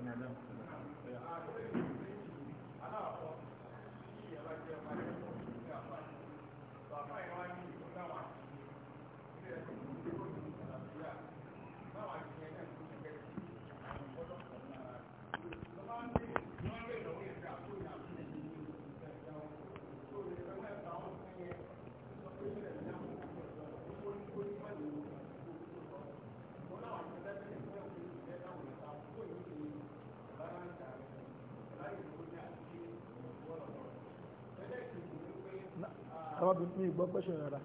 Thank you. bí fún ìgbọ́ pẹ́sẹ̀ rárá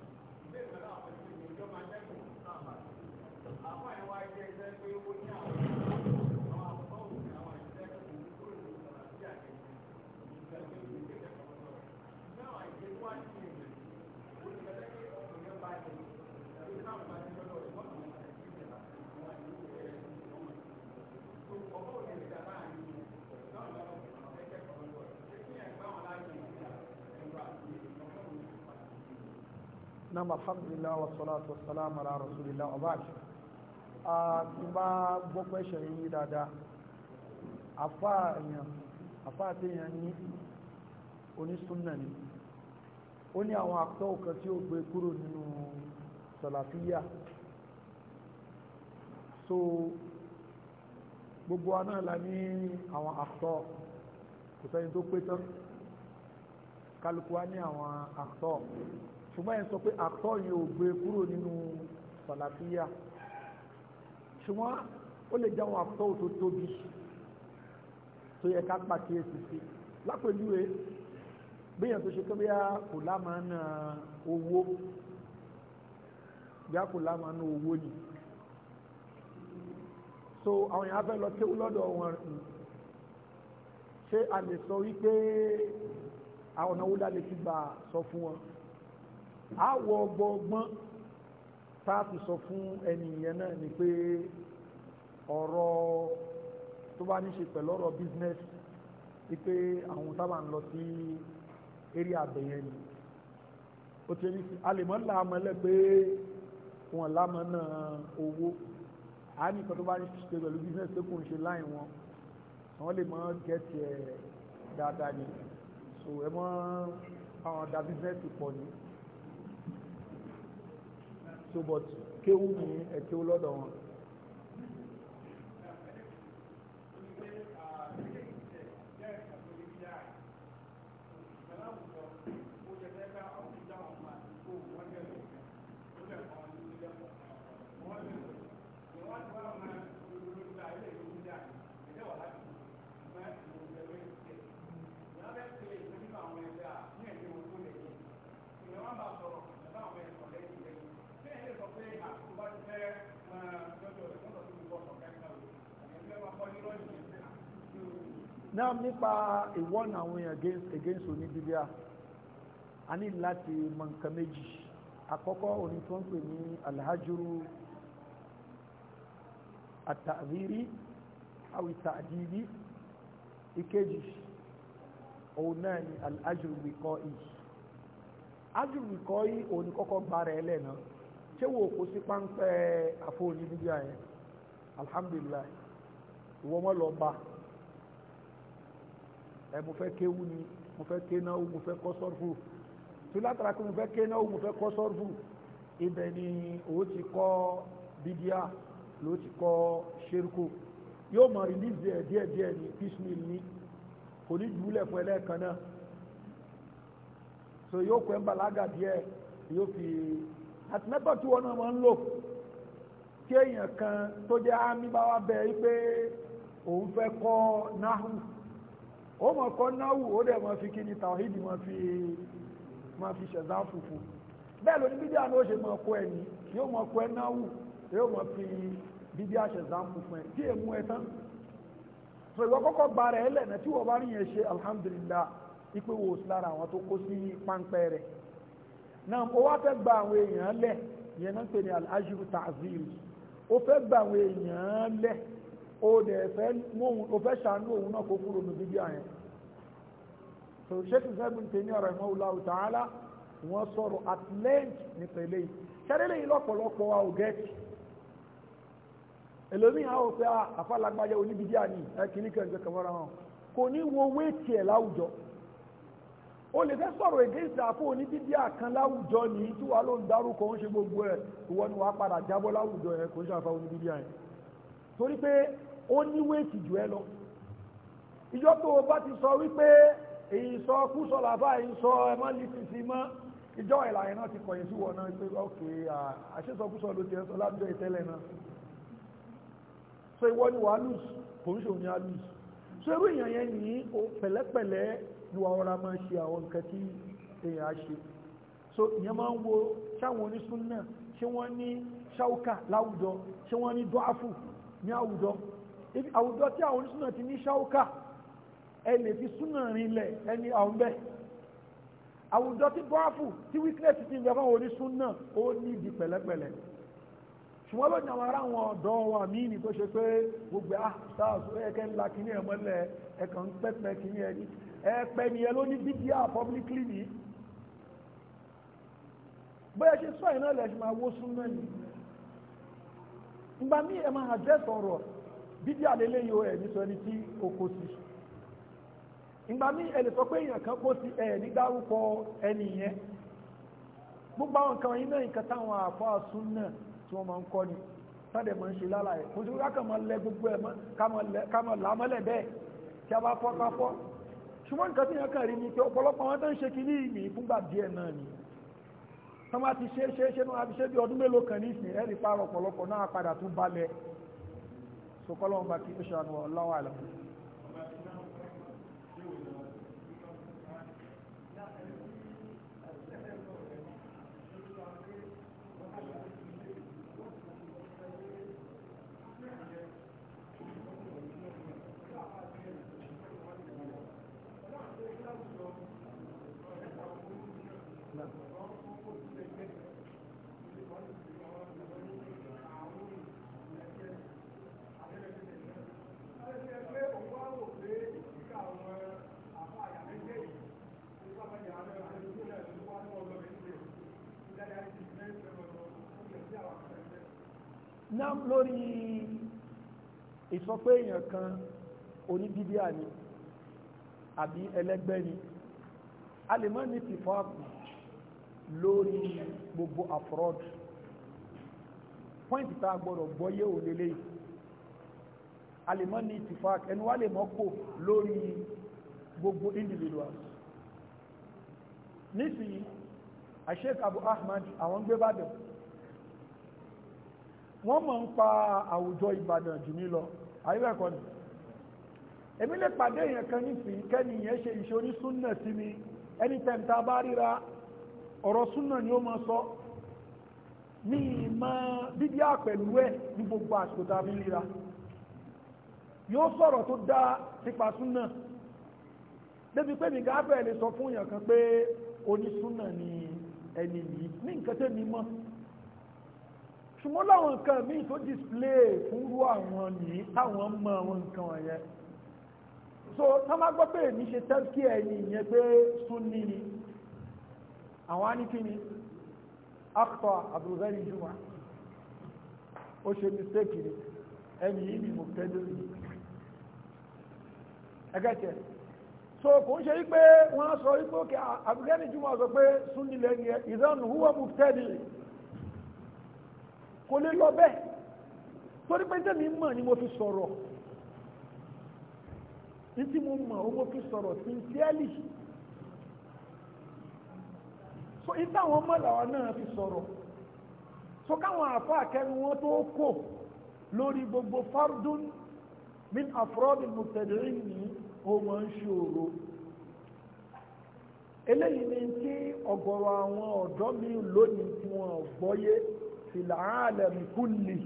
nam alhamdulilah wa salatu wa salam ala rasulillah wa baaki tí n bá gbọ́ pẹ́ṣẹ̀ yìí dáadáa afá èèyàn afá àti èèyàn ní onísúnnà ni ó ní àwọn àpẹ́ òkan tí ó gbé kúrò nínú sọ̀làfíyà so gbogbo aná la ní àwọn àpẹ́ kò sẹ́yìn tó pé tán wa ní àwọn àpẹ́ ṣùgbọ́n ẹ̀ sọ pé àtọ́ yìí ò gbé kúrò nínú sàlàfíà ṣùgbọ́n ó lè jáwọn àtọ́ tó tóbi tó yẹ ká pàkíyèsí sí lápèjúwe bíyàn tó ṣe pé bí a kò lámàá na owó bí a kò lámàá na owó ni so àwọn èèyàn fẹ́ lọ kéwú lọ́dọ̀ wọn ṣé a lè sọ wípé àwọn ọ̀nà wo la lè fi gbà sọ fún wọn àwọ ọgbọgbọ́n táàfi sọ fún ẹni ìyẹn náà ni pé ọ̀rọ̀ tó bá ní ṣe pẹ̀lú ọ̀rọ̀ business wípé àwọn sábà ń lọ sí eré àbẹ̀yẹn ni ó ti ní alèmọ́ làmọ́lẹ̀ pé wọn lámọ́ owó a ní nǹkan tó bá ní ṣe pẹ̀lú business tó kùn ṣe láì wọn àwọn lè mọ́ gẹ̀ẹ́tì ẹ̀ dáadáa ni so ẹ mọ́ àwọn ọ̀dà business pọ̀ ni so but kéwù ní ẹ̀kẹ́ lọ́dọ̀ wọn náà nípa ìwọ́nà àwọn èèyàn against oníbíbíà a ní láti mọ nǹkan méjì àkọ́kọ́ oní tó ń pè ní alhajuru àtàrírí àwìtàdìrí ìkejì òun náà ni alhajuru wìkọ́ yìí hajuru wìkọ́ yìí òun kọ́kọ́ gba rẹ̀ lẹ́nà ṣé wo kò sí páńpẹ́ àfọ oníbíbíà yẹn alhamdulillah ìwọ́n mọ́ lọ bá ẹ mo fẹ́ kéwú ni mo fẹ́ kénáwó mo fẹ́ kọ́ sọ́rùfù tó látara pé mo fẹ́ kénáwó mo fẹ́ kọ́ sọ́rùfù ibẹ̀ ni ó ti kọ́ bídíà ló ti kọ́ ṣerúkò yóò mọ̀ rìlíìsì ẹ̀ díẹ̀díẹ̀ ní piecemeal ní kò ní jùúlẹ̀ fún ẹlẹ́ẹ̀kan náà so yóò kọ́ ẹ̀ńbàlágà díẹ̀ yóò fi àti mẹ́tọ̀ tí wọ́n náà máa ń lò kí èèyàn kan tó jẹ́ ámì bá wá pé òun fẹ́ kọ́ náhùn ó mọ̀ kọ́ náwù ó dẹ̀ mọ̀ fi kí ni tàwídì mọ̀ fi mọ̀ fi ṣẹ̀dá fùfù bẹ́ẹ̀ lóní bídíà ní ó ṣe mọ̀ kọ́ ẹni yóò mọ̀ kọ́ ẹ náwù yóò mọ̀ fi bídíà ṣẹ̀dá fùfù ẹ̀ tí èmú ẹ tán so ìwọ kọ́kọ́ gba rẹ̀ ẹlẹ̀ náà tí wọ́n bá rí yẹn ṣe alhamdulillah ipe wo lára àwọn tó kó sí páńpẹ́ rẹ̀ náà ó wá fẹ́ gba àwọn èèyàn lẹ̀ yẹn náà pè ó dẹ̀ fẹ́ móhun ó fẹ́ ṣàánú òun náà kó kúrò ní bíbí àyẹn so sheikh zebun tèmi ọ̀rọ̀ ìmọ̀ ọ̀làwù tààlà wọ́n sọ̀rọ̀ at length nípa eléyìí ṣẹ́rẹ́lẹ̀ yìí lọ́pọ̀lọpọ̀ wa ò gẹ́ẹ̀tì èlòmí àwọn òpé ah, àfàlágbájá oníbíbí àní ẹkìní kẹ̀kẹ́ kẹmọ́ra wọn kò ní wo wéètì ẹ̀ láwùjọ o lè fẹ́ sọ̀rọ̀ against àpò oníbíbí àkan láwùjọ nìyí tí wàá ló ń dárúkọ ń ṣe gbogbo ẹ̀ ìwọ ni wàá padà jábọ́ láwùjọ ẹ̀ kò ń ṣàfà oníbíbí àyẹn torí pé ó ní wéètì jù ẹ lọ ìjọ tó o bá ti sọ wípé èyí sọ kú sọ làbá èyí sọ ẹ má ní sísí mọ́ ìjọ ìlà yẹn ti kọ̀yìn sí wọn náà pé ok àṣesọkúsọ ló ti ẹ sọ lábẹ́ ìtẹ́lẹ̀ náà so ìwọ ni wàá lùsù kò ń ṣòun ni a lùsù so irú èèyàn yẹn ní pẹ̀lẹ́pẹ̀lẹ́ ni wàá ọ̀rá máa ṣe àwọn nǹkan tí èèyàn á ṣe so ìyẹn máa ń wo ṣáwọn onísùn náà ṣé wọ́n ní ṣáúkà láwùjọ ṣé wọ́n ní dọ́áfù ní àwùjọ àwùjọ tí àwọn onísúnà ti ní ṣáúkà ẹ lè fi súnà rinlẹ̀ ẹni àwọn bẹ́ẹ̀ àwùjọ tí bọ́ọ̀fù tí weakness ti ń bẹ fáwọn onísúnà ó ní pẹ̀lẹ́pẹ̀lẹ́ ṣùgbọ́n lónìí àwọn ará àwọn ọ̀dọ́ wa míì ní tó ṣe pé gbogbo à sáàsù ẹ̀kẹ́ ńlá kìíní ẹ̀ ah, mọ́lẹ̀ ẹ̀kàn ń pẹ́pẹ́ kìíní ẹni ẹ̀pẹ́ ni ẹ ló ní bídíà publicly ní bóyá ṣe sọ ìná ilẹ̀ ṣe máa wó sún náà ìgbà mí ẹ máa àdírẹ́sì ọ̀rọ̀ bíbí àlélé yóò ẹ̀ ní sọ ẹni tí ó kó sí ìgbà mí ẹ sọ pé èèyàn kan kó sí ẹ̀ ní ẹni yẹn gbogbo àwọn nǹkan yìí náà nǹkan táwọn àsún náà tí wọ́n máa ń kọ́ ni sọ́dẹ̀ máa ń ṣe lálàyé kò sí ká máa lẹ gbogbo ẹ̀ ká máa là mọ́lẹ̀ bẹ́ẹ̀ tí a bá fọ́ ká fọ́ ṣùgbọ́n nǹkan tí yẹn kàn rí ni pé ọ̀pọ̀lọpọ̀ àwọn tó ń ṣe kiri ìmì fúngbà díẹ̀ náà ni tán bá ti ṣe é ṣe é ṣe náà àti ṣe bí ọdún mélòó kan nísìn ẹ̀rí pààrọ̀ ọ̀pọ̀lọpọ̀ náà padà tún balẹ̀ sọkọlọ́wọ́n bá kí ó ṣàánú ọ̀láwà àlàkùn náà lórí ìsọpé èèyàn kan oníbíbíà ni àbí ẹlẹ́gbẹ́ ni a lè mọ́ ní tìfọ́ọ̀kù lórí gbogbo àfọ́rọ́dù pọ́ìntì tá a gbọ́dọ̀ gbọ́yé òlélẹ́ a lè mọ́ ní tìfọ́ọ̀kù ẹnu wá lè mọ́ lórí gbogbo individuals nísìnyí àṣẹ́kàbù Ahmad àwọn gbé bàdàn wọ́n mọ̀ ń pa àwùjọ Ìbàdàn jù mí lọ àyíbẹ̀kọ́ ni èmi lè pàdé èèyàn kan nísìnyí kẹ́ni yẹn ṣe ìṣorí súnà sí mi anytime tá bá ríra ọ̀rọ̀ súnà ni ó máa sọ ní ìmọ̀ bíbíà pẹ̀lú ẹ̀ ní gbogbo àsìkò tá a fi ríra yóò sọ̀rọ̀ tó dáa nípa súnà débi pé mi gáfẹ́ lè sọ fún èèyàn kan pé onísúnà ni ẹni yìí ní nǹkan tẹ́mi mọ́ ṣùgbọ́n láwọn nǹkan míì tó display fúnrú àwọn nìyí táwọn mọ àwọn nǹkan wọ̀nyẹn so tá má gbọ́ pé èmi ṣe ìyẹn pé súnni ni àwọn aníkíni akọ àbúrúgbẹ́rì jùmọ̀ ó ṣe mistake ni ẹni yìí ni mo tẹ́lẹ̀ rí ẹgẹ́tẹ̀ so kò ń ṣe wípé wọ́n sọ wípé àbúrúgbẹ́rì jùmọ̀ sọ pé súnni lẹ́yìn ìdánù húwọ́ mo tẹ́lẹ̀ rí kò lè lọ bẹ́ẹ̀ torí pé tẹ́mi mọ̀ ni mo fi sọ̀rọ̀ ní tí mo mọ̀ o mo fi sọ̀rọ̀ sincerely so ìta àwọn ọmọ làwọn náà fi sọ̀rọ̀ so káwọn àfa akẹ́nu wọn tó kò lórí gbogbo fardun min afrọ́dì mùtẹ̀dẹ̀rín ní ọmọ ń ṣòro eléyìí ni tí ọ̀gọ̀rọ̀ àwọn ọ̀dọ́ mi lónìí tí wọ́n gbọ́yé fìlàálẹ̀mí kúlì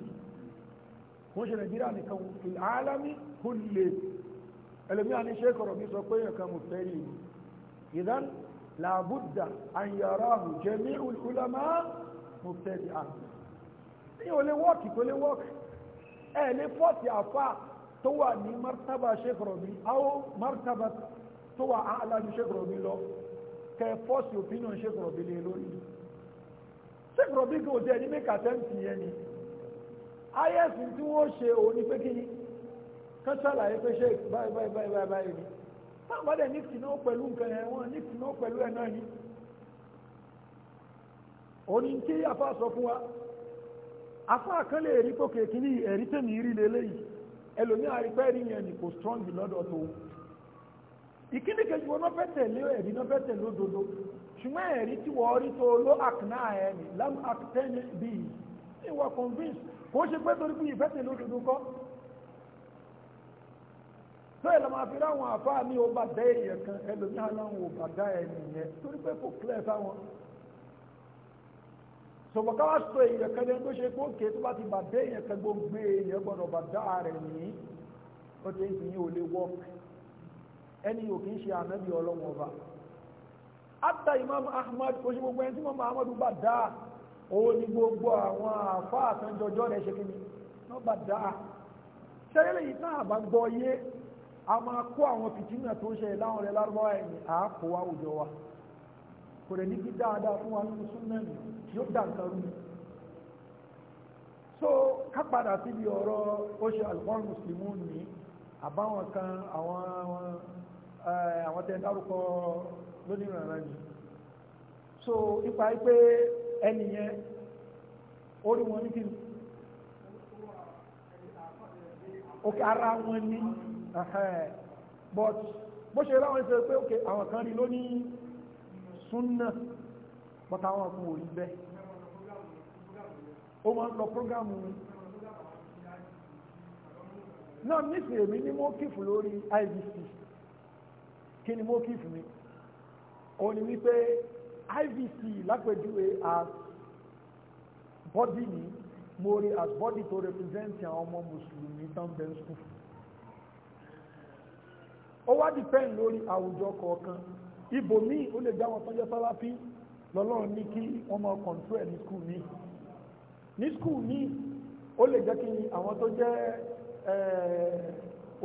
wọ́n ṣe nàìjíríà nìkan fìlàálẹ̀mí kúlì ẹlẹ́mí àní ṣe kọ̀rọ̀ mi sọ pé èèyàn kan mùsùlùmí yìí ìdán làbúdà àyàráhù jẹ́mí ulama mùsùlùmí àná ní o lè wọ́ọ̀kì tó lè wọ́ọ̀kì ẹ lè fọ́ọ̀tì àfà tó wà ní martaba ṣe kọ̀rọ̀ mi áwọ́ martaba tó wà áàlá ní ṣe mi lọ kẹ fọ́ọ̀sì opinion ṣe mi lé lórí sèkì rọ̀bì kan ò tẹ ẹni mẹ́ka tẹ́ǹtì yẹn ni is tí wọ́n ṣe òun ni pé kí ni kán ṣàlàyé pé ṣe báyìí báyìí báyìí báyìí ni táwọn bá dẹ̀ ní kìnnìún pẹ̀lú nǹkan yẹn wọ́n ní kìnnìún pẹ̀lú ẹ̀ náà ni òní tí afá sọ fún wa afá kan lè rí pókè kí ní ẹ̀rí rí rí yẹn ni kò strong lọ́dọ̀ tó ìkíni kejì wọn fẹ́ tẹ̀lé ẹ̀rí náà fẹ́ tẹ̀lé òdodo ṣùgbọ́n ẹ̀rí tí wọ́n rí tó ló àkànná ẹ̀ ní lam àkàtẹ́ni bí i ìwà convince kò ṣe pé torí pé ìfẹ́ tẹ̀lé òdodo kọ́ tó ìlànà àfihàn àwọn àfa mi ò bá dá èèyàn kan ẹlòmíà láwọn ò bá dá ẹni yẹn torí pé kò clear sáwọn sọ̀bọ̀ká wá sọ èèyàn kan ní ẹni ṣe kó ké tó bá ti bà dé èèyàn kan gbogbo èèyàn gbọ́dọ̀ bà dá rẹ̀ ní ó ti ń ò lè wọ́ọ̀kì ẹni yóò kì í ṣe ànábì ọlọ́wọ́n ọba àtà imam ahmad kò sí gbogbo ẹni tí imam ahmad bá dáa òun ni gbogbo àwọn àfáà àtànjọjọ́ rẹ̀ ṣe kíni wọ́n bá dáa ṣẹlẹ̀ yìí náà bá gbọ́ yé a máa kó àwọn fìtínà tó ń ṣe láwọn rẹ̀ lárúbáwá ẹ̀yìn àápò wa òjò wa kò rẹ̀ ní bí dáadáa fún wa nínú súnmọ́ ẹ̀mí yóò dà nǹkan rú ni so ká padà síbi ọ̀rọ̀ ó ṣe alùpùpù mùsùlùmí ní àbáwọn kan àwọn àwọn tẹ̀ dárúkọ lónìí ni so ipa pé ẹni yẹn orí wọn ní kíni òkè ara wọn ní but bó ṣe ráwọn ṣe pé òkè àwọn kan rí lónìí súnà but àwọn kan ò rí bẹ́ẹ̀ ó máa ń lọ prógámù náà nífẹ̀ẹ́ mi ní mo lórí IBC kí ni mo mi òun ni wípé IVC lápẹjúwe as body ni mo rí as body to represent àwọn ọmọ mùsùlùmí tán bẹ ń sùn ó wá depend lórí àwùjọ kọ̀ọ̀kan ibòmíì ó lè dáwọn tán jẹ́ sáláfí lọ́lọ́run ní kí wọ́n máa kọ̀ǹtú ẹ̀ ní skul mi ní skul mi ó lè jẹ́ kí àwọn tó jẹ́ eh,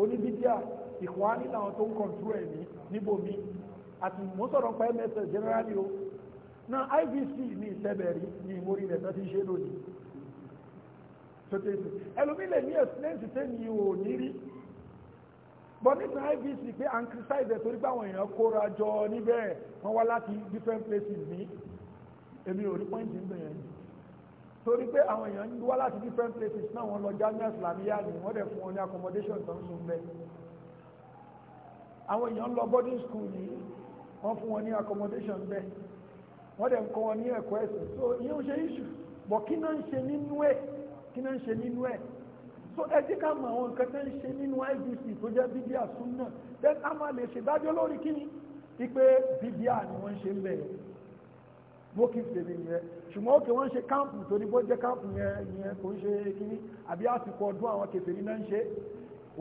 oníbídíà ìkwáni láwọn tó ń kọ̀ǹtú ẹ̀ ní níbòmíì àti mọ́sọ̀rọ̀ pa mss generally o náà ivc ní ìsẹ́bẹ̀rí ní ìmórí rẹ̀ tó ti ṣe lónìí sọtẹ́sì ẹlòmílẹ̀ ní ẹ̀sìlẹ́ǹsì tẹ́ ni ò ní rí bọ́ nípa ivc pé à ń criticize torí pé àwọn èèyàn kóra jọ níbẹ̀ wọ́n wá láti different places ní èmi ò rí pọ́ìntì ń bẹ̀yẹn torí pé àwọn èèyàn wá láti different places náà wọ́n lọ jamiu islamiyah ni wọ́n dẹ̀ fún wọn ní accommodation tó ń sun bẹ́ẹ̀ àwọn èèyàn lọ boarding school yìí wọ́n fún wọn ní accommodation bẹ́ẹ̀ wọ́n dẹ̀ ń kọ́ wọn ní ẹ̀kọ́ ẹ̀sìn so ìyẹn ò ṣe issue but kí náà ń ṣe nínú ẹ̀ kí náà ń ṣe nínú ẹ̀ so ẹ jẹ́ ká mọ àwọn nǹkan tó ń ṣe nínú ibc tó jẹ́ bíbíà súnà then a máa lè ṣèdájọ́ lórí kíni wípé bíbíà ni wọ́n ń ṣe ń bẹ̀rẹ̀ smoking tèmi yẹn ṣùgbọ́n òkè wọ́n ṣe káàpù tó ní bó jẹ́ káàpù yẹn kò ń ṣe kíní àbí àsìkò ọdún àwọn kèfèrí náà ń ṣe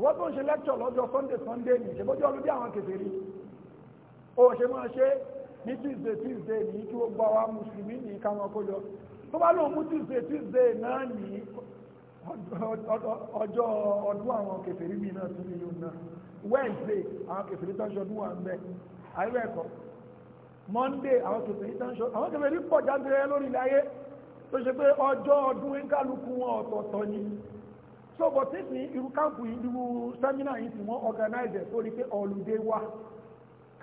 wọ́n tó ń ṣe lecture lọ́jọ́ sunday sunday ní ṣe bójú ọlọ́dún àwọn kèfèrí ó ṣe máa ṣe ní tuesday tuesday ní kí ó gbọ́ wa mùsùlùmí ní káwọn kó lọ tó bá lóun mú tuesday tuesday náà ní ọjọ́ ọdún àwọn kèfèrí mi náà tún nínú náà wednesday àwọn kèfèrí tó ń ṣọdún wà ń bẹ àìwẹ̀ ẹ̀kọ́ monday àwọn kèfèrí tó ń ṣọdún àwọn kèfèrí pọ̀ jáde lórí ilẹ̀ ayé so but nísìnyí irú káàpù yìí irú organize ẹ̀ sórí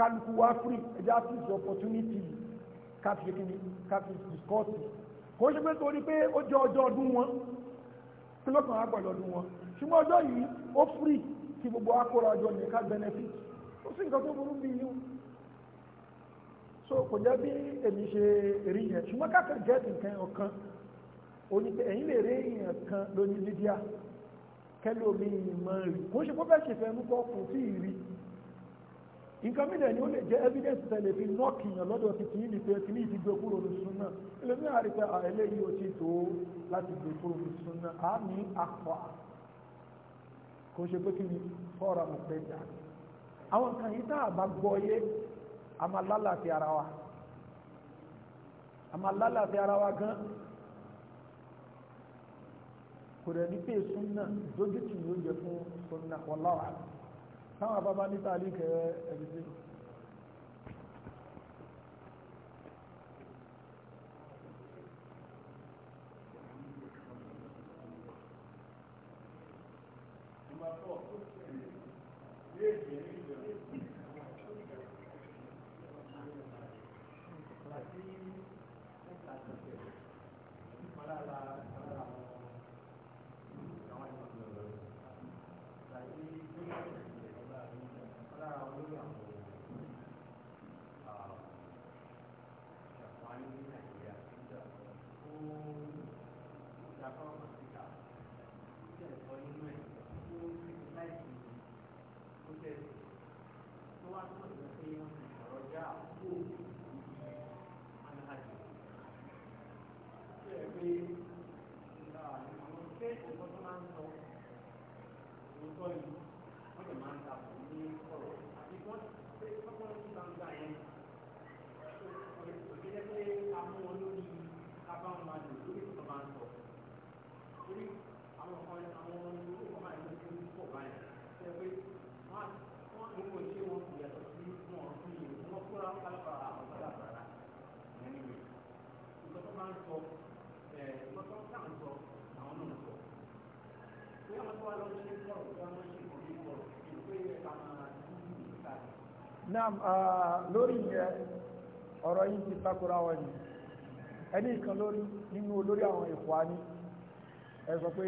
kálukú wá free ẹja sí ìṣe opportunity káfíń kíni káfíń discourse kò ṣe pé torí pé ó jẹ́ ọjọ́ ọdún wọn kí ló kàn á gbọ́dọ̀ ọdún wọn ṣùgbọ́n ọjọ́ yìí ó free kí gbogbo akóra ọjọ́ ní ká benefit ó sì nǹkan tó burú bí yín so kò jẹ́ bí èmi ṣe rí yẹn ṣùgbọ́n káfíń gẹ́ẹ̀tì nǹkan ọ̀kan onípe ẹ̀yìn lè rí èèyàn kan lóní lídíà kẹ́lómi ìmọ̀ rí kò ṣe pé bẹ́ẹ̀ ṣe fẹ́ nú kọ́ kò tí ì rí nǹkan mílẹ̀ ni ó lè jẹ́ evidence tẹ̀lé fi nọ́ọ̀kì yàn lọ́dọ̀ ti kì í ní pé kì í ti gbé kúrò ní súnà ẹlẹ́mí àríkẹ́ eléyìí ó ti tó láti gbé kúrò ní súnà á ní àpá kò ṣe pé kí ni fọ́ọ̀rọ̀ mo fẹ́ jà àwọn nǹkan yìí tá a bá gbọ́ yé a máa lálàfi ara wa a máa lálàfi ara wa gan kò rẹ̀ ní pé súnà dójútì yóò jẹ fún súnà wọláwàá táwọn àbábá ní tàlíkẹ̀ ẹ̀rìsìn Thank you. náà lórí yẹn ọ̀rọ̀ yìí ti takora wọn ni ẹni kan lórí nínú olórí àwọn ìfọ́ ní ẹ sọ pé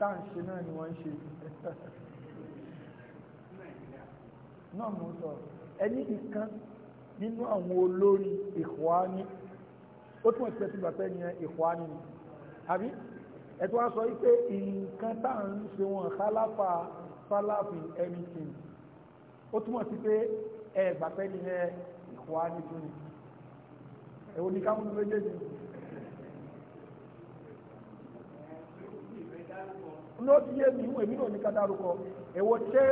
táǹṣe náà ni wọ́n ń ṣe náà mú sọ ẹni kan nínú àwọn olórí ìfọ́ ní ó tún ẹ̀sẹ̀ tí gbàtẹ́ ni ìfọ́ ní ni àbí ẹ̀tọ́ wá sọ wípé nǹkan táà ń ṣe wọn kálápà sálàfì anything ó túmọ̀ sí pé ẹ gbàgbẹ́ ni ẹ ìkọ́ á nínú ni ẹ̀wọ̀n ní káwọn méjèèjì. ló ti yé mi èmi náà ní ká dárúkọ ẹ̀wọ̀n ṣé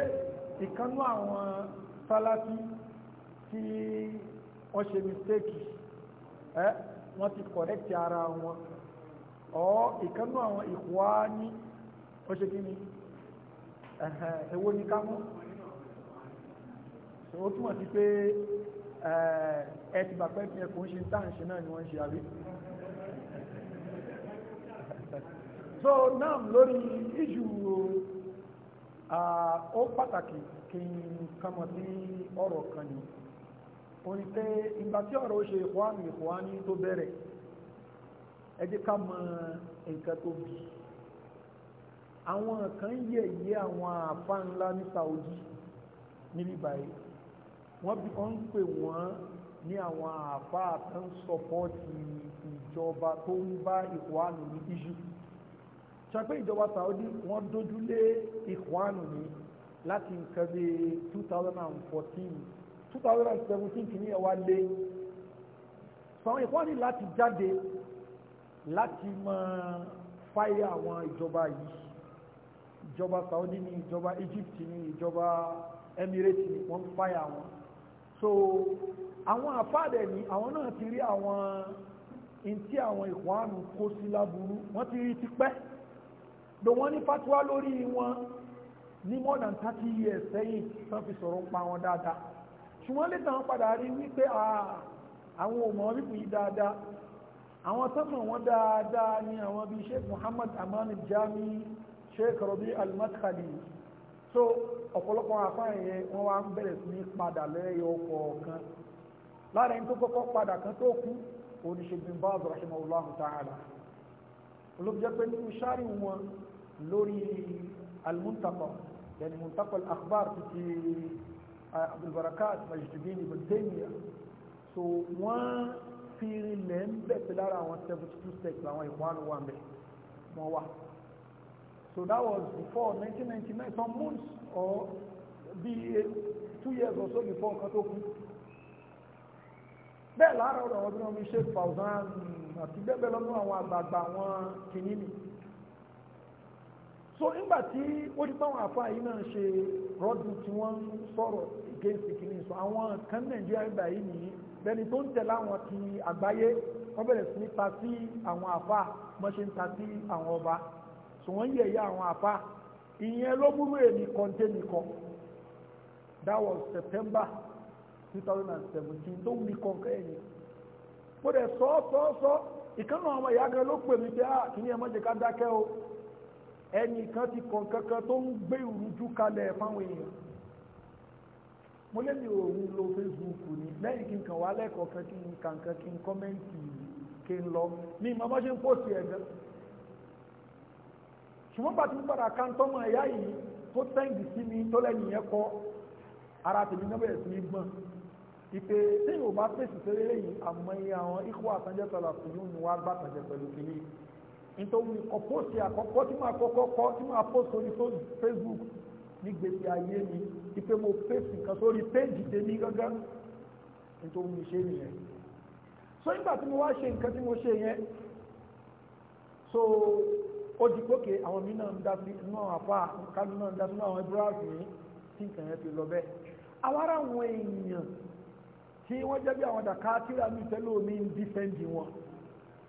ìkánú àwọn sálákì tí wọ́n ṣe mistake ẹ́ wọ́n ti correct ara wọn ọ̀ ìkánú àwọn ìkọ́ á ní wọ́n ṣe kí ni ẹ̀wọ̀n ní ká so ó túmọ̀ sí pé eh, ẹ ti bà pẹ́ tí ẹ kò ń ṣe tá ń ṣe náà ni wọ́n ṣe àrí so náà lórí ìjù ó pàtàkì kí n kọmọ sí ọ̀rọ̀ kan ni ó ní pé ìgbà tí ọ̀rọ̀ ó ṣe ìkọ́ánì ìkọ́ánì tó bẹ̀rẹ̀ ẹ jẹ́ ká mọ nǹkan tó bí àwọn kan yẹ̀yẹ́ àwọn àfa ńlá ní Saudi níbí báyìí wọ́n bí wọ́n ń pè wọ́n ní àwọn àfáà tó ń sọpọ́ọ̀tì ìjọba tó ń bá ìkwánù ní iṣu ṣàpé ìjọba Saudi wọ́n dojú lé ìkwánù ní láti nǹkan bí 2014 2017 kìíní ẹ̀wà lé sọ̀rọ̀ ìkwánù láti jáde láti máa fáyé àwọn ìjọba yìí ìjọba Saudi ní ìjọba Egypt ní ìjọba Emirates ní wọ́n fáyé àwọn so àwọn àfáàdẹ̀ ni àwọn náà ti rí àwọn in tí àwọn ìkwánù kó sí láburú wọ́n ti rí tipẹ́ ló wọ́n ní fatuwa lórí wọn ní more than 30 years sẹ́yìn tán fi sọ̀rọ̀ pa wọn dáadáa ṣùgbọ́n lè tàn padà rí wípé àwọn òmò wípé yìí dáadáa àwọn tọ́mọ̀ wọn dáadáa ni àwọn bí sheikh muhammad aman jami sheikh rabi al-madkhali so ọ̀pọ̀lọpọ̀ àfáà yẹn wá ń bẹ̀rẹ̀ sí padà lẹ́yọ ọkọ̀ ọ̀kan lára ẹni tó kọ́kọ́ padà kan tó kú oníṣègùn bá ọ̀dọ̀ rahimahullahu ta'ala olóbìjẹ́ so that was before 1999 some months or bí two years or so before nǹkan tó kú bẹ́ẹ̀ lára ọ̀rọ̀ ọdún ọmọ iṣẹ́ fàwùsán àti bẹ́ẹ̀ lọ́nà àwọn àgbààgbà àwọn kìíní mi so nígbà tí ó di báwọn àfa yìí náà ṣe rọ́dù tí wọ́n sọ̀rọ̀ against kìíní so àwọn kan nàìjíríà gbà yìí nìyí bẹ́ẹ̀ni tó ń tẹ̀lé àwọn ti àgbáyé wọ́n bẹ̀rẹ̀ sí ní ta sí àwọn àfa mọ́ṣe ń ta sí àwọn ọba so wọ́n yẹ̀yẹ́ àwọn àfa ìyẹn ló múrú èmi kọ́ńtẹ́nì kan that was September 2017 tó wù mí kọ́ńkẹ́ ẹ̀yìn mo dẹ̀ sọ sọ sọ ìkànnà àwọn ìyá kan ló pè mí pé ah, o ẹnìkan ti kàn kankan tó ń gbé ìrújú kalẹ̀ fáwọn èèyàn mo lé mi òun lo Facebook ni lẹ́yìn kí n kàn wá lẹ́kọ̀ọ́ kan kí n kàn kan mi ṣe ń pòsì ṣùgbọ́n bá ti ń padà kan tọ́mọ ẹ̀yá yìí tó tẹ́ǹdì sí mi tó lẹ́yìn yẹn kọ́ ara tèmi náà bẹ̀rẹ̀ sí ní gbọ́n ìpè tí yóò bá fèsì sẹ́lẹ̀ lẹ́yìn àmọ́ iye àwọn ikú àtànjẹ́ sọ̀rọ̀ àfihàn ni wàá gbà tànjẹ́ pẹ̀lú kìlì nítorí ọ̀pọ̀sì àkọ́kọ́ tí máa kọ́kọ́ kọ́ tí máa post sórí Facebook ní gbèsè ayé mi ìpè mo fèsì nǹkan sórí péjì tèmi gángan nítorí mi ṣe nìyẹn so nígbà tí mo wá ṣe nǹkan tí mo ṣe yẹn so ó di pókè àwọn mínà ń dá sí inú àwọn àpá kánúnà ń dá sí inú àwọn ibúráàsì yìí tí nǹkan yẹn ti lọ bẹ́ẹ̀ awára àwọn èèyàn tí wọ́n jẹ́ bí àwọn dàkà tíra mi tẹ́lẹ̀ omi ń dífẹ́ǹdì wọn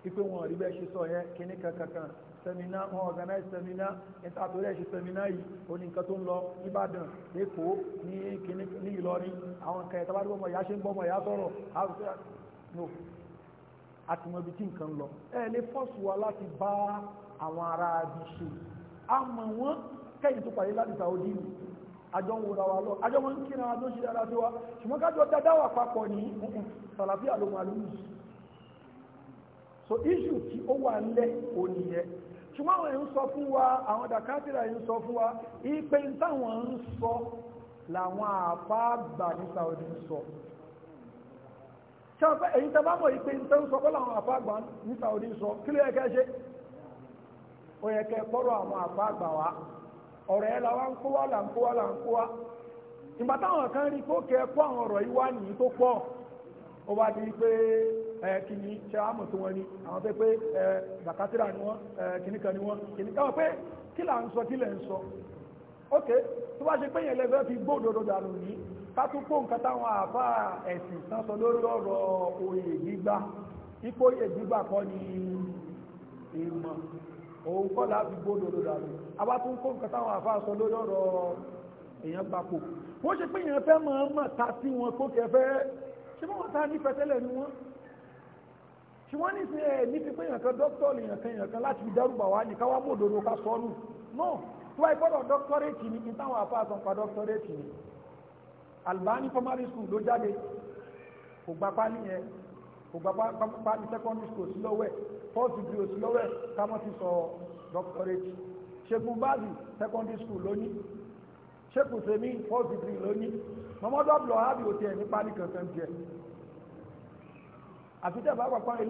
ipe wọn rí bẹ́ẹ̀ ṣe sọ yẹn kíní kankan sẹmínà wọn organize sẹmínà ìtàtòrí ẹ̀ṣẹ̀ sẹmínà yìí ó ní nǹkan tó ń lọ nìbàdàn èkó ní kíní ní ìlọrin àwọn nǹkan ẹ̀ta bá rí bọ́mọ̀ ìyá ṣe ń bọ́mọ̀ ìyá sọ̀rọ̀ àtìmọ̀bí tí nǹkan lọ ẹ̀ lè fọ́ọ̀sù wa láti bá àwọn ará abi ṣe a mọ̀ wọ́n kẹ́yìn tó pàdé láti Saudi ni àjọ ń wòra wa lọ àjọ wọn ń kíra àjọ ṣe dára sí wa ṣùgbọ́n kájọ dáadáa wà papọ̀ ní sàlàfíà ló máa lùmí so issue tí ó wà ńlẹ̀ òní yẹn ṣùgbọ́n àwọn èèyàn sọ fún wa àwọn dàkátìrà èèyàn sọ fún wa ipe táwọn ń sọ làwọn àfáàgbà ní Saudi ń sọ ṣáà èyí tẹ́ bá mọ̀ ipe tó ń sọ kọ́ làwọn àfáàgbà ní Saudi ń sọ kí ló yẹ kẹ́ ṣe ó yẹ kẹ́ kọ́rọ̀ àwọn àpá àgbà wá ọ̀rọ̀ ẹ̀ làwọn ń kó wá là ń kó wá là ń kó wá ìgbà táwọn kan rí kó kó àwọn yìí wá nìyí tó ó bá di pé kìíní ṣe àmọ̀ wọn ni àwọn fẹ́ pé bàkátìrà ni wọ́n kìíní kan ni kan pé kí là ń sọ kí ń òun kọ́ láti gbódòdó dànù abá tún kó nǹkan táwọn àfáà sọ lórí ọ̀rọ̀ èèyàn gbapò ó ṣe pé èèyàn fẹ́ máa mọ̀ ta sí wọn kó kẹ fẹ́ ṣe mọ́ wọn ta ní fẹsẹ̀lẹ̀ ni wọ́n ṣe wọ́n ní sí ẹ̀ ní fi pé èèyàn kan dókítọ̀ èèyàn kan èèyàn kan láti fi dẹ́rùbà wá ní káwá mòdòdó ká sọ nù náà tó wáyé gbọ́dọ̀ dọ́kítọ̀rẹ́tì ni táwọn àfáà sọ pa dọ́kítọ̀rẹ́tì ni Albani primary school ló jáde kò gbapá nìyẹn kò gbapá ní secondary school sí lọ́wọ́ Fourth degree o sí lọ́wọ́ ẹ̀ kámọ́ sọ doctorate ṣẹ́gun báàlì secondary school lóní ṣẹ́kù sẹ́mi first degree lóní mọ́mọ́dọ́ ọ̀bùlọ̀ ábì òtí ẹ̀ nípa ní kẹsàn-án jẹ́ àti tẹ́ bá pàpá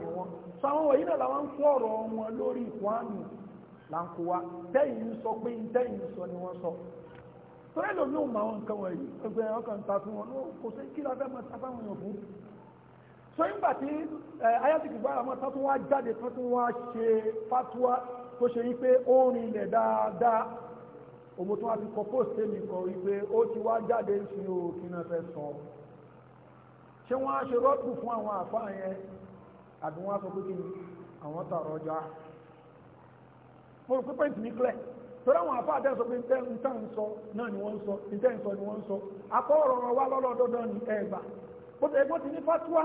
ni wọn sọ àwọn wọ̀nyí náà làwọn ń kó ọ̀rọ̀ wọn lórí ìkwánù làǹkó wa tẹ́yìn ń sọ pé tẹ́yìn ń sọ ni wọ́n sọ tó ẹlòmíì ò máa wọn nǹkan wọ̀nyí ọkàn ta fún wọn kò sí kí la fẹ́ máa ta fáwọn èèyàn fún so nígbà tí eh, ayatollah ibrahim ọmọ tán tún wá jáde tán tún wá ṣe fatuwa tó ṣe yí pé ó rin ilẹ̀ dáadáa òmò tó wá fi kọ post tèmi kan wípé ó ti wá jáde ń fi òkè náà fẹ́ sọ ṣé wọ́n á ṣe fún àwọn àfáà yẹn àbí wọ́n á sọ pé kí àwọn tààrọ̀ ọjà mo rò pé pẹ́ǹtì mi clear torí àwọn àfáà sọ pé ntẹ́ ń sọ náà ni wọ́n ń sọ ntẹ́ ń sọ ni wọ́n ń sọ akọ́ ọ̀rọ̀ wa lọ́lọ́dọ́dọ́ ni ẹ̀gbà bó ti ní fatuwa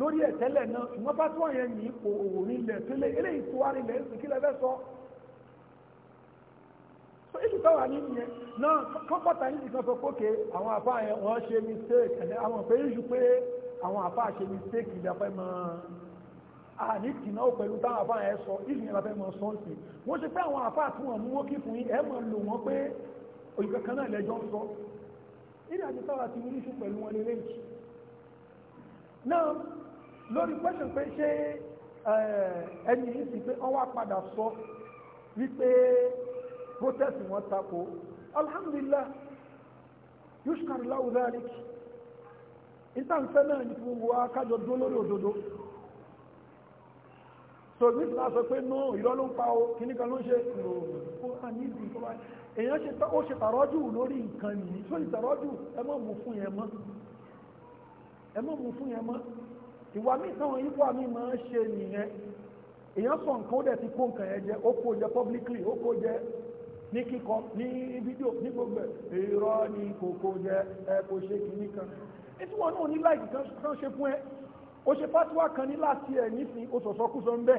lórí ẹ̀tẹ́lẹ̀ náà ṣùgbọ́n bá tún àyẹ̀ ní ipò òwò nílẹ̀ tó lé eléyìí tó wá nílẹ̀ ń sìnkí lẹ́fẹ́ sọ so èyí táwà ní ìyẹn náà kọ́pọ̀tà yìí kan sọ pókè àwọn àfá yẹn wọ́n ṣe mistake ẹ̀lẹ́ àwọn pé yíṣu pé àwọn àfá ṣe mistake ìdàpẹ́ mọ́ àní kìnnà ó pẹ̀lú táwọn àfá yẹn sọ ìṣù yẹn láfẹ́ mọ́ sọ́ǹsì wọ́n ṣe pé àwọn àfá tí wọ́n mú wókì fún yín ẹ̀ mọ̀ lò wọ́n pé òyìnkankan náà lẹ́jọ́ ń sọ ìrìn àti táwà ti ní ìṣù pẹ̀lú wọn lélẹ́yìn lórí pẹ́sùn pé ṣé eh, ẹni yìí sì pé wọ́n wá padà sọ wípé protest wọn tako alhamdulillah yushkar lahu dhalik ìtànfẹ́ náà ní gbogbo akájọ dúró lórí òdodo so this na sọ pé no irọ́ ló ń pa o kìíní kan ló ń ṣe ó à ní ìdí tó bá èèyàn ṣe ó ṣe tàrọ́jù lórí nǹkan yìí tó ìtàrọ́jù ẹ mọ̀ mú fún yẹn mọ́ ẹ mọ̀ mú fún yẹn mọ́ ìwà míì táwọn ikú àmì máa ń ṣe nìyẹn èèyàn sọ nǹkan ó dẹ̀ ti kó nǹkan yẹn jẹ ó kó jẹ publicly ó kó jẹ ní kíkọ ní fídíò ní gbogbo èrò ní kòkó jẹ ẹ kò ṣe kìíní kan ètò wọn náà ní láìkì kan ṣe fún ẹ ó ṣe fásiwá kan ní láti ẹ nísìn oṣooṣọkúsọ ń bẹ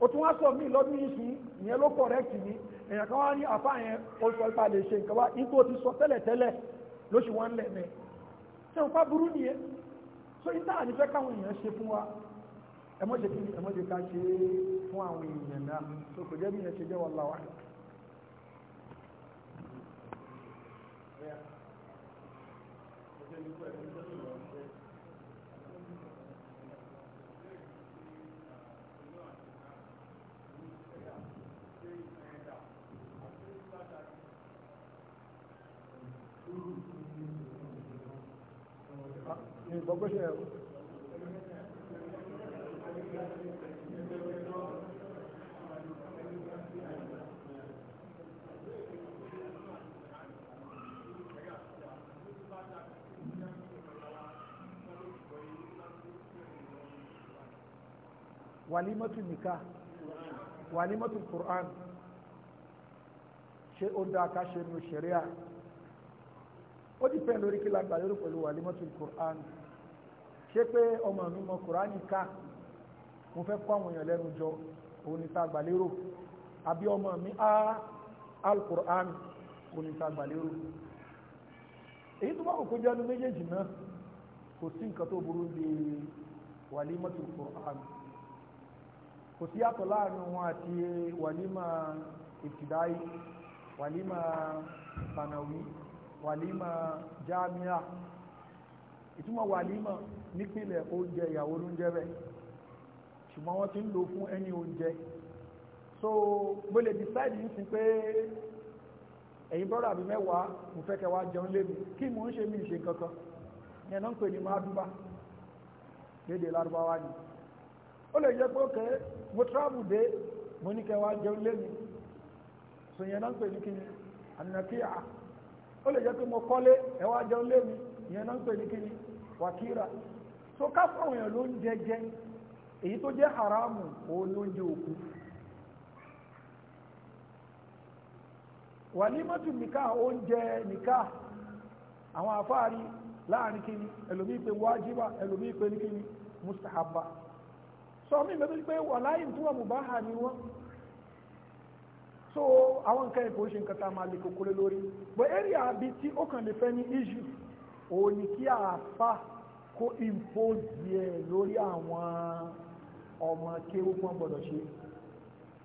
ó tún wá sọ mí lọ́dún yìí sí ìyẹn ló correct ni èèyàn kan wá ní àfá yẹn ó sọ ipa lè ṣe nǹkan wá ipò ti sọ tẹ́lẹ̀tẹ́lẹ̀ lóṣù wọn lẹ̀ mẹ́ so yìí táà ní fẹ́ káwọn èèyàn ṣe fún wa ẹ mọ́ ṣe kí ẹ mọ́ ṣe ká ṣe fún àwọn èèyàn náà so kò jẹ́ bí yẹn ṣe jẹ́ wọn láwa. Yeah. ní ìgbọ́gbọ́sẹ̀ ẹ̀rọ. walimatu nikah walimatu qur'an ṣe o da ká ṣe nu o ó dìpẹ́ lórí kí lágbàá lórí pẹ̀lú walimatu qur'an ṣé pé ọmọ mi mọ kùránì ká mo fẹ́ kọ́ àwọn èèyàn lẹ́nu jọ òun ni ta gbàlérò àbí ọmọ mi á alkùrán òun ni ta gbàlérò èyí tó bá kò kójú ẹnu méjèèjì náà kò sí nǹkan tó burú bí wàlímọ̀tò kùrán kò sí yàtọ̀ láàrin wọn àti wàlímà ìtìdáyì wàlímà sànàwí wàlímà jámíà ìtumọ̀ wàlímà nípìnlẹ̀ oúnjẹ ìyàwó oúnjẹ rẹ̀ ṣùgbọ́n wọ́n ti ń lò fún ẹni oúnjẹ so mo lè decide yìí sí pé ẹ̀yin brọ́dà mi mẹ́wàá mo fẹ́ kẹwàá jẹun lémi kí mo ń ṣe mí ṣe kankan ní ẹ̀nà ń pè ní máàdúbà léde lárúbáwá ni ó lè jẹ́ pé òkè mo travel dé mo ní kẹwàá jẹun lémi so yẹn náà ń pè ní kíni ànàkíyà ó lè jẹ́ pé mo kọ́lé ẹwà jẹun lémi yẹn náà ń pè ní kíni wàkíra so ká fáwọn èèyàn ló ń jẹjẹ èyí tó jẹ́ haramu òun ló ń jẹ òkú wàlímọ́tù nìká oúnjẹ nìká àwọn àfáàrí láàrin kíni ẹlòmí pé wájíbà ẹlòmí pé ní kíni mustahaba so mí mẹ́tọ́ pé wà láyìn tó wà mubaha ni wọ́n so àwọn nǹkan ẹ̀kọ́ ṣe nǹkan tá a máa lè kókó lé lórí but area àbí tí ó kàn lè fẹ́ ní issue òun ni kí àáfà kó impose ẹ̀ lórí àwọn ọmọ kéwú pọ́n gbọ́dọ̀ ṣe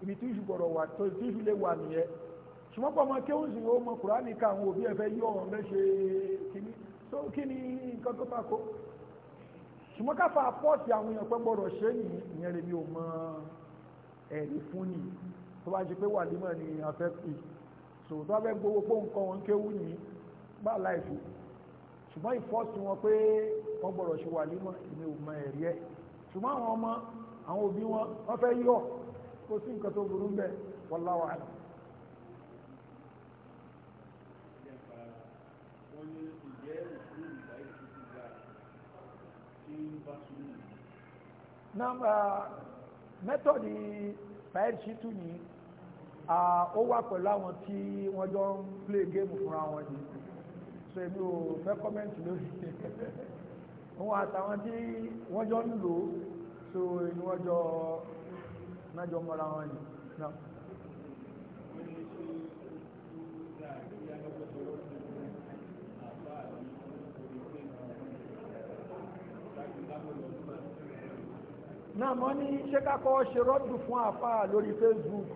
ibi tí ìṣù gbọ́dọ̀ wà tó tí ìṣù lè wà nìyẹn ṣùgbọ́n pọ̀ ọmọ kéwú sì ó mọ kùránì ká àwọn òbí ẹ̀ fẹ́ yí ọ̀rọ̀ rẹ̀ ṣe kíní so kí ni nǹkan tó bá kó ṣùgbọ́n káfà pọ́ọ̀tì àwọn èèyàn pẹ́ gbọ́dọ̀ ṣe yìí ìyẹn lèmi ò mọ ẹ̀rí fún ni tó bá ṣe pé wà límọ̀ ni afẹ́ pè so tó bá fẹ́ gbowó pọ́ nǹkan wọn kéwú ni bá láìsí ṣùgbọ́n ìfọ́sí wọn pé wọ́n gbọ́dọ̀ ṣe wà nímọ̀ ìní òmọ ẹ̀rí ẹ̀ ṣùgbọ́n àwọn ọmọ àwọn òbí wọn wọ́n fẹ́ yọ kó sí nǹkan tó burú bẹ́ẹ̀ wallahu a'lam. nọ́mbà mẹ́tọ̀dì fàẹ́ṣítù ni ó wà pẹ̀lú àwọn tí wọ́n jọ ń play game fúnra wọn yìí so èmi ò fẹ́ kọ́mẹ́ǹtì lórí wọn àtàwọn tí wọ́n jọ ń lò ó so ni wọ́n jọ nájọ mọ́ra wọn ni náà. náà mọ́ ní ṣé ká kọ́ ṣe rọ́dù fún àfáà lórí Facebook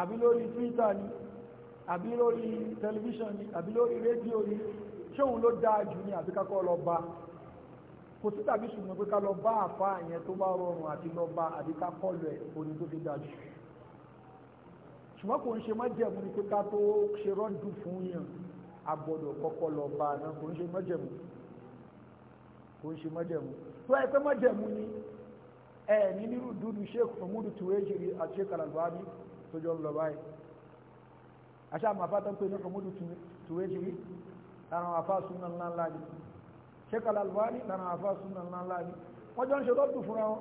àbí lórí Twitter ni àbí lórí tẹlifíṣàn ni àbí lórí rédíò ni ṣóhun ló dáa jù ní àbíkákọ́ lọ bá kò sí tàbí ṣùgbọ́n pé ká lọ bá àfa àyẹn tó bá rọrùn àti lọ bá àbíkákọ́ lọ ẹ̀ òní tó fi dáa ṣùgbọ́n kò ń ṣe mọ́jẹ̀mú ni pé ká tó ṣe rọ́dù fún yàn agbọ́dọ̀ kọ́kọ́ lọ bá náà kò ń ṣe mọ́jẹ̀mú kò ń ṣe mọ́jẹ̀mú tó ẹ pé mọ́jẹ̀mú ni ẹ ní nírú dúdú sheikh mahmood tuwejiri àti sheikh alabani tó jọ ń lọ báyìí àṣà àwọn afá tó ń pè ní ọmọdé tùwé ti rí lára àwọn afá súnà ńlá ńlá ni Sheikh Al-Albani lára àwọn afá súnà ńlá ńlá ni wọ́n jọ ń ṣe rọ́dù fúnra wọn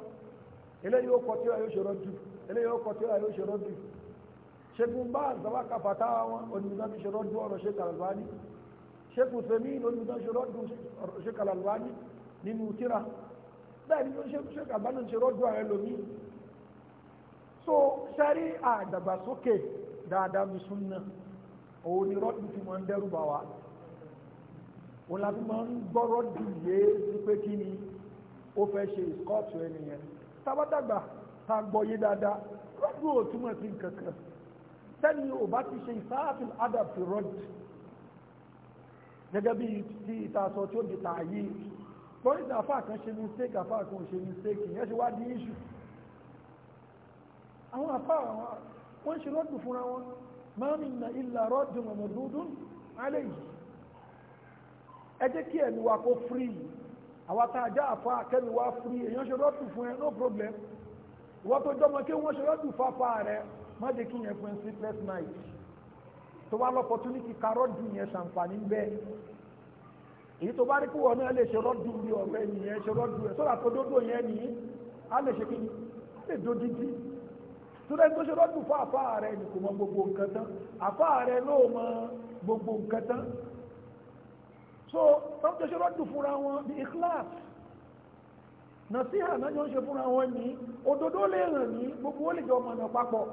eléyìí ó kọ tí ó ṣe rọ́dù eléyìí ó kọ tí ó ṣe rọ́dù Sheikh bá àzọwá kàfàtà wọn onímọ̀ ti ṣe rọ́dù ọ̀rọ̀ Sheikh Al-Albani Sheikh Uthaymeen onímọ̀ ṣe rọ́dù Sheikh Al-Albani nínú tíra bẹ́ẹ̀ ni ó ṣe kàbánà ṣe rọ́dù ààrẹ lómi so ṣẹ́rí àdàgbàsókè dáadáa ní súnà òun ni rọ́dù fi máa ń dẹ́rù bà wá òun la fi máa ń gbọ́ rọ́dù yé sí pé kí ni ó fẹ́ ṣe ìskọ́ọ̀tù ẹnìyẹn tábàdàgbà tá a gbọ́ yé dáadáa rọ́dù ò túmọ̀ sí nǹkan kan sẹ́ni ò bá ti ṣe ìsáàfin adab fi rọ́dù gẹ́gẹ́ bí ti ìtasọ tí ó di tààyè lórí àfáà kan ṣe mistake àfáà kan ò ṣe mistake ìyẹn ṣe wá di issue àwọn àfáà àwọn wọ́n ṣe rọ́dù fúnra wọn máa mi nà ilà rọ́dù mọ̀mọ̀dúndún alẹ́ yìí ẹ jẹ́ kí ẹ̀mí wa kó fúrí àwọn tá àfa kẹ́mi wa fúrí èèyàn ṣe rọ́dù fún ẹ no problem wọ́n tó jọmọ kí wọ́n ṣe rọ́dù fáfá rẹ má jẹ́ kí yẹn fún sleepless night tó wá lọ́pọ̀tunítì ka rọ́dù yẹn ṣàǹfààní bẹ́ẹ̀ èyí tó bá rí kúwọ̀ náà lè ṣe rọ́dù rí ọ̀rẹ́ nìyẹn ṣe rọ́dù ẹ̀ sọ́dà tó dódò yẹn nìyí á lè ṣe kí ni lè dódìdí torí ẹni tó ṣe rọ́dù fún àfáà rẹ ni kò mọ gbogbo nǹkan tán àfáà rẹ ló mọ gbogbo nǹkan tán so tọ́n tó ṣe rọ́dù fúnra wọn ní ikhlas nàṣíhà náà yóò ṣe fúnra wọn ní òdodo lè hàn ní gbogbo ó lè jọ ọmọ náà papọ̀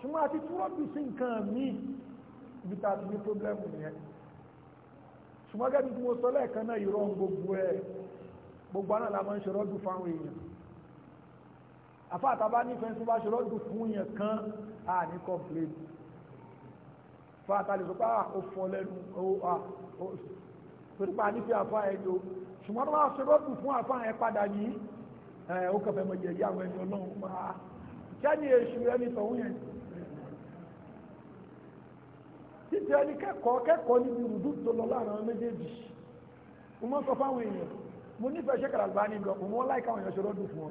ṣùgbọ́n àti tún rọ́dù sí nǹkan míì ibi tá a ti ní pọ́blẹ́mù nìyẹn ṣùgbọ́n gẹ́gẹ́ bí mo sọ lẹ́ẹ̀kan náà ìrọ̀ gbogbo ẹ̀ gbogbo àná la máa ń ṣe rọ́dù fáwọn èèyàn àfá àtàbá nífẹ̀ẹ́ tó bá ṣe lọ́dún fún yẹn kan à ní complain fà àtàlè tó bá ah, ó fọ́ lẹ́nu tó nípa nífẹ̀ẹ́ àfá ẹjọ́ ṣùgbọ́n tó bá ṣe lọ́dún fún àfá ẹ padà ní ó kẹfẹ́ mọ jẹ̀yí àwọn ẹni ọlọ́run máa kẹ́ni èṣù ẹni tọ̀hún yẹn títí ẹni kẹ́kọ̀ọ́ kẹ́kọ̀ọ́ níbi rùdú tó lọ láàrin méjèèjì mo mọ́ sọ fáwọn èèyàn mo nífẹ̀ẹ́ ṣẹ́kàrà àgbà níbi ọkùnrin wọn láìka àwọn èèyàn ṣe lọ́dún fún ọ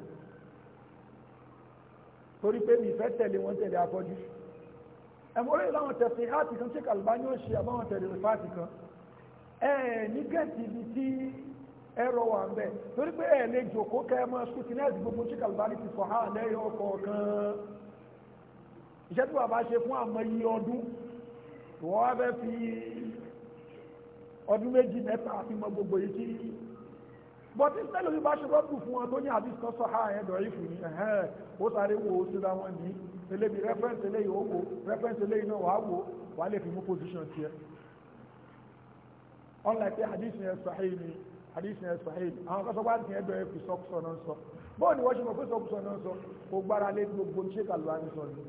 torí pé mi fẹ́ tẹ̀lé wọn tẹ̀lé afọ́jú ẹ̀mọ́rẹ́ láwọn tẹ̀sí áàtì kan tí kàlùbá ní ó ṣe àbáwọn tẹ̀lé fáàtì kan ẹ̀ ní gẹ̀ẹ́tì ibi tí ẹ̀rọ wà ń bẹ̀ torí pé ẹ̀ lè jòkó kẹ́ẹ̀mọ́ skutinet gbogbo tí kàlùbá ní fi ọdún méjì mẹ́ta fi mọ but this time lórí bá ṣe rọ́pù fún wọn tó ní àbí sọ sọ́ha ẹ̀dọ̀ ìfù ní ẹ̀hẹ́n ó sáré wo síra wọn ní elébi reference eléyìí ó wo reference eléyìí náà wàá wo wàá lè fi mú position tiẹ̀ unlike hadith yẹn sahih ni hadith yẹn sahih ni àwọn kọ́sọ́ wá ní ẹ̀dọ̀ ìfù sọ́kùsọ náà sọ bọ́ọ̀ ni wọ́n ṣe mọ̀ pé sọ́kùsọ náà sọ kò gbára lé gbogbo ṣé kàlùwà ní sọ ni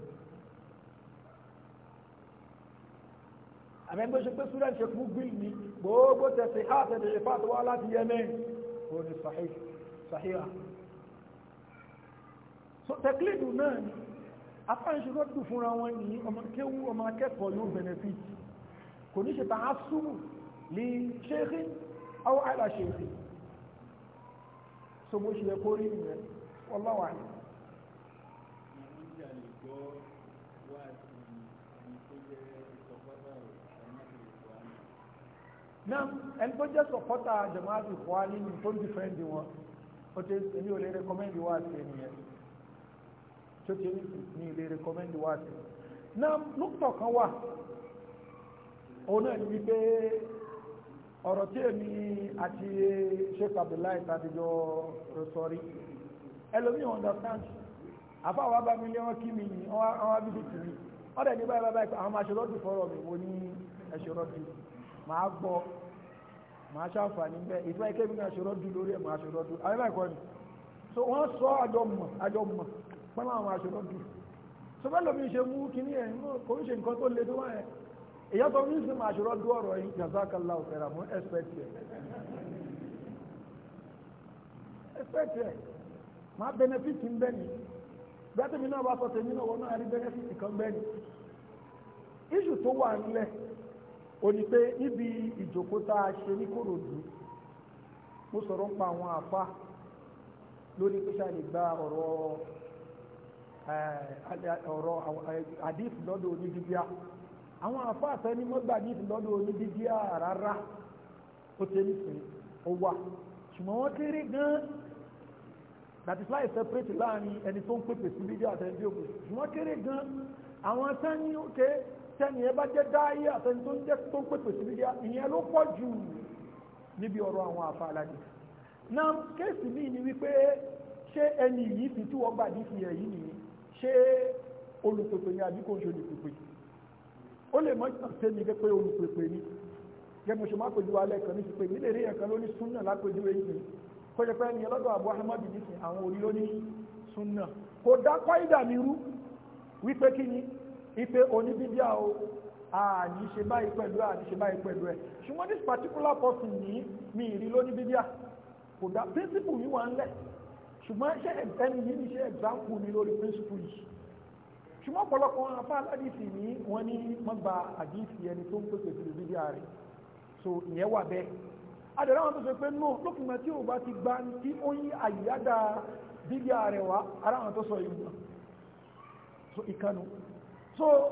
àmẹ́gbẹ́ṣe pé student ṣe fún gbìyànjú gbogbo tẹ̀sí àtẹ̀lẹ̀ ìfàtọ̀wá láti yẹmẹ́ ó ní sàhíà so tẹ̀klídù náà ni afáìṣòro dùn fúnra wọn ní ọmọ kéwú ọmọ akẹ́kọ̀ọ́ yóò benefit kò ní ṣe ta á súnmù lè ṣeéhé àwọn àìlà ṣeéhé so bó ṣe yẹ kó rí ìrẹ́ ọlọ́wà yìí náà ẹni tó jẹ́ sọ̀pọ́tà jamaatu fọ́á nínú tó ń dìfẹ́ǹdì wọn ó ti èmi ò lè rẹkọmẹ́ndì wá sí ẹni yẹn tó ti ní ilé rẹkọmẹ́ndì wá sí náà lóòótọ́ kan wà òun náà ní wípé ọ̀rọ̀ tí èmi àti sheikh abdullahi tàbíjọ sọrí ẹlòmí understand àfáwà bá mi lé wọn kí mi ní wọn wá bíbí tì mí ọ̀rẹ́ ní báyìí báyìí àwọn aṣọ lọ́dún fọ́rọ̀ mi wo ní ẹ̀ṣọ́ lọ́dún màá gbọ́ màá ṣàǹfààní bẹ́ẹ̀ ìfẹ́ kébí náà ṣòro dùn lórí ẹ̀ màá ṣòro dùn àwọn ẹ̀kọ́ ni so wọ́n sọ àjọ mọ̀ àjọ mọ̀ pẹ́lú àwọn àṣòro dùn so bẹ́ẹ̀ lómi ṣe mú kíní ẹ̀ kò ń ṣe nǹkan tó le tó wọ́n ẹ̀ èyàn tó ní sí màá ṣòro dùn ọ̀rọ̀ yìí jàzákàlá òfẹ́ra mọ́ expect ẹ̀ expect ẹ̀ máa benefit ń bẹ́ẹ̀ ni bẹ́ẹ̀ mi náà bá sọ tèmi náà wọ́n náà rí benefit onipe ibi pé níbi ìjókòó a ṣe ní Kòròdú lori sọ̀rọ̀ ń pa àwọn lórí pé gba ọ̀rọ̀ eh, ọ̀rọ̀ lọ́dọ̀ onídíbíà àwọn àfa àfẹ́ni mọ́gbà lọ́dọ̀ rárá ó ó wà ṣùgbọ́n wọ́n kéré gan-an that is why separate láàrin ẹni tó ń pèpè sí bídíà gan-an àwọn tẹ́ni ẹ bá jẹ́ dáyé àtẹni tó ń jẹ́ tó ń pèpè sí bídíà ìyẹn ló pọ̀ jù níbi ọ̀rọ̀ àwọn àfa aládìí náà kéèsì míì ni wípé ṣé ẹni yìí fi tí wọ́n gbà ní fi ẹ̀yìn nìyí ṣé olùpèpè ni àbí kò ń ṣe olùpèpè ó lè mọ́ sẹ́ni gẹ́gẹ́ pé olùpèpè ni gẹ́gẹ́ mo ṣe máa pèjú alẹ́ kan ní ti pé mí lè rí ẹ̀kan lóní súnà lápèjú èyí kó jẹ́ pé ẹni ọlọ́dọ̀ àbọ̀ àwọn orí lóní súnà kò dá kọ́ ìdàmírú wípé kí ni ipe oníbídíà o àní ṣe báyìí pẹ̀lú àní ṣe báyìí pẹ̀lú ẹ̀ ṣùgbọ́n this particular person ní mi ìrí lóníbídíà kò dá principle yìí wà ń lẹ̀ ṣùgbọ́n ṣe ẹni yìí ní ṣe example ní lórí principle yìí ṣùgbọ́n ọ̀pọ̀lọpọ̀ afá aládìsí ní wọ́n ní wọ́n gba àdìsí ẹni tó ń pèsè sí lóníbídíà rẹ̀ so ìyẹn wà bẹ́ẹ̀ adẹ̀rẹ́ àwọn tó sọ pé no lókùnmọ̀ tí ò bá ti gba tí ó yí àyíyádà bíbíà rẹ̀ wá ara àwọn tó sọ ìgbà so ìkanu so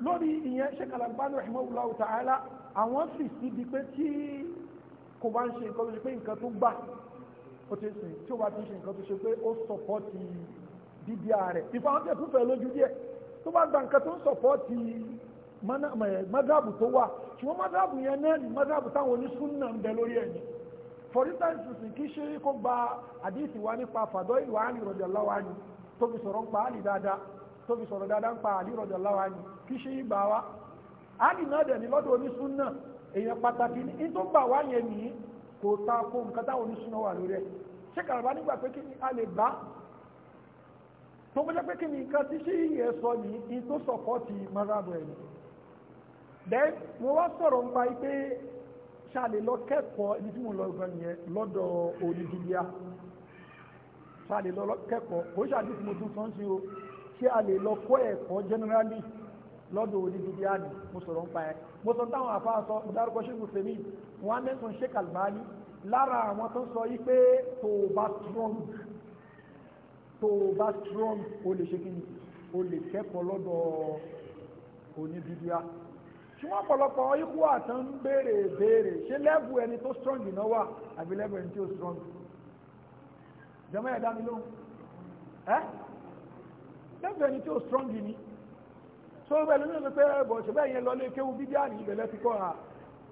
lórí ìyẹn Sheikh Al-Albani rahimahullahu ta'ala àwọn sì síbi pé tí kò bá ń ṣe nǹkan tó ṣe pé nǹkan tó gbà ó ti sìn tí ó bá ti ṣe nǹkan tó ṣe pé ó sọpọ́tì dídí ààrẹ ìfọ̀ àwọn tẹ̀kún fẹ̀ lójú díẹ̀ tó bá gba nǹkan tó ń sọpọ́tì mọ́dáàbù eh, tó wà ṣùgbọ́n mọ́dáàbù yẹn náà ni mọ́dáàbù táwọn onísúnnà ń bẹ lórí ẹ̀yìn for instance sì kí ṣe kó gba àdíìsì wa nípa fàdọ́ ìwà ánì rọ̀jọ̀láwà ni tó fi sọ̀rọ̀ ń pa á lè dáadáa tó fi sọ̀rọ̀ dáadáa ń pa àlì rọ̀jọ̀ láwa kí ṣe ìgbà wa a nì náà dẹ̀ ní lọ́dọ̀ onísúnnà èèyàn pàtàkì ní in tó gbà wá yẹn nìyí kò ta kó nǹkan táwọn onísúnnà wà lórí ẹ̀ ṣé kàràbá nígbà pé kí ni a lè bá tó bọ́jọ́ pé kí ni nǹkan tí ṣe ìyẹ̀ sọ ní in tó sọ̀kọ́ ti marabu ẹ̀ ni then mo wá sọ̀rọ̀ ń pa pé ṣàlè lọ kẹ́kọ̀ọ́ ibi tí mo lọ gan yẹn lọ́dọ̀ onídìlíà ṣàlè lọ kẹ́kọ̀ọ́ kò ṣàdí tí mo tún sọ́ńsí o tí a lè lọ kọ́ ẹ̀kọ́ generally lọ́dọ̀ onídìdí àná mo sọ̀rọ̀ ń pa ẹ́ mo sọ táwọn àfáà sọ mo dárúkọ ṣe kù fèmí wọn á mẹ́sàn Sheikh Albani lára àwọn tó sọ yí pé tó o bá strong tó o bá strong o lè ṣe kíni o lè kẹ́kọ̀ọ́ lọ́dọ̀ onídìdí à ṣùgbọ́n ọ̀pọ̀lọpọ̀ ikú àtàn ń béèrè béèrè ṣé lẹ́bù ẹni tó strong iná wà àbí lẹ́bù ẹni tí ó strong jẹ́mọ́ ẹ̀dá mi lóhùn ẹ́ lẹ́gbẹ̀ẹ́ ni tí ó strong ni so ẹgbẹ́ lómi ọ̀sẹ̀ pé ẹgbọ̀ eh, ṣẹ̀bẹ́ yẹn lọ lé kéwu bíbí àní ìbẹ̀lẹ̀ fi kọ́ ha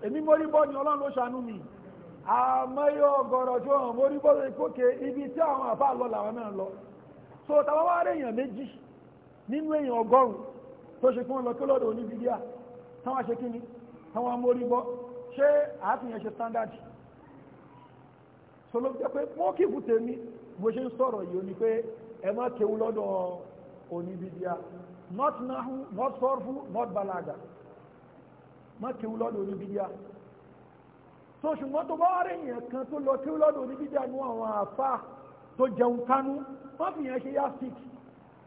èmi mórí bọ́ ni ọlọ́run ló ṣàánú mi àmọ́yọ ọgọ́rọ̀ tí wọ́n mórí bọ́ lórí kókè ibi tí àwọn àbá lọ làwọn náà lọ so tàwọn wá rẹ̀ èèyàn méjì nínú èèyàn ọgọ́rùn tó ṣe fún ọlọ́kẹ́ lọ́dọ̀ oníbíbíà táwọn ṣe kíni táwọn mórí bọ́ ṣé àátìyàn ṣe standard so ló jẹ́ pé mọ́kìkù tèmi bó ṣe ń sọ̀rọ̀ yìí ó ní pé ẹ má kéwu lọ́dọ̀ oníbídíà not nahu not sorfu not balaga má kíwú lọ́dọ̀ oníbídíà so ṣùgbọ́n tó bá rẹ̀ yẹn kan tó lọ kíwú lọ́dọ̀ oníbídíà ní àwọn àfá tó jẹun kánú wọ́n fi yẹn ṣe yá stick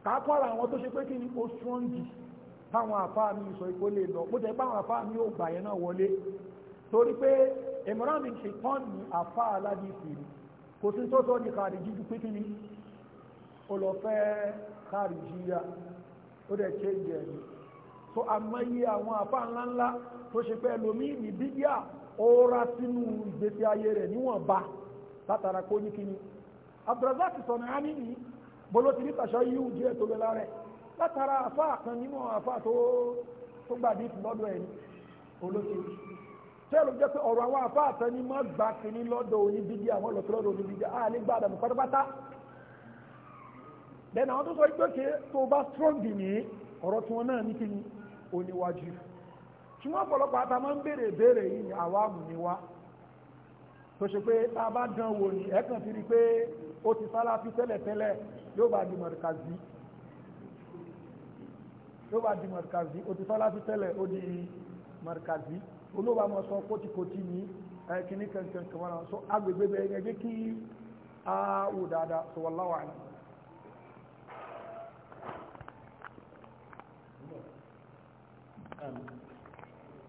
kàákọ́ra àwọn tó ṣe pé kí ni ó strong táwọn àfá mi sọ ipò lè lọ bó tẹ́ bá àwọn àfá mi ó gbà yẹn náà wọlé torí pé Imran bin Shaitan ní àfá aládìsí kò sí tó sọ ní kàrí jíjú pé kí ni ó lọ fẹ́ kárìjíyà ó dẹ̀ change ẹ̀ ni so àmọ́yé àwọn àfá ńláńlá tó ṣe pé ẹlòmíì ní bídíà ó rá sínú ìgbésí ayé rẹ̀ níwọ̀nba látara kó ní kíni abdulrazak sọ̀nà hání ni bolo ti ní tàṣọ yíò díẹ̀ tó lọ́la rẹ̀ látara àfá kan nínú àfá tó tó gbàdí lọ́dọ̀ ẹ̀ ni olóṣèlú tẹ́lù jẹ́ pé ọ̀rọ̀ àwọn àfá àtẹni mọ́ gbà kíní lọ́dọ̀ oníbídíà mọ́ lọ́tọ́lọ́dọ̀ oníbídíà á ní gbàdàmù pátápátá then àwọn tó sọ pé kí tó bá strong ní ọ̀rọ̀ tí wọ́n náà ní kíni oníwájú tí wọ́n pọ̀lọpọ̀ àtà máa ń béèrè ìbéèrè yìí àwa àmùníwá tó ṣe pé tá a bá dán wò ní ẹ̀kàn ti rí pé ó ti sálàfí tẹ́lẹ̀tẹ́lẹ̀ yóò bá di mọ̀rìkàzí yóò bá di mọ̀rìkàzí ó ti sálàfí tẹ́lẹ̀ ó di mọ̀rìkàzí olóòbá mọ̀ sọ kótíkótí ní ẹ̀kíní kankan wọn so agbègbè bẹ̀rẹ̀ ẹgbẹ́ kí a wò dáadáa so wallahu a'lam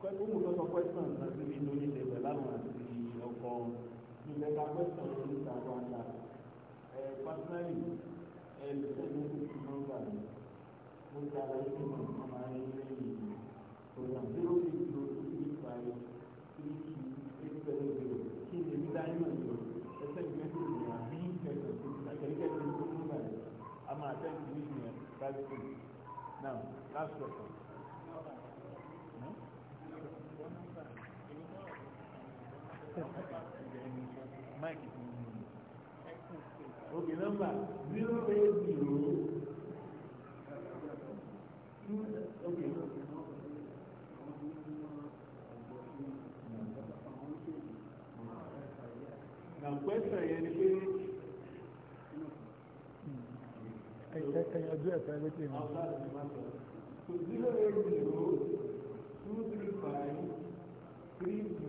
pẹ̀lú mo lọ́sọ pẹ́sàn láti rí lórí ilẹ̀ láwọn àti ọkọ̀ ilẹ̀ ká pẹ́sàn lórí ìtàwọn àgbà ẹ̀ pátánárì ẹ̀ lùsẹ̀ ní fífi nọ́mbà mo ti ara yìí mọ̀ ọ́ máa ń rí lẹ́yìn program zero eight zero three five three two eight seven zero kí ni èmi dá yín lọ ẹsẹ̀ ìgbésẹ̀ ìrìn àbí ẹ̀sẹ̀ tó ti àkẹ́kẹ́ tó now last question. òkè nọ́mbà zero eight zero two òkè na kwẹsàn yẹn ni pé ẹyìn ọjọ́ ẹ̀fẹ́ létí mi. zero eight zero two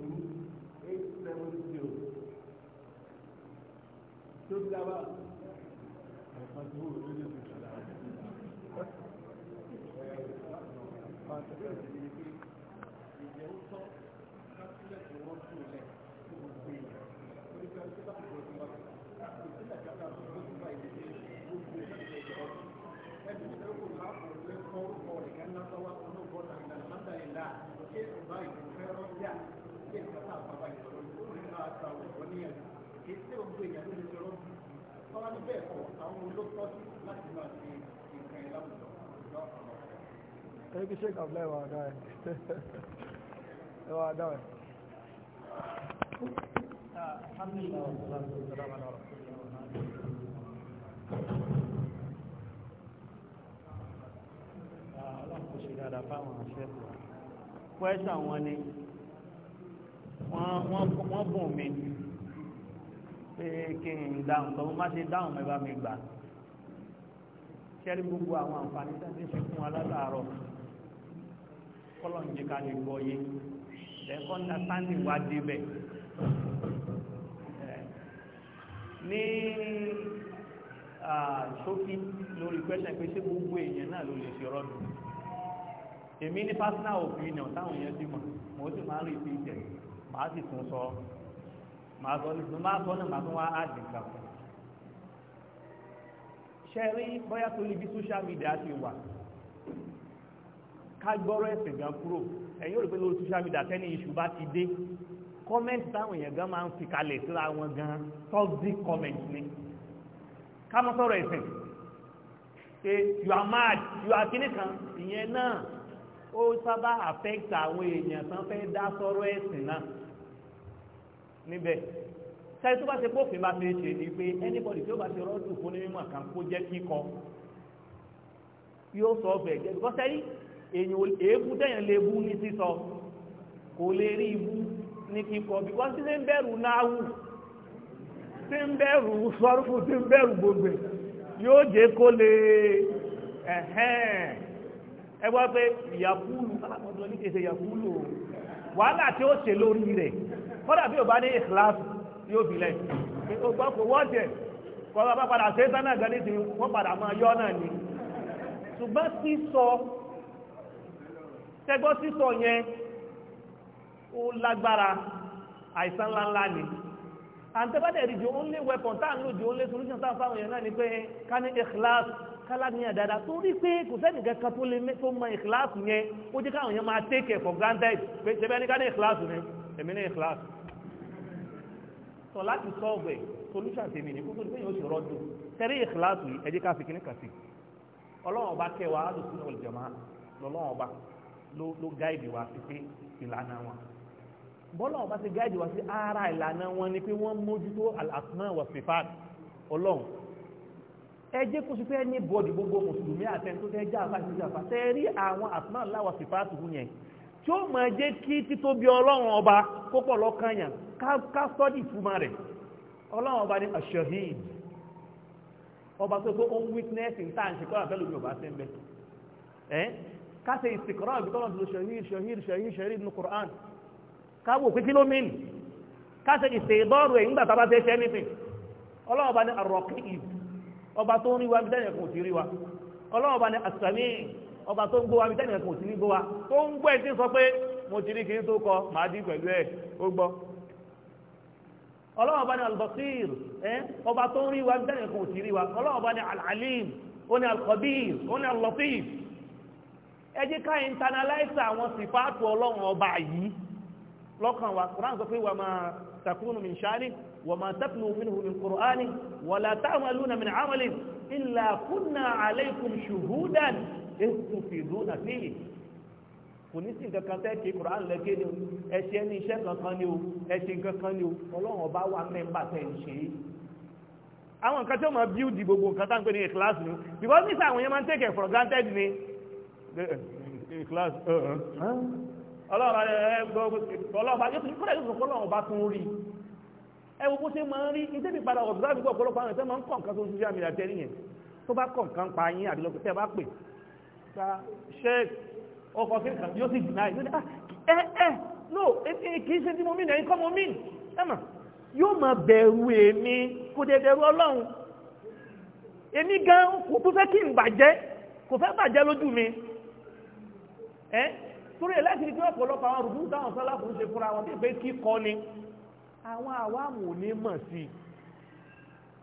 jàmbá ẹ̀fọn tó wù ẹni kí ṣe kàbílẹ̀ ìwà ọ̀dá ẹ̀ ìwà ọ̀dá ẹ̀ Pẹ́ṣà wọn ni wọ́n bùn mi pé kí n dáhùn tọ́wọ́ má ṣe dáhùn mẹ́bàá mi gbà. Ṣẹ́rí gbogbo àwọn àǹfààní tẹ́sí fi fún aláàárọ̀ kọ́lọ̀ ń jẹ́ ká lè gbọ́ yé ẹ̀kọ́ ní sáńdì wá débẹ̀ ní ṣókí lórí pẹ́sẹ̀ pé ṣé gbogbo èèyàn náà ló lè ṣe rọ́dù èmi ní personal opinion táwọn èèyàn ti mọ̀ mo sì máa ń rí sí ìtẹ̀ màá sì tún sọ màá sọ ní màá sọ ní màá tún wá àdìgbà ṣe rí bóyá tó níbi social media ti wà ká gbọ́rọ̀ ẹ̀sìn gan kúrò ẹ̀yin ò rí pé lórí social media tẹ́ni iṣu bá ti dé comment táwọn èèyàn gan máa ń fi kalẹ̀ síra wọn gan toxic comment ni ká mọ́ sọ̀rọ̀ ẹ̀sìn pé you are mad you are kíní kan ìyẹn náà ó sábà affect àwọn èèyàn tán fẹ́ dá sọ̀rọ̀ ẹ̀sìn náà níbẹ̀ sẹ́yìn tó bá ṣe pófin bá ṣe é ṣe ni pé anybody tó bá ṣe rọ́ọ̀dù fún onímọ̀ kan kó jẹ́ kíkọ yóò sọ ọbẹ̀ jẹ́ bíkọ́ sẹ́yìn èyàn èébú tẹ̀yàn lè bú ní sísọ kò lè rí ibú ní kíkọ bíkọ́ sí ṣe ń bẹ̀rù náàwù tí ń bẹ̀rù sọ́rùfù tí ń bẹ̀rù gbogbo yóò jẹ́ kó lè ẹ̀hẹ́n ẹgbẹ́ pé ìyàkúlù ah, ọdún ní kèsè ìyàkúlù wàhálà tí ó ṣe lórí rẹ̀ kọ́dà bí ò bá ní ìkìláàsì yóò fi lẹ̀ ṣùgbọ́n sísọ tẹ́gbọ́ sísọ yẹn ó lágbára àìsàn ńláńlá ni àǹtẹ́bàdẹ̀ rí di only weapon tá à ń lò di only solution tá à ń fáwọn yẹn náà ni pé ká ní ikhlas kálánìyàn dáadáa torí pé kò sẹ́ni kankan tó lè tó mọ ikhlas yẹn ó jẹ́ káwọn yẹn máa take it for granted pé ṣe bẹ́ẹ̀ ní ká ní ikhlas ni èmi ní ikhlas sọ láti solve ẹ̀ solution tèmi ni kókó ní pé yóò ṣe rọ́dù tẹ́rí ikhlas yìí ẹ jẹ́ ká fi kíní kà sí ọlọ́run ọba kẹwàá lọ́sùn ọ̀lùjọ̀mọ́ lọ́lọ́run ọba ló gáìdì wá sí pé ìlànà wọn bọ́lá ọba ti gáìdì wá sí ara ìlànà wọn ni pé wọ́n mójútó al-asma wa sifat ọlọ́run ẹ jẹ́ kó sípẹ́ ní bọ́ọ̀dì gbogbo mùsùlùmí àtẹ́ntó tẹ́ já àfà sí àfà tẹ́ rí àwọn asma Allah wa sifatu yẹn tí ó máa jẹ́ kí títóbi ọlọ́run ọba kópọ̀ lọ́kàn yàn ká sọ́dì ìfúnma rẹ̀ ọlọ́run ọba ní ashahid ọba tó tó ó ń witness ní táà ń ṣe kọ́ àbẹ́lòmí ọba sẹ́ńbẹ́ káṣe ìsìnkọ́rọ̀ ìbítọ́lọ̀ tó ṣahir ṣahir ṣahir ṣahir ibn Qur'an káwò pé kí ló mìn káṣe ìsè ìdọ́rù ẹ̀ nígbà tábà fẹ́ ṣe anything ọlọ́wọ́ bá ní arọ́kìb ọba tó ń rí wa bí kò sí rí wa ọlọ́wọ́ bá ní ọba tó ń gbọ́ wa bí kò sí ẹ jẹ́ ká internalize àwọn sìfáàtù ọlọ́run ọba yìí lọ́kàn wa Qur'an sọ pé wà máa takunu min shani wà máa tatlu minhu min Qur'ani wà la ta'maluna min amalin illa kunna alaykum shuhudan istufiduna fihi kò ní sí nǹkan kan tẹ́ kí Qur'an lẹ́kẹ́ ni o ẹ ṣe ẹni iṣẹ́ kankan ni o ẹ ṣe nǹkan kan ni o ọlọ́run ọba wà mẹ́mbà tẹ̀ ń ṣe àwọn nǹkan tí ó máa build gbogbo nǹkan tá à ń pè ní ìkíláàsì ni because nísà àwọn yẹn máa ń take it for granted ni class uh, uh, ọlọ́run ẹ gbọ́ ọlọ́ọ̀bá yóò tún kọ́lá yóò kọ́lá ọba tún rí ẹ wo bó ṣe máa ń rí ìdí mi padà ọ̀dọ́ àdúgbò ọ̀pọ̀lọpọ̀ àwọn ìṣẹ́ máa ń kọ̀ nǹkan tó ń ṣe àmì àtẹ́rí yẹn tó bá kọ̀ nǹkan pa yín àdìlọ́pọ̀ tẹ́ bá pè ta ṣẹ́ẹ̀kì ọkọ̀ sí nǹkan yóò sì dìnnà ah, ẹ ẹ no kì í ṣe tí mo mí nìyẹn kọ́ mo mí ẹ mà yóò máa bẹ̀rù èmi kò dé bẹ̀rù ọlọ́run èmi gan kò tó fẹ́ kí n bàjẹ́ kò fẹ́ bàjẹ́ lójú mi ẹ́ torí ẹ̀ láti rí pé àwọn rùdú táwọn sọ́lá fún ṣe fúnra wọn ni àwọn àwámù ò sí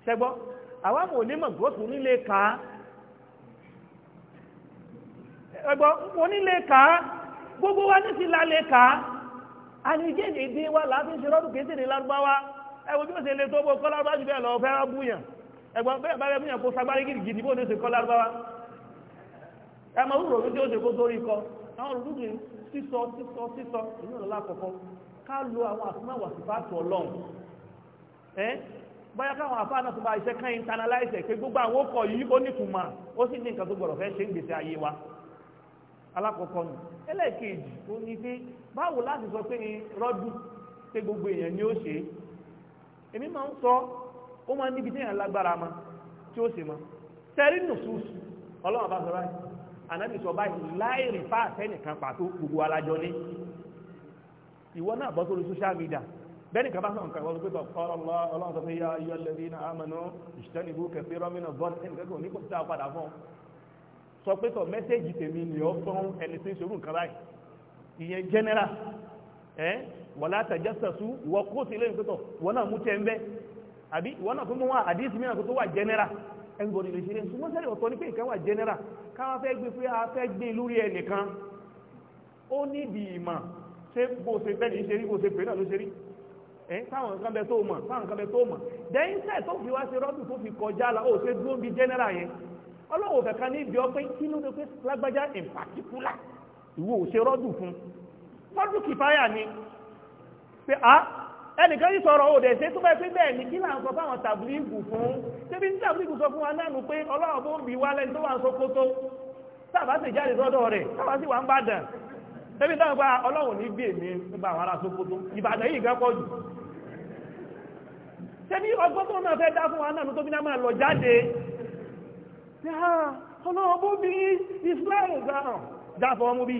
ṣẹgbọ́ àwámù ò ní nílé ká ẹgbọ́ onílé ká gbogbo wa ní lálé ká wa láti ṣe rọ́dù ní lárúbáwá bí ó ṣe lè tó bó kọ́ lárúbá jù bẹ́ẹ̀ lọ fẹ́ ẹgbọ́n bẹ́ẹ̀ bá rẹ̀ kó sagbárí gidigidi bó ní ó ṣe àwọn olùdókòwò sísọ sísọ sísọ ìlú ìrọ̀lá àkọ́kọ́ ká lo àwọn àfúnáwà sí fáàtù ọlọ́run ẹ́ báyá káwọn àfáà náà tó bá iṣẹ́ kan pé gbogbo àwọn ọkọ̀ yìí ó nítumọ̀ ó sì ní nǹkan tó fẹ́ ṣe ń gbèsè ayé wa alákọ̀ọ́kọ́ nù gbogbo èèyàn ni ó ṣe é èmi máa ń sọ ma tí ó ma nùsùsù ọlọ́run báyìí ànábì sọ báyìí láìrì fà sẹ́nìkan pàtó gbogbo alájọ ní ìwọ náà bọ́ sórí social media bẹ́ẹ̀ni kaba sọ nǹkan ìwọ́n pípọ̀ kọ́rọ̀ ọlọ́run sọ pé yá ayé ọlẹ́dí iná àmànà ìṣẹ́nìbó kẹfì rọ́mìnà bọ́n ẹni kẹ́kọ̀ọ́ ní kò tá a padà fún sọ pé tọ mẹ́sẹ́jì tèmi general ẹ wọlá tajassasu ìwọ kó sí ilé ìpẹ́tọ̀ ìwọ náà mú tẹ́ ń bẹ́ àbí ìwọ náà fún mọ́ general everybody lè ṣe lé ṣùgbọ́n sẹ́yìn ọ̀tọ̀ ní pé ìkan wà general káwọn fẹ́ gbé pé a fẹ́ gbé lórí ẹnìkan ó níbi ìmọ̀ ṣé bó ṣe bẹ́ẹ̀ ní ṣe rí bó ṣe pè náà ló ṣe rí ẹ̀ táwọn nǹkan bẹ tó mọ̀ táwọn nǹkan bẹ tó mọ̀ dẹ́yìn sẹ́ẹ̀ tó fi wá ṣe rọ́bì tó fi kọjá la ó ṣe dúró bí general yẹn ọlọ́wọ́ fẹ̀ kan níbi ọpẹ́ kí ló dé pé lágbájá in particular ìwọ ò ṣe rọ́dù fún rọ́dù kìfáyà ni pé a ah, ẹnìkan yìí sọ̀rọ̀ òde ṣe tó bá pé bẹ́ẹ̀ ni kí là ń sọ fáwọn tàbílíìgù fún ṣébi ní tàbílíìgù sọ fún wa nánu pé ọlọ́run ń bi wá tó wà ń Sókótó tàbá sì jáde sọ́dọ̀ rẹ̀ tàbá sì wà ń bàdàn ṣébi gba ọlọ́run ní bí èmi nípa àwọn ará Sókótó Ìbàdàn yìí gápọ̀ jù ṣébi ọgbọ́n tó náà fẹ́ dá fún wa nánu tó bí máa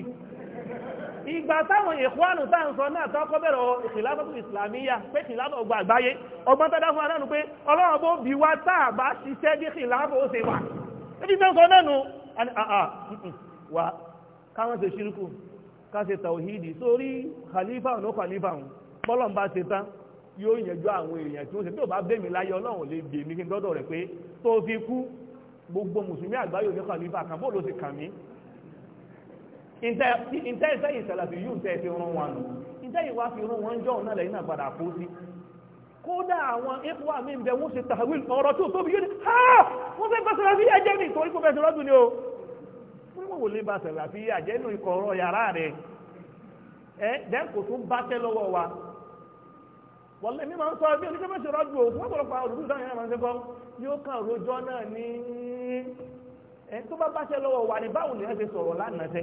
lọ ìgbà táwọn ìkwánù táǹsọ náà tọ́kọ́ bẹ̀rẹ̀ ìkìlábọ̀tù ìsìlámíyà pé ìkìlábọ̀ ọgbà àgbáyé ọgbọ́n tọ́dá fún aláàánú pé ọlọ́run bó bí wá táà bá ṣiṣẹ́ bí ìkìlábọ̀ ó ṣe wà ebi táǹsọ náà nù wà káwọn ṣe ṣírkù ká ṣe tàwíìdì sórí khalifa ọ̀nà khalifa ọ̀hún bọ́lọ̀ bá ṣe tán yóò yẹjọ́ àwọn èèyàn tí ó ṣe bí ò bá bẹ́mi láyé ọlọ́run lè bèèmí kí n dọ́dọ̀ rẹ̀ pé tó fi kú gbogbo mùsùlùmí àgbáyé òní khalifa kan bó ló ṣe kàn mí ìtẹ́ ìsẹ́yìn sàlàfí tẹ́ fi rún wọn nù fi rún wọn jọ náà lẹ́yìn náà kó sí kódà àwọn ipò àmì ìbẹ̀ wọ́n tàwíl ọ̀rọ̀ tó tóbi yóò ní ha wọ́n fẹ́ bá sàlàfí ní torí kó fẹ́ sọ́rọ́ dùn N'i o wò lè bá sàlàfí yà jẹ́ yàrá rẹ̀ dẹ́n kò tún bá tẹ́ wa wọ́n lè mí máa ń sọ bí pọ̀lọpọ̀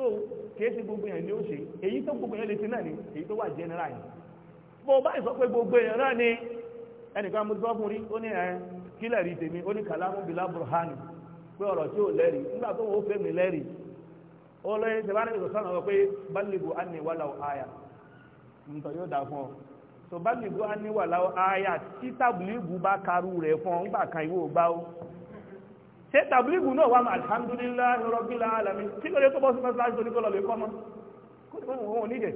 so kìí ṣe gbogbo èèyàn ni ó ṣe èyí tó gbogbo èèyàn lè ṣe náà ni èyí tó wà general yìí bó bá ìsọ pé gbogbo èèyàn náà ni ẹnìkan mo sọ rí ó ní ẹ kílẹ̀ rí tèmi ó ní kàlámù bílá burhani pé ọ̀rọ̀ tí lẹ́rìí nígbà tó wọ́n fẹ́ mi lẹ́rìí ó nígbà sọ́nà wọ pé á ní nǹkan yóò dà fún ọ á ní ṣé tàbílìgù náà wà mọ́ alhamdulillahi rabbil alamin tí lóye tó bọ́ sí mẹ́sàájú tó ní kọ́ lọ lè kọ́ mọ́ kó ní kó wọn níjẹ̀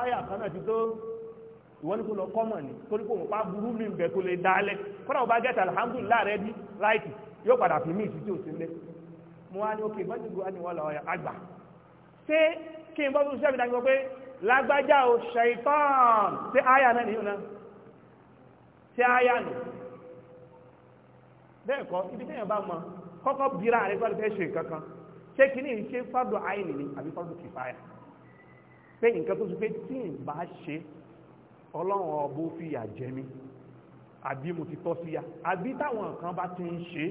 áyà kan náà ti tó ìwọ́n ní kó lọ kọ́ mọ̀ ní torí kó wọn pa burú mi bẹ̀ tó lè dálẹ̀ kọ́nà ọba gẹ́tà alhamdulillahi rẹ bí láìtì yóò padà fi mí ìtìtì òsì lẹ́ mo wá ní òkè mọ́jìgbò á bẹ́ẹ̀ kọ́ ibi tẹ́yàn bá mọ kọ́kọ́ bira rẹ gbọ́dọ̀ fẹ́ ṣe nǹkan kan ṣé kí ní í ṣe fádùn àìní ni àbí fádùn kìfáyà pé nǹkan tó sọ pé tí n bá ṣe ọlọ́run ọbó fìyà jẹ mí àbí mo ti tọ́ sí ya àbí táwọn kan bá ti ń ṣe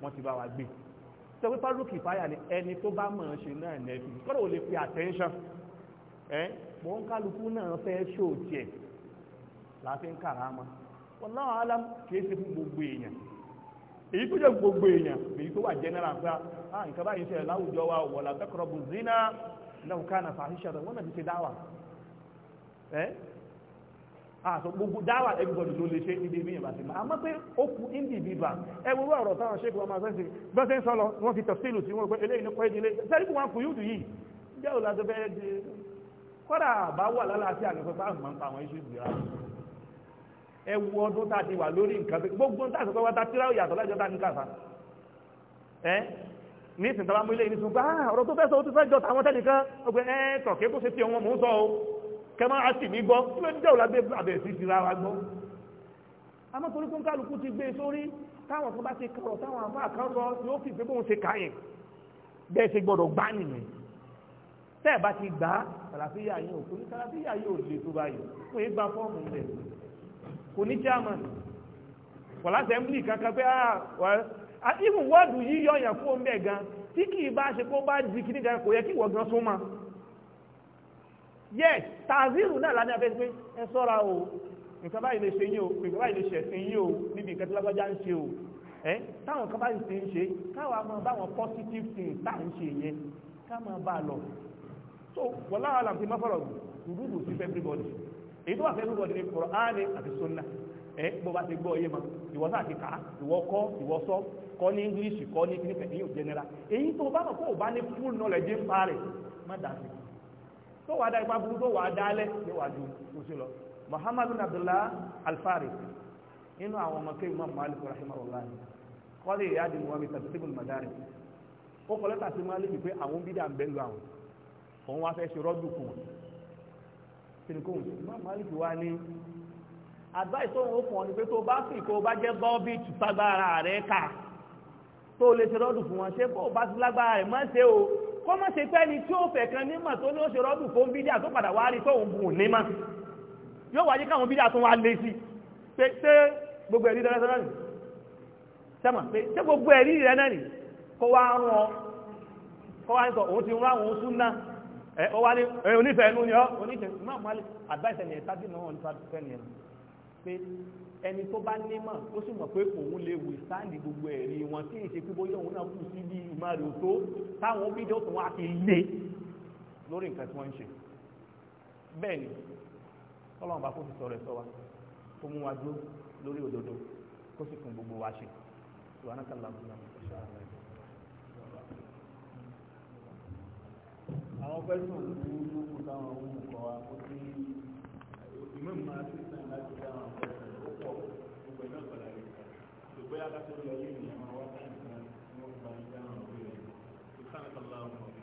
wọ́n ti bá wa gbé sọ pé fádùn kìfáyà ni ẹni tó bá mọ̀ ọ́n ṣe náà nẹ́ẹ̀fì kọ́dọ̀ ò lè pe attention ẹ́ mọ̀ kálukú náà fẹ́ ṣòòtì ẹ̀ láti ń kàrà á mọ́ wọ́n náà alam kìí ṣe fún gbogbo èèyàn èyí tó jẹ́ gbogbo èèyàn èyí tó wà general pé a ah, nǹkan báyìí ṣẹlẹ̀ láwùjọ wa wala taqrabu zina law kana fahishatan wọ́n náà ti ṣe dáwà ẹ́ àṣọ gbogbo dáwà everybody ló lè ṣe ìdí ibi ìbàṣẹ máa àmọ́ pé ó kú individual ẹwọ ọ̀rọ̀ táwọn ṣe kí wọ́n máa sẹ́sì gbọ́sẹ̀ ń sọ lọ wọ́n fi tọ̀sílù sí wọn pé eléyìí ní kọ́ ìdílé sẹ́rí kí wọ́n kú yúdù yìí jẹ́ òlàdọ́bẹ̀ẹ́ kọ́dà bá wà lálàáfíà nípa bá mọ̀ ń pa ẹ wo ọdún tá a ti wà lórí nǹkan pé gbogbo tá a sọ pé wá ta tíráwò yàtọ̀ lájọ́ tá a ní kàfà ẹ ní ìsìn tàbá mú ilé ìní sùn pé ah ọ̀rọ̀ tó fẹ́ sọ ó ti fẹ́ jọ tàwọn tẹ́nìkan ó pé ẹ tọ̀kẹ́ kó ṣe ti ọmọ mò ń sọ o kẹ máa sì mí gbọ́ kí ló ń dẹ̀wò lábẹ́ àbẹ̀ sí ti ra wa gbọ́ àmọ́ torí fún kálukú ti gbé e sórí táwọn tó bá ti kọ̀rọ̀ táwọn àbá kan yóò fi ìfẹ́ bóun ṣe káyìn bẹ́ẹ̀ ṣe gbọ́dọ̀ gbá nìyẹn tẹ́ bá ti gbá kàlàfíà yìí ò ní kàlàfíà yìí ò kò ní chairman kò lásẹ̀mblì kankan pé ah, ah even wọ́ọ̀dù yìí yọ yàn fún omi ẹ̀ gan tí kì í bá ṣe kó bá di kí nígbà kò yẹ kí wọ́n gan súnmọ́ yes taziru náà lánàá fẹ́ pé ẹ sọ́ra o nǹkan báyìí lè ṣe yín o nǹkan báyìí lè ṣẹ̀sìn yín o níbi nǹkan tí lágbájá ń ṣe o ẹ táwọn kan báyìí ti ń ṣe káwa máa báwọn positive things tá à ń ṣe yẹn ká máa bá a lọ so wọ́n láwọn àlàǹfin mọ́fọ́rọ̀ gbùdúgbù sí everybody èyí tó wà fẹ́ lúgọ̀dì ní Kùránì àti sunna ẹ bó bá ti gbọ́ ọyé ma ìwọ sáà ti kà á ìwọ kọ́ ìwọ sọ kọ́ ní English kọ́ ní kìnnìkan èyí ò general èyí tó bá mọ̀ kó o bá ní full knowledge ń pa rẹ̀ má dà sí tó wàá da ipa burú tó wàá dálẹ̀ yóò wá ju oṣù lọ Muhammad bin Abdullah Al-Farisi nínú àwọn ọmọ kéwì Imam Malik rahimahullah kọ́lé ìyá di muhammed tàbísígùn madari ó kọ́ lẹ́tà sí Malik pé àwọn bídà ń bẹ́ lu àwọn òun wá fẹ́ ṣe rọ́dù kù silicon Imam Malik wá ní advice tóun ó fún ọ ni pé tó bá sì kó bá jẹ́ gọ́ọ̀bìtì sagbára rẹ̀ kà tó lè ṣe rọ́dù fún wọn ṣé kó bá sí lágbára rẹ̀ má ṣe o kó má ṣe pé ẹni tí ó fẹ́ kan nímọ̀ tó ní ó ṣe rọ́dù fún bídíà tó padà wá rí tóun bùn nímọ̀ yóò wáyé káwọn bídíà tó wá lé sí pé ṣé gbogbo ẹ̀rí dára sára nì sẹ́mọ̀ pé ṣé gbogbo ẹ̀rí rẹ̀ náà nì kó wá rán o kó wá ń sọ ti rán àwọn súnà ẹ ọ wá ní ẹ onífẹ̀ẹ́ inú ni ọ onífẹ̀ẹ́ Imam Malik advice ẹni ẹ̀ta dì náà nípa fẹ́ ni ẹ̀rọ pé ẹni tó bá nímọ̀ ó sì mọ̀ pé òun lè wù sáàndì gbogbo ẹ̀rí wọn tí ì ṣe pé bóyá òun náà kù sí bí ìmọ̀ràn tó táwọn fídíò tó wá ti lé lórí nǹkan tí wọ́n ń ṣe bẹ́ẹ̀ ni ọlọ́run bá kó fi sọ̀rọ̀ ẹ̀sọ́ wa kó mú wa dúró lórí òdodo kó sì fún gbogbo wa ṣe àwọn pẹ́sùn ní yóò táwọn ohun nǹkan wa ó ti máa ti sàn láti dá àwọn ó pọ̀ gbogbo ẹ̀dá ọ̀pọ̀lá rẹ̀ kà